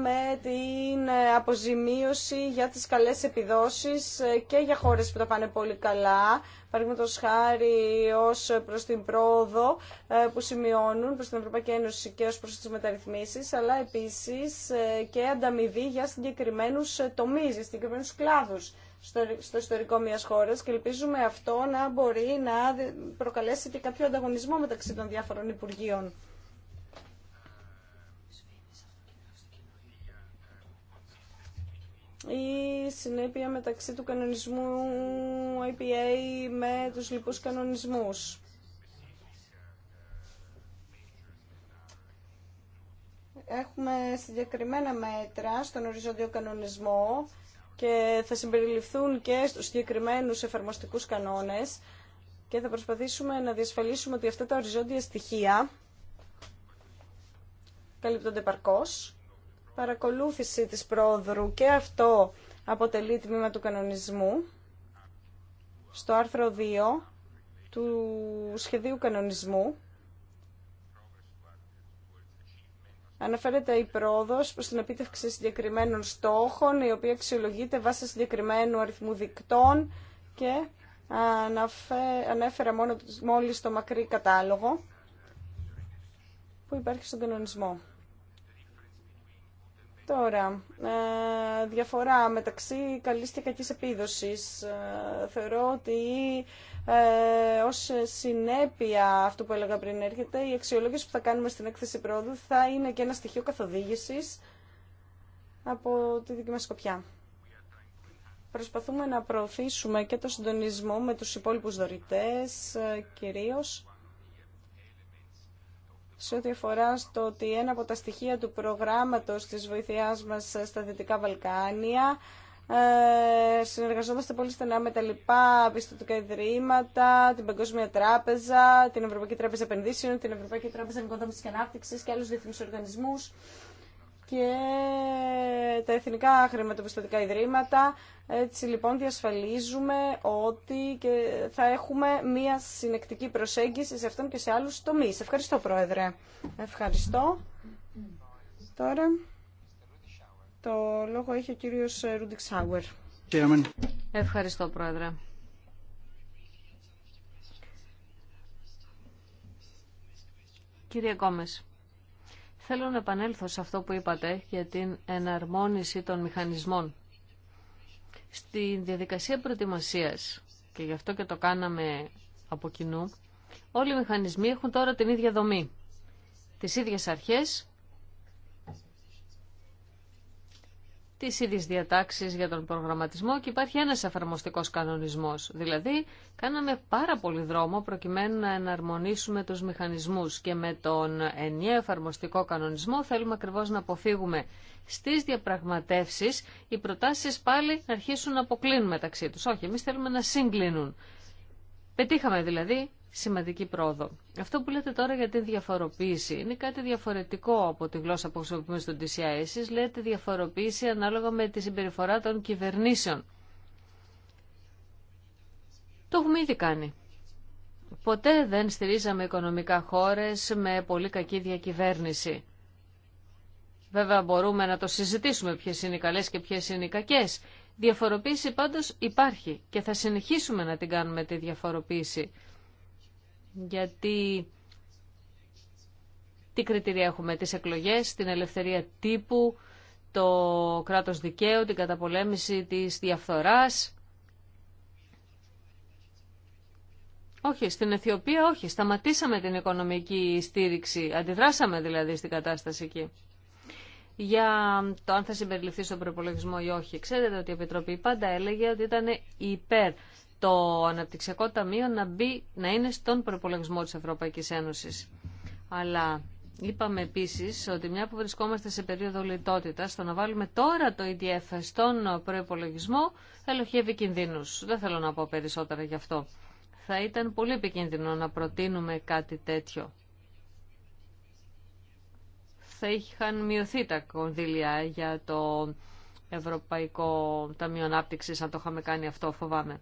με την αποζημίωση για τις καλές επιδόσεις και για χώρες που τα πάνε πολύ καλά, παραδείγματο χάρη ως προς την πρόοδο ε, που σημειώνουν προς την Ευρωπαϊκή Ένωση και ως προς τις μεταρρυθμίσεις, αλλά επίσης ε, και ανταμοιβή για συγκεκριμένου τομείς, για συγκεκριμένους κλάδους στο ιστορικό μιας χώρας και ελπίζουμε αυτό να μπορεί να προκαλέσει και κάποιο ανταγωνισμό μεταξύ των διάφορων Υπουργείων. η συνέπεια μεταξύ του κανονισμού IPA με τους λοιπούς κανονισμούς. Έχουμε συγκεκριμένα μέτρα στον οριζόντιο κανονισμό και θα συμπεριληφθούν και στους συγκεκριμένους εφαρμοστικούς κανόνες και θα προσπαθήσουμε να διασφαλίσουμε ότι αυτά τα οριζόντια στοιχεία καλύπτονται παρκώς παρακολούθηση της πρόδρου και αυτό αποτελεί τμήμα του κανονισμού στο άρθρο 2 του σχεδίου κανονισμού Αναφέρεται η πρόοδος προς την επίτευξη συγκεκριμένων στόχων, η οποία αξιολογείται βάσει συγκεκριμένου αριθμού δικτών και ανέφερα μόνο μόλις το μακρύ κατάλογο που υπάρχει στον κανονισμό. Τώρα, ε, διαφορά μεταξύ καλής και κακής επίδοσης. Ε, θεωρώ ότι ε, ως συνέπεια αυτού που έλεγα πριν έρχεται, η αξιολόγηση που θα κάνουμε στην έκθεση πρόοδου θα είναι και ένα στοιχείο καθοδήγησης από τη δική μας σκοπιά. Προσπαθούμε να προωθήσουμε και το συντονισμό με τους υπόλοιπους δωρητές, ε, κυρίως σε ό,τι αφορά στο ότι ένα από τα στοιχεία του προγράμματος της βοηθειάς μας στα Δυτικά Βαλκάνια ε, συνεργαζόμαστε πολύ στενά με τα λοιπά πιστοτικά ιδρύματα, την Παγκόσμια Τράπεζα, την Ευρωπαϊκή Τράπεζα Επενδύσεων, την Ευρωπαϊκή Τράπεζα Νοικοδόμησης και Ανάπτυξης και άλλους διεθνείς οργανισμούς και τα εθνικά χρηματοπιστωτικά ιδρύματα. Έτσι λοιπόν διασφαλίζουμε ότι και θα έχουμε μία συνεκτική προσέγγιση σε αυτόν και σε άλλους τομείς. Ευχαριστώ Πρόεδρε. Ευχαριστώ. Τώρα το λόγο έχει ο κύριος Ρούντιξ Σάουερ. Ευχαριστώ Πρόεδρε. Κύριε Κόμες, Θέλω να επανέλθω σε αυτό που είπατε για την εναρμόνιση των μηχανισμών. Στη διαδικασία προετοιμασίας, και γι' αυτό και το κάναμε από κοινού, όλοι οι μηχανισμοί έχουν τώρα την ίδια δομή. Τις ίδιες αρχές, Τι ίδιε διατάξεις για τον προγραμματισμό και υπάρχει ένας εφαρμοστικό κανονισμό. Δηλαδή, κάναμε πάρα πολύ δρόμο προκειμένου να εναρμονίσουμε τους μηχανισμούς και με τον ενιαίο εφαρμοστικό κανονισμό θέλουμε ακριβώς να αποφύγουμε στις διαπραγματεύσεις οι προτάσει πάλι να αρχίσουν να αποκλίνουν μεταξύ του Όχι, εμεί θέλουμε να συγκλίνουν. Πετύχαμε δηλαδή σημαντική πρόοδο. Αυτό που λέτε τώρα για τη διαφοροποίηση είναι κάτι διαφορετικό από τη γλώσσα που χρησιμοποιούμε στον DCI. Εσείς λέτε διαφοροποίηση ανάλογα με τη συμπεριφορά των κυβερνήσεων. Το έχουμε ήδη κάνει. Ποτέ δεν στηρίζαμε οικονομικά χώρες με πολύ κακή διακυβέρνηση. Βέβαια μπορούμε να το συζητήσουμε ποιες είναι οι καλές και ποιες είναι οι κακές. Διαφοροποίηση πάντως υπάρχει και θα συνεχίσουμε να την κάνουμε τη διαφοροποίηση γιατί τι κριτήρια έχουμε, τις εκλογές, την ελευθερία τύπου, το κράτος δικαίου, την καταπολέμηση της διαφθοράς. Όχι, στην Αιθιοπία όχι. Σταματήσαμε την οικονομική στήριξη. Αντιδράσαμε δηλαδή στην κατάσταση εκεί. Για το αν θα συμπεριληφθεί στον προπολογισμό ή όχι. Ξέρετε ότι η Επιτροπή πάντα έλεγε ότι ήταν υπέρ το Αναπτυξιακό Ταμείο να, μπει, να είναι στον προπολογισμό της Ευρωπαϊκής Ένωσης. Αλλά είπαμε επίσης ότι μια που βρισκόμαστε σε περίοδο λιτότητας, το να βάλουμε τώρα το EDF στον προπολογισμό ελοχεύει κινδύνους. Δεν θέλω να πω περισσότερα γι' αυτό. Θα ήταν πολύ επικίνδυνο να προτείνουμε κάτι τέτοιο. Θα είχαν μειωθεί τα κονδύλια για το Ευρωπαϊκό Ταμείο Ανάπτυξης, αν το είχαμε κάνει αυτό, φοβάμαι.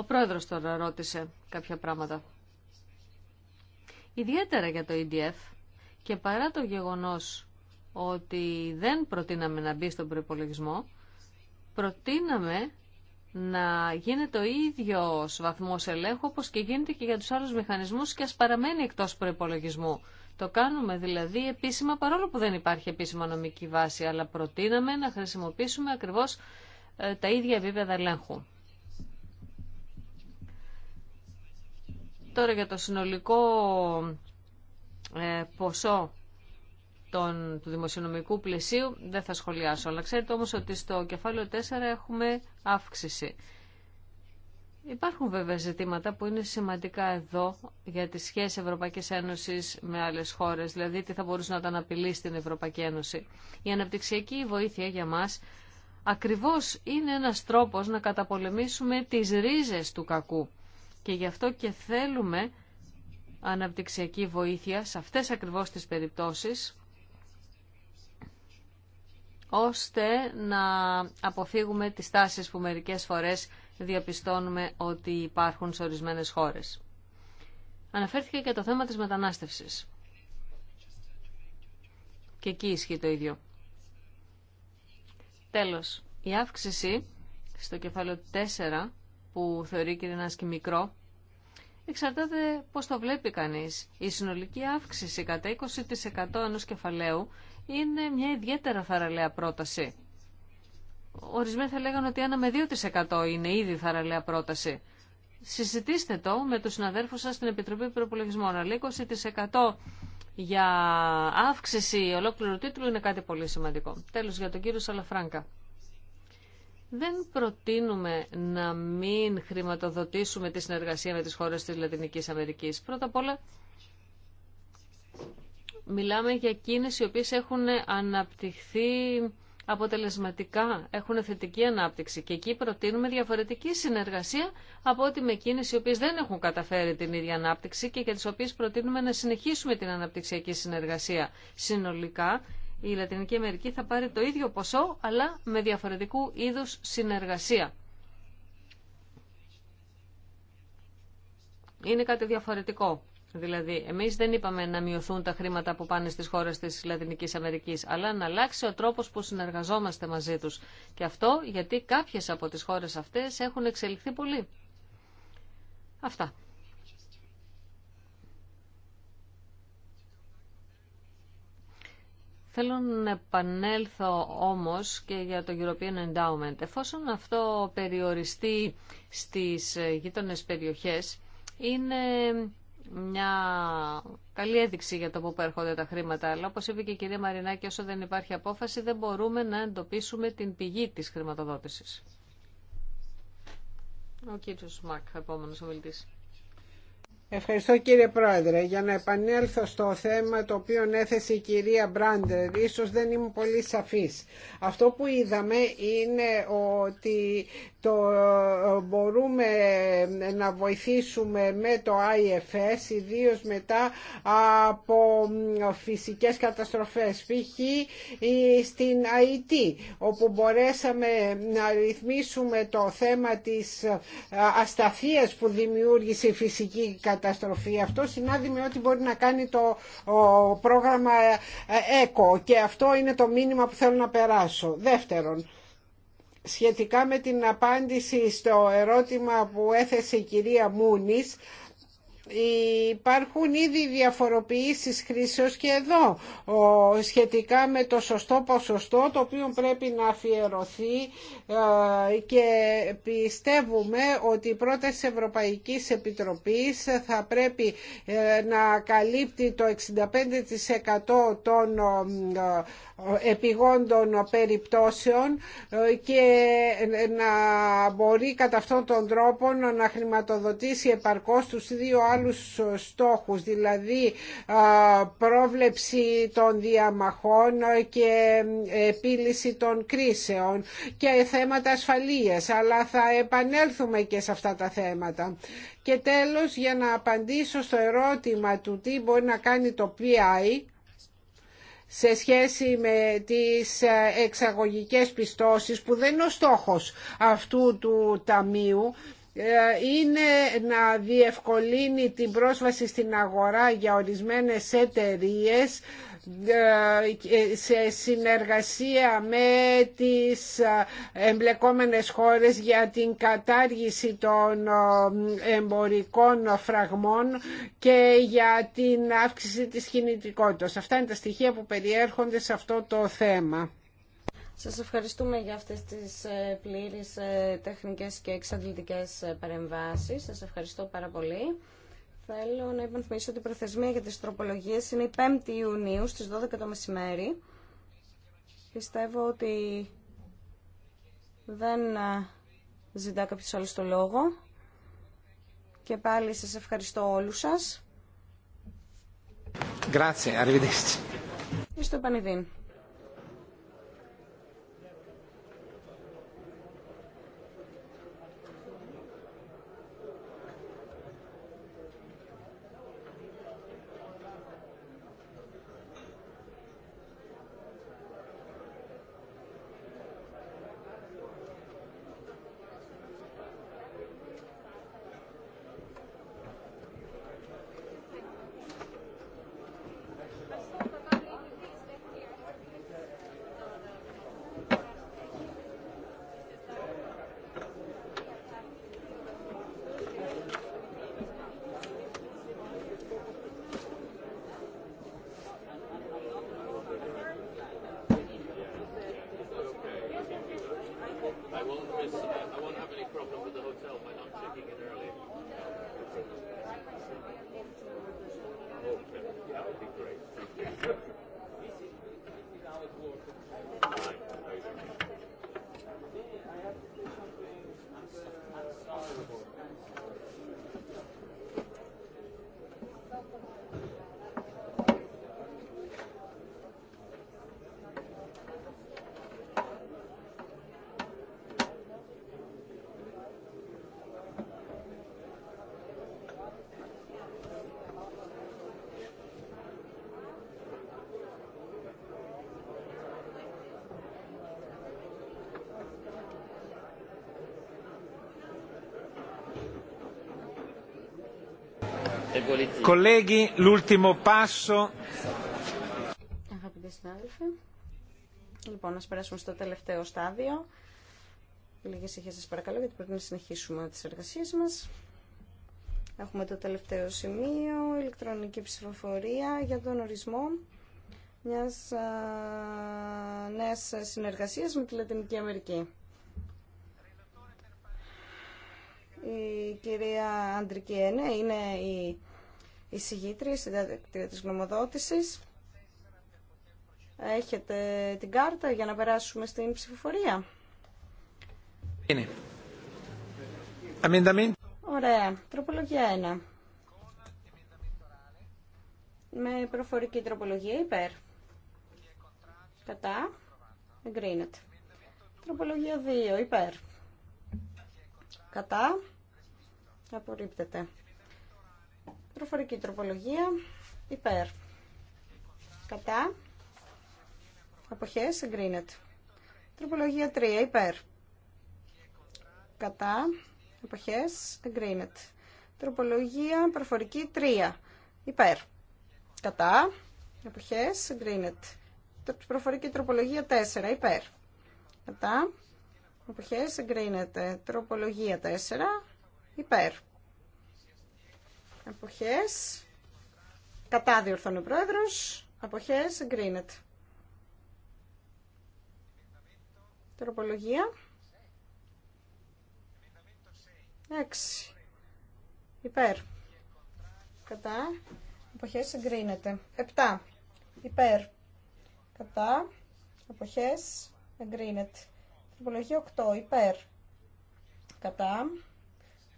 Ο πρόεδρος τώρα ρώτησε κάποια πράγματα. Ιδιαίτερα για το EDF και παρά το γεγονός ότι δεν προτείναμε να μπει στον προπολογισμό, προτείναμε να γίνεται ο ίδιος βαθμός ελέγχου όπως και γίνεται και για τους άλλους μηχανισμούς και ας παραμένει εκτός προπολογισμού. Το κάνουμε δηλαδή επίσημα παρόλο που δεν υπάρχει επίσημα νομική βάση, αλλά προτείναμε να χρησιμοποιήσουμε ακριβώς ε, τα ίδια επίπεδα ελέγχου. Τώρα για το συνολικό ε, ποσό του δημοσιονομικού πλαισίου δεν θα σχολιάσω. Αλλά ξέρετε όμως ότι στο κεφάλαιο 4 έχουμε αύξηση. Υπάρχουν βέβαια ζητήματα που είναι σημαντικά εδώ για τις σχέσεις Ευρωπαϊκής Ένωσης με άλλες χώρες, δηλαδή τι θα μπορούσε να τα απειλή στην Ευρωπαϊκή Ένωση. Η αναπτυξιακή βοήθεια για μας ακριβώς είναι ένας τρόπος να καταπολεμήσουμε τις ρίζες του κακού. Και γι' αυτό και θέλουμε αναπτυξιακή βοήθεια σε αυτές ακριβώς τις περιπτώσεις, ώστε να αποφύγουμε τις τάσεις που μερικές φορές διαπιστώνουμε ότι υπάρχουν σε ορισμένες χώρες. Αναφέρθηκε και το θέμα της μετανάστευσης. Και εκεί ισχύει το ίδιο. Τέλος, η αύξηση στο κεφάλαιο 4 που θεωρεί και ένας και μικρό, εξαρτάται πώς το βλέπει κανείς. Η συνολική αύξηση κατά 20% ενός κεφαλαίου είναι μια ιδιαίτερα θαραλέα πρόταση. Ορισμένοι θα λέγανε ότι ένα με 2% είναι ήδη θαραλέα πρόταση. Συζητήστε το με τους συναδέρφους σας στην Επιτροπή Προπολογισμών, αλλά 20% για αύξηση ολόκληρου τίτλου είναι κάτι πολύ σημαντικό. Τέλος για τον κύριο Σαλαφράγκα δεν προτείνουμε να μην χρηματοδοτήσουμε τη συνεργασία με τις χώρες της Λατινικής Αμερικής. Πρώτα απ' όλα, μιλάμε για εκείνες οι οποίες έχουν αναπτυχθεί αποτελεσματικά, έχουν θετική ανάπτυξη και εκεί προτείνουμε διαφορετική συνεργασία από ότι με εκείνες οι οποίες δεν έχουν καταφέρει την ίδια ανάπτυξη και για τις οποίες προτείνουμε να συνεχίσουμε την αναπτυξιακή συνεργασία. Συνολικά η Λατινική Αμερική θα πάρει το ίδιο ποσό αλλά με διαφορετικού είδους συνεργασία. Είναι κάτι διαφορετικό. Δηλαδή, εμείς δεν είπαμε να μειωθούν τα χρήματα που πάνε στις χώρες της Λατινικής Αμερικής, αλλά να αλλάξει ο τρόπος που συνεργαζόμαστε μαζί τους. Και αυτό γιατί κάποιες από τις χώρες αυτές έχουν εξελιχθεί πολύ. Αυτά. Θέλω να επανέλθω όμως και για το European Endowment. Εφόσον αυτό περιοριστεί στις γείτονε περιοχές, είναι μια καλή έδειξη για το πού έρχονται τα χρήματα. Αλλά όπως είπε και η κυρία Μαρινάκη, όσο δεν υπάρχει απόφαση, δεν μπορούμε να εντοπίσουμε την πηγή της χρηματοδότησης. Ο κύριος Μακ, επόμενος ομιλητής. Ευχαριστώ κύριε Πρόεδρε. Για να επανέλθω στο θέμα το οποίο έθεσε η κυρία Μπράντερ, ίσως δεν είμαι πολύ σαφής. Αυτό που είδαμε είναι ότι το μπορούμε να βοηθήσουμε με το IFS ιδίως μετά από φυσικές καταστροφές π.χ. στην IT όπου μπορέσαμε να ρυθμίσουμε το θέμα της ασταθίας που δημιούργησε η φυσική καταστροφή αυτό συνάδει με ό,τι μπορεί να κάνει το πρόγραμμα ΕΚΟ και αυτό είναι το μήνυμα που θέλω να περάσω. Δεύτερον, σχετικά με την απάντηση στο ερώτημα που έθεσε η κυρία Μούνης Υπάρχουν ήδη διαφοροποιήσεις χρήσεως και εδώ σχετικά με το σωστό ποσοστό το οποίο πρέπει να αφιερωθεί ε, και πιστεύουμε ότι η πρόταση Ευρωπαϊκής Επιτροπής θα πρέπει ε, να καλύπτει το 65% των ε, επιγόντων περιπτώσεων και να μπορεί κατά αυτόν τον τρόπο να χρηματοδοτήσει επαρκώς τους δύο άλλους άλλους ε, στόχους, δηλαδή πρόβλεψη των διαμαχών και ε, επίλυση των κρίσεων και θέματα ασφαλείας, αλλά θα επανέλθουμε και σε αυτά τα θέματα. Και τέλος, για να απαντήσω στο ερώτημα του τι μπορεί να κάνει το PI, σε σχέση με τις ε, εξαγωγικές πιστώσεις που δεν είναι ο στόχος αυτού του ταμείου ε, είναι να διευκολύνει την πρόσβαση στην αγορά για ορισμένες εταιρείες ε, σε συνεργασία με τις ε, εμπλεκόμενες χώρες για την κατάργηση των εμπορικών φραγμών και για την αύξηση της κινητικότητας. Αυτά είναι τα στοιχεία που περιέρχονται σε αυτό το θέμα. Σας ευχαριστούμε για αυτές τις ε, πλήρεις ε, τεχνικές και εξαντλητικές ε, παρεμβάσεις. Σας ευχαριστώ πάρα πολύ. Θέλω να υπενθυμίσω ότι η προθεσμία για τις τροπολογίες είναι η 5η Ιουνίου στις 12 το μεσημέρι. Πιστεύω ότι δεν ζητά κάποιος άλλος το λόγο. Και πάλι σας ευχαριστώ όλους σας. Grazie, arrivederci. Είστε Colleghi, l'ultimo passo. Αγαπητοί λοιπόν, να περάσουμε στο τελευταίο στάδιο. Λίγη ησυχία σα παρακαλώ, γιατί πρέπει να συνεχίσουμε τις εργασίες μα. Έχουμε το τελευταίο σημείο, ηλεκτρονική ψηφοφορία για τον ορισμό μια νέα συνεργασία με τη Λατινική Αμερική. Η κυρία Αντρική Ένε είναι η η συγγήτρια, της γνωμοδότησης. Έχετε την κάρτα για να περάσουμε στην ψηφοφορία. Είναι. Ωραία. Τροπολογία 1. Με προφορική τροπολογία υπέρ. Κατά. Εγκρίνεται. Τροπολογία 2 υπέρ. Κατά. Απορρίπτεται. Προφορική τροπολογία υπέρ. Κατά. Αποχές εγκρίνεται. Τροπολογία 3 υπέρ. Κατά. Αποχές εγκρίνεται. Τροπολογία προφορική 3 υπέρ. Κατά. Αποχές εγκρίνεται. Προφορική τροπολογία 4 υπέρ. Κατά. Αποχές εγκρίνεται. Τροπολογία 4 υπέρ. Αποχές. Κατά διορθώνει ο πρόεδρος. Αποχές εγκρίνεται. Τροπολογία. 6. Υπέρ. Κατά. Αποχές εγκρίνεται. 7. Υπέρ. Κατά. Αποχές εγκρίνεται. Τροπολογία 8. Υπέρ. Κατά.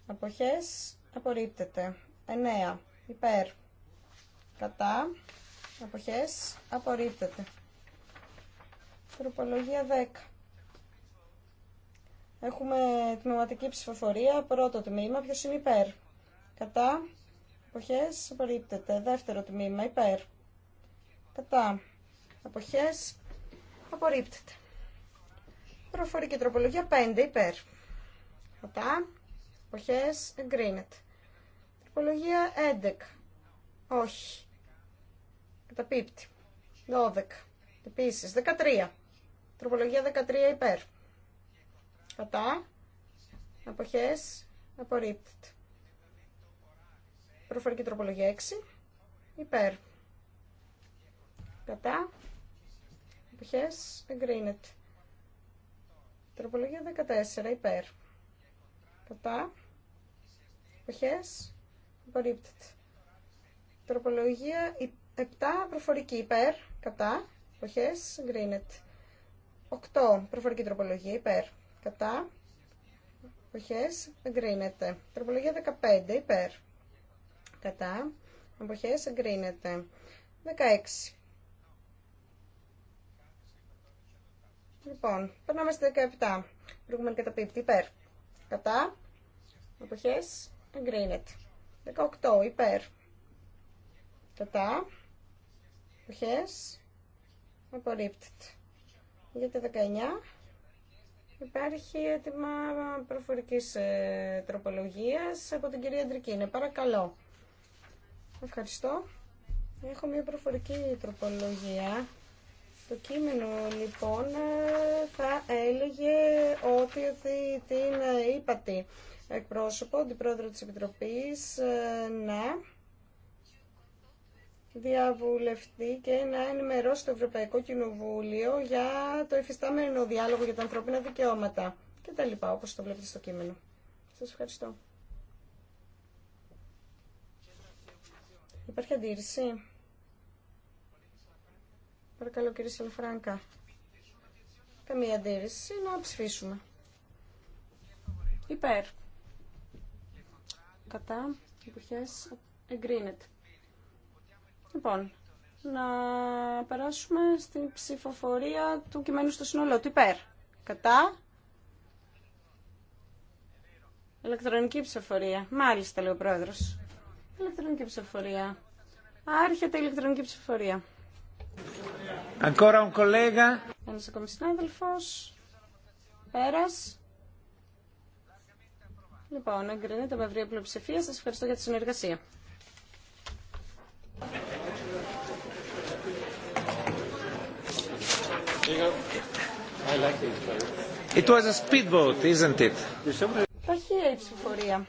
Αποχές απορρίπτεται. 9 υπέρ κατά αποχές απορρίπτεται τροπολογία 10 Έχουμε τμηματική ψηφοφορία, πρώτο τμήμα, ποιος είναι υπέρ. Κατά, αποχές, απορρίπτεται. Δεύτερο τμήμα, υπέρ. Κατά, αποχές, απορρίπτεται. Προφορική τροπολογία 5, υπέρ. Κατά, αποχές, εγκρίνεται. Τροπολογία 11. Όχι. Καταπίπτει. 12. Επίσης. 13. Τροπολογία 13 υπέρ. Κατά. Αποχές. Απορρίπτεται. Προφορική τροπολογία 6. Υπέρ. Κατά. Αποχές. Εγκρίνεται. Τροπολογία 14. Υπέρ. Κατά. Αποχές. Υπορρίπτεται. Τροπολογία 7, προφορική υπέρ, κατά, εποχέ, εγκρίνεται. 8, προφορική τροπολογία υπέρ, κατά, εποχέ, εγκρίνεται. Τροπολογία 15, υπέρ, κατά, εποχέ, εγκρίνεται. 16. Λοιπόν, περνάμε στη 17. Προηγούμενη καταπίπτη, υπέρ, κατά, εποχές, εγκρίνεται. 18 υπέρ. Κατά. Οχές. Απορρίπτεται. Για τα 19 υπάρχει έτοιμα προφορικής ε, τροπολογίας από την κυρία Αντρικίνε. Παρακαλώ. Ευχαριστώ. Έχω μια προφορική τροπολογία. Το κείμενο λοιπόν ε, θα έλεγε ότι, ότι την ε, είπατε εκπρόσωπο, αντιπρόεδρο της Επιτροπής, ε, να διαβουλευτεί και να ενημερώσει το Ευρωπαϊκό Κοινοβούλιο για το εφιστάμενο διάλογο για τα ανθρώπινα δικαιώματα και τα λοιπά, όπως το βλέπετε στο κείμενο. Σας ευχαριστώ. Υπάρχει αντίρρηση. Παρακαλώ κύριε Σαλφράγκα. Καμία αντίρρηση, να ψηφίσουμε. Υπέρ κατά, εποχές, εγκρίνεται. Λοιπόν, να περάσουμε στην ψηφοφορία του κειμένου στο σύνολό του υπέρ. Κατά. Ηλεκτρονική ψηφοφορία. Μάλιστα, λέει ο πρόεδρος. Ηλεκτρονική ψηφοφορία. Άρχεται η ηλεκτρονική ψηφοφορία. Ancora κολέγα Ένας ακόμη συνάδελφος. Πέρας. Λοιπόν, εγκρίνεται με ευρία πλειοψηφία. Σας ευχαριστώ για τη συνεργασία. Υπάρχει η ψηφορία.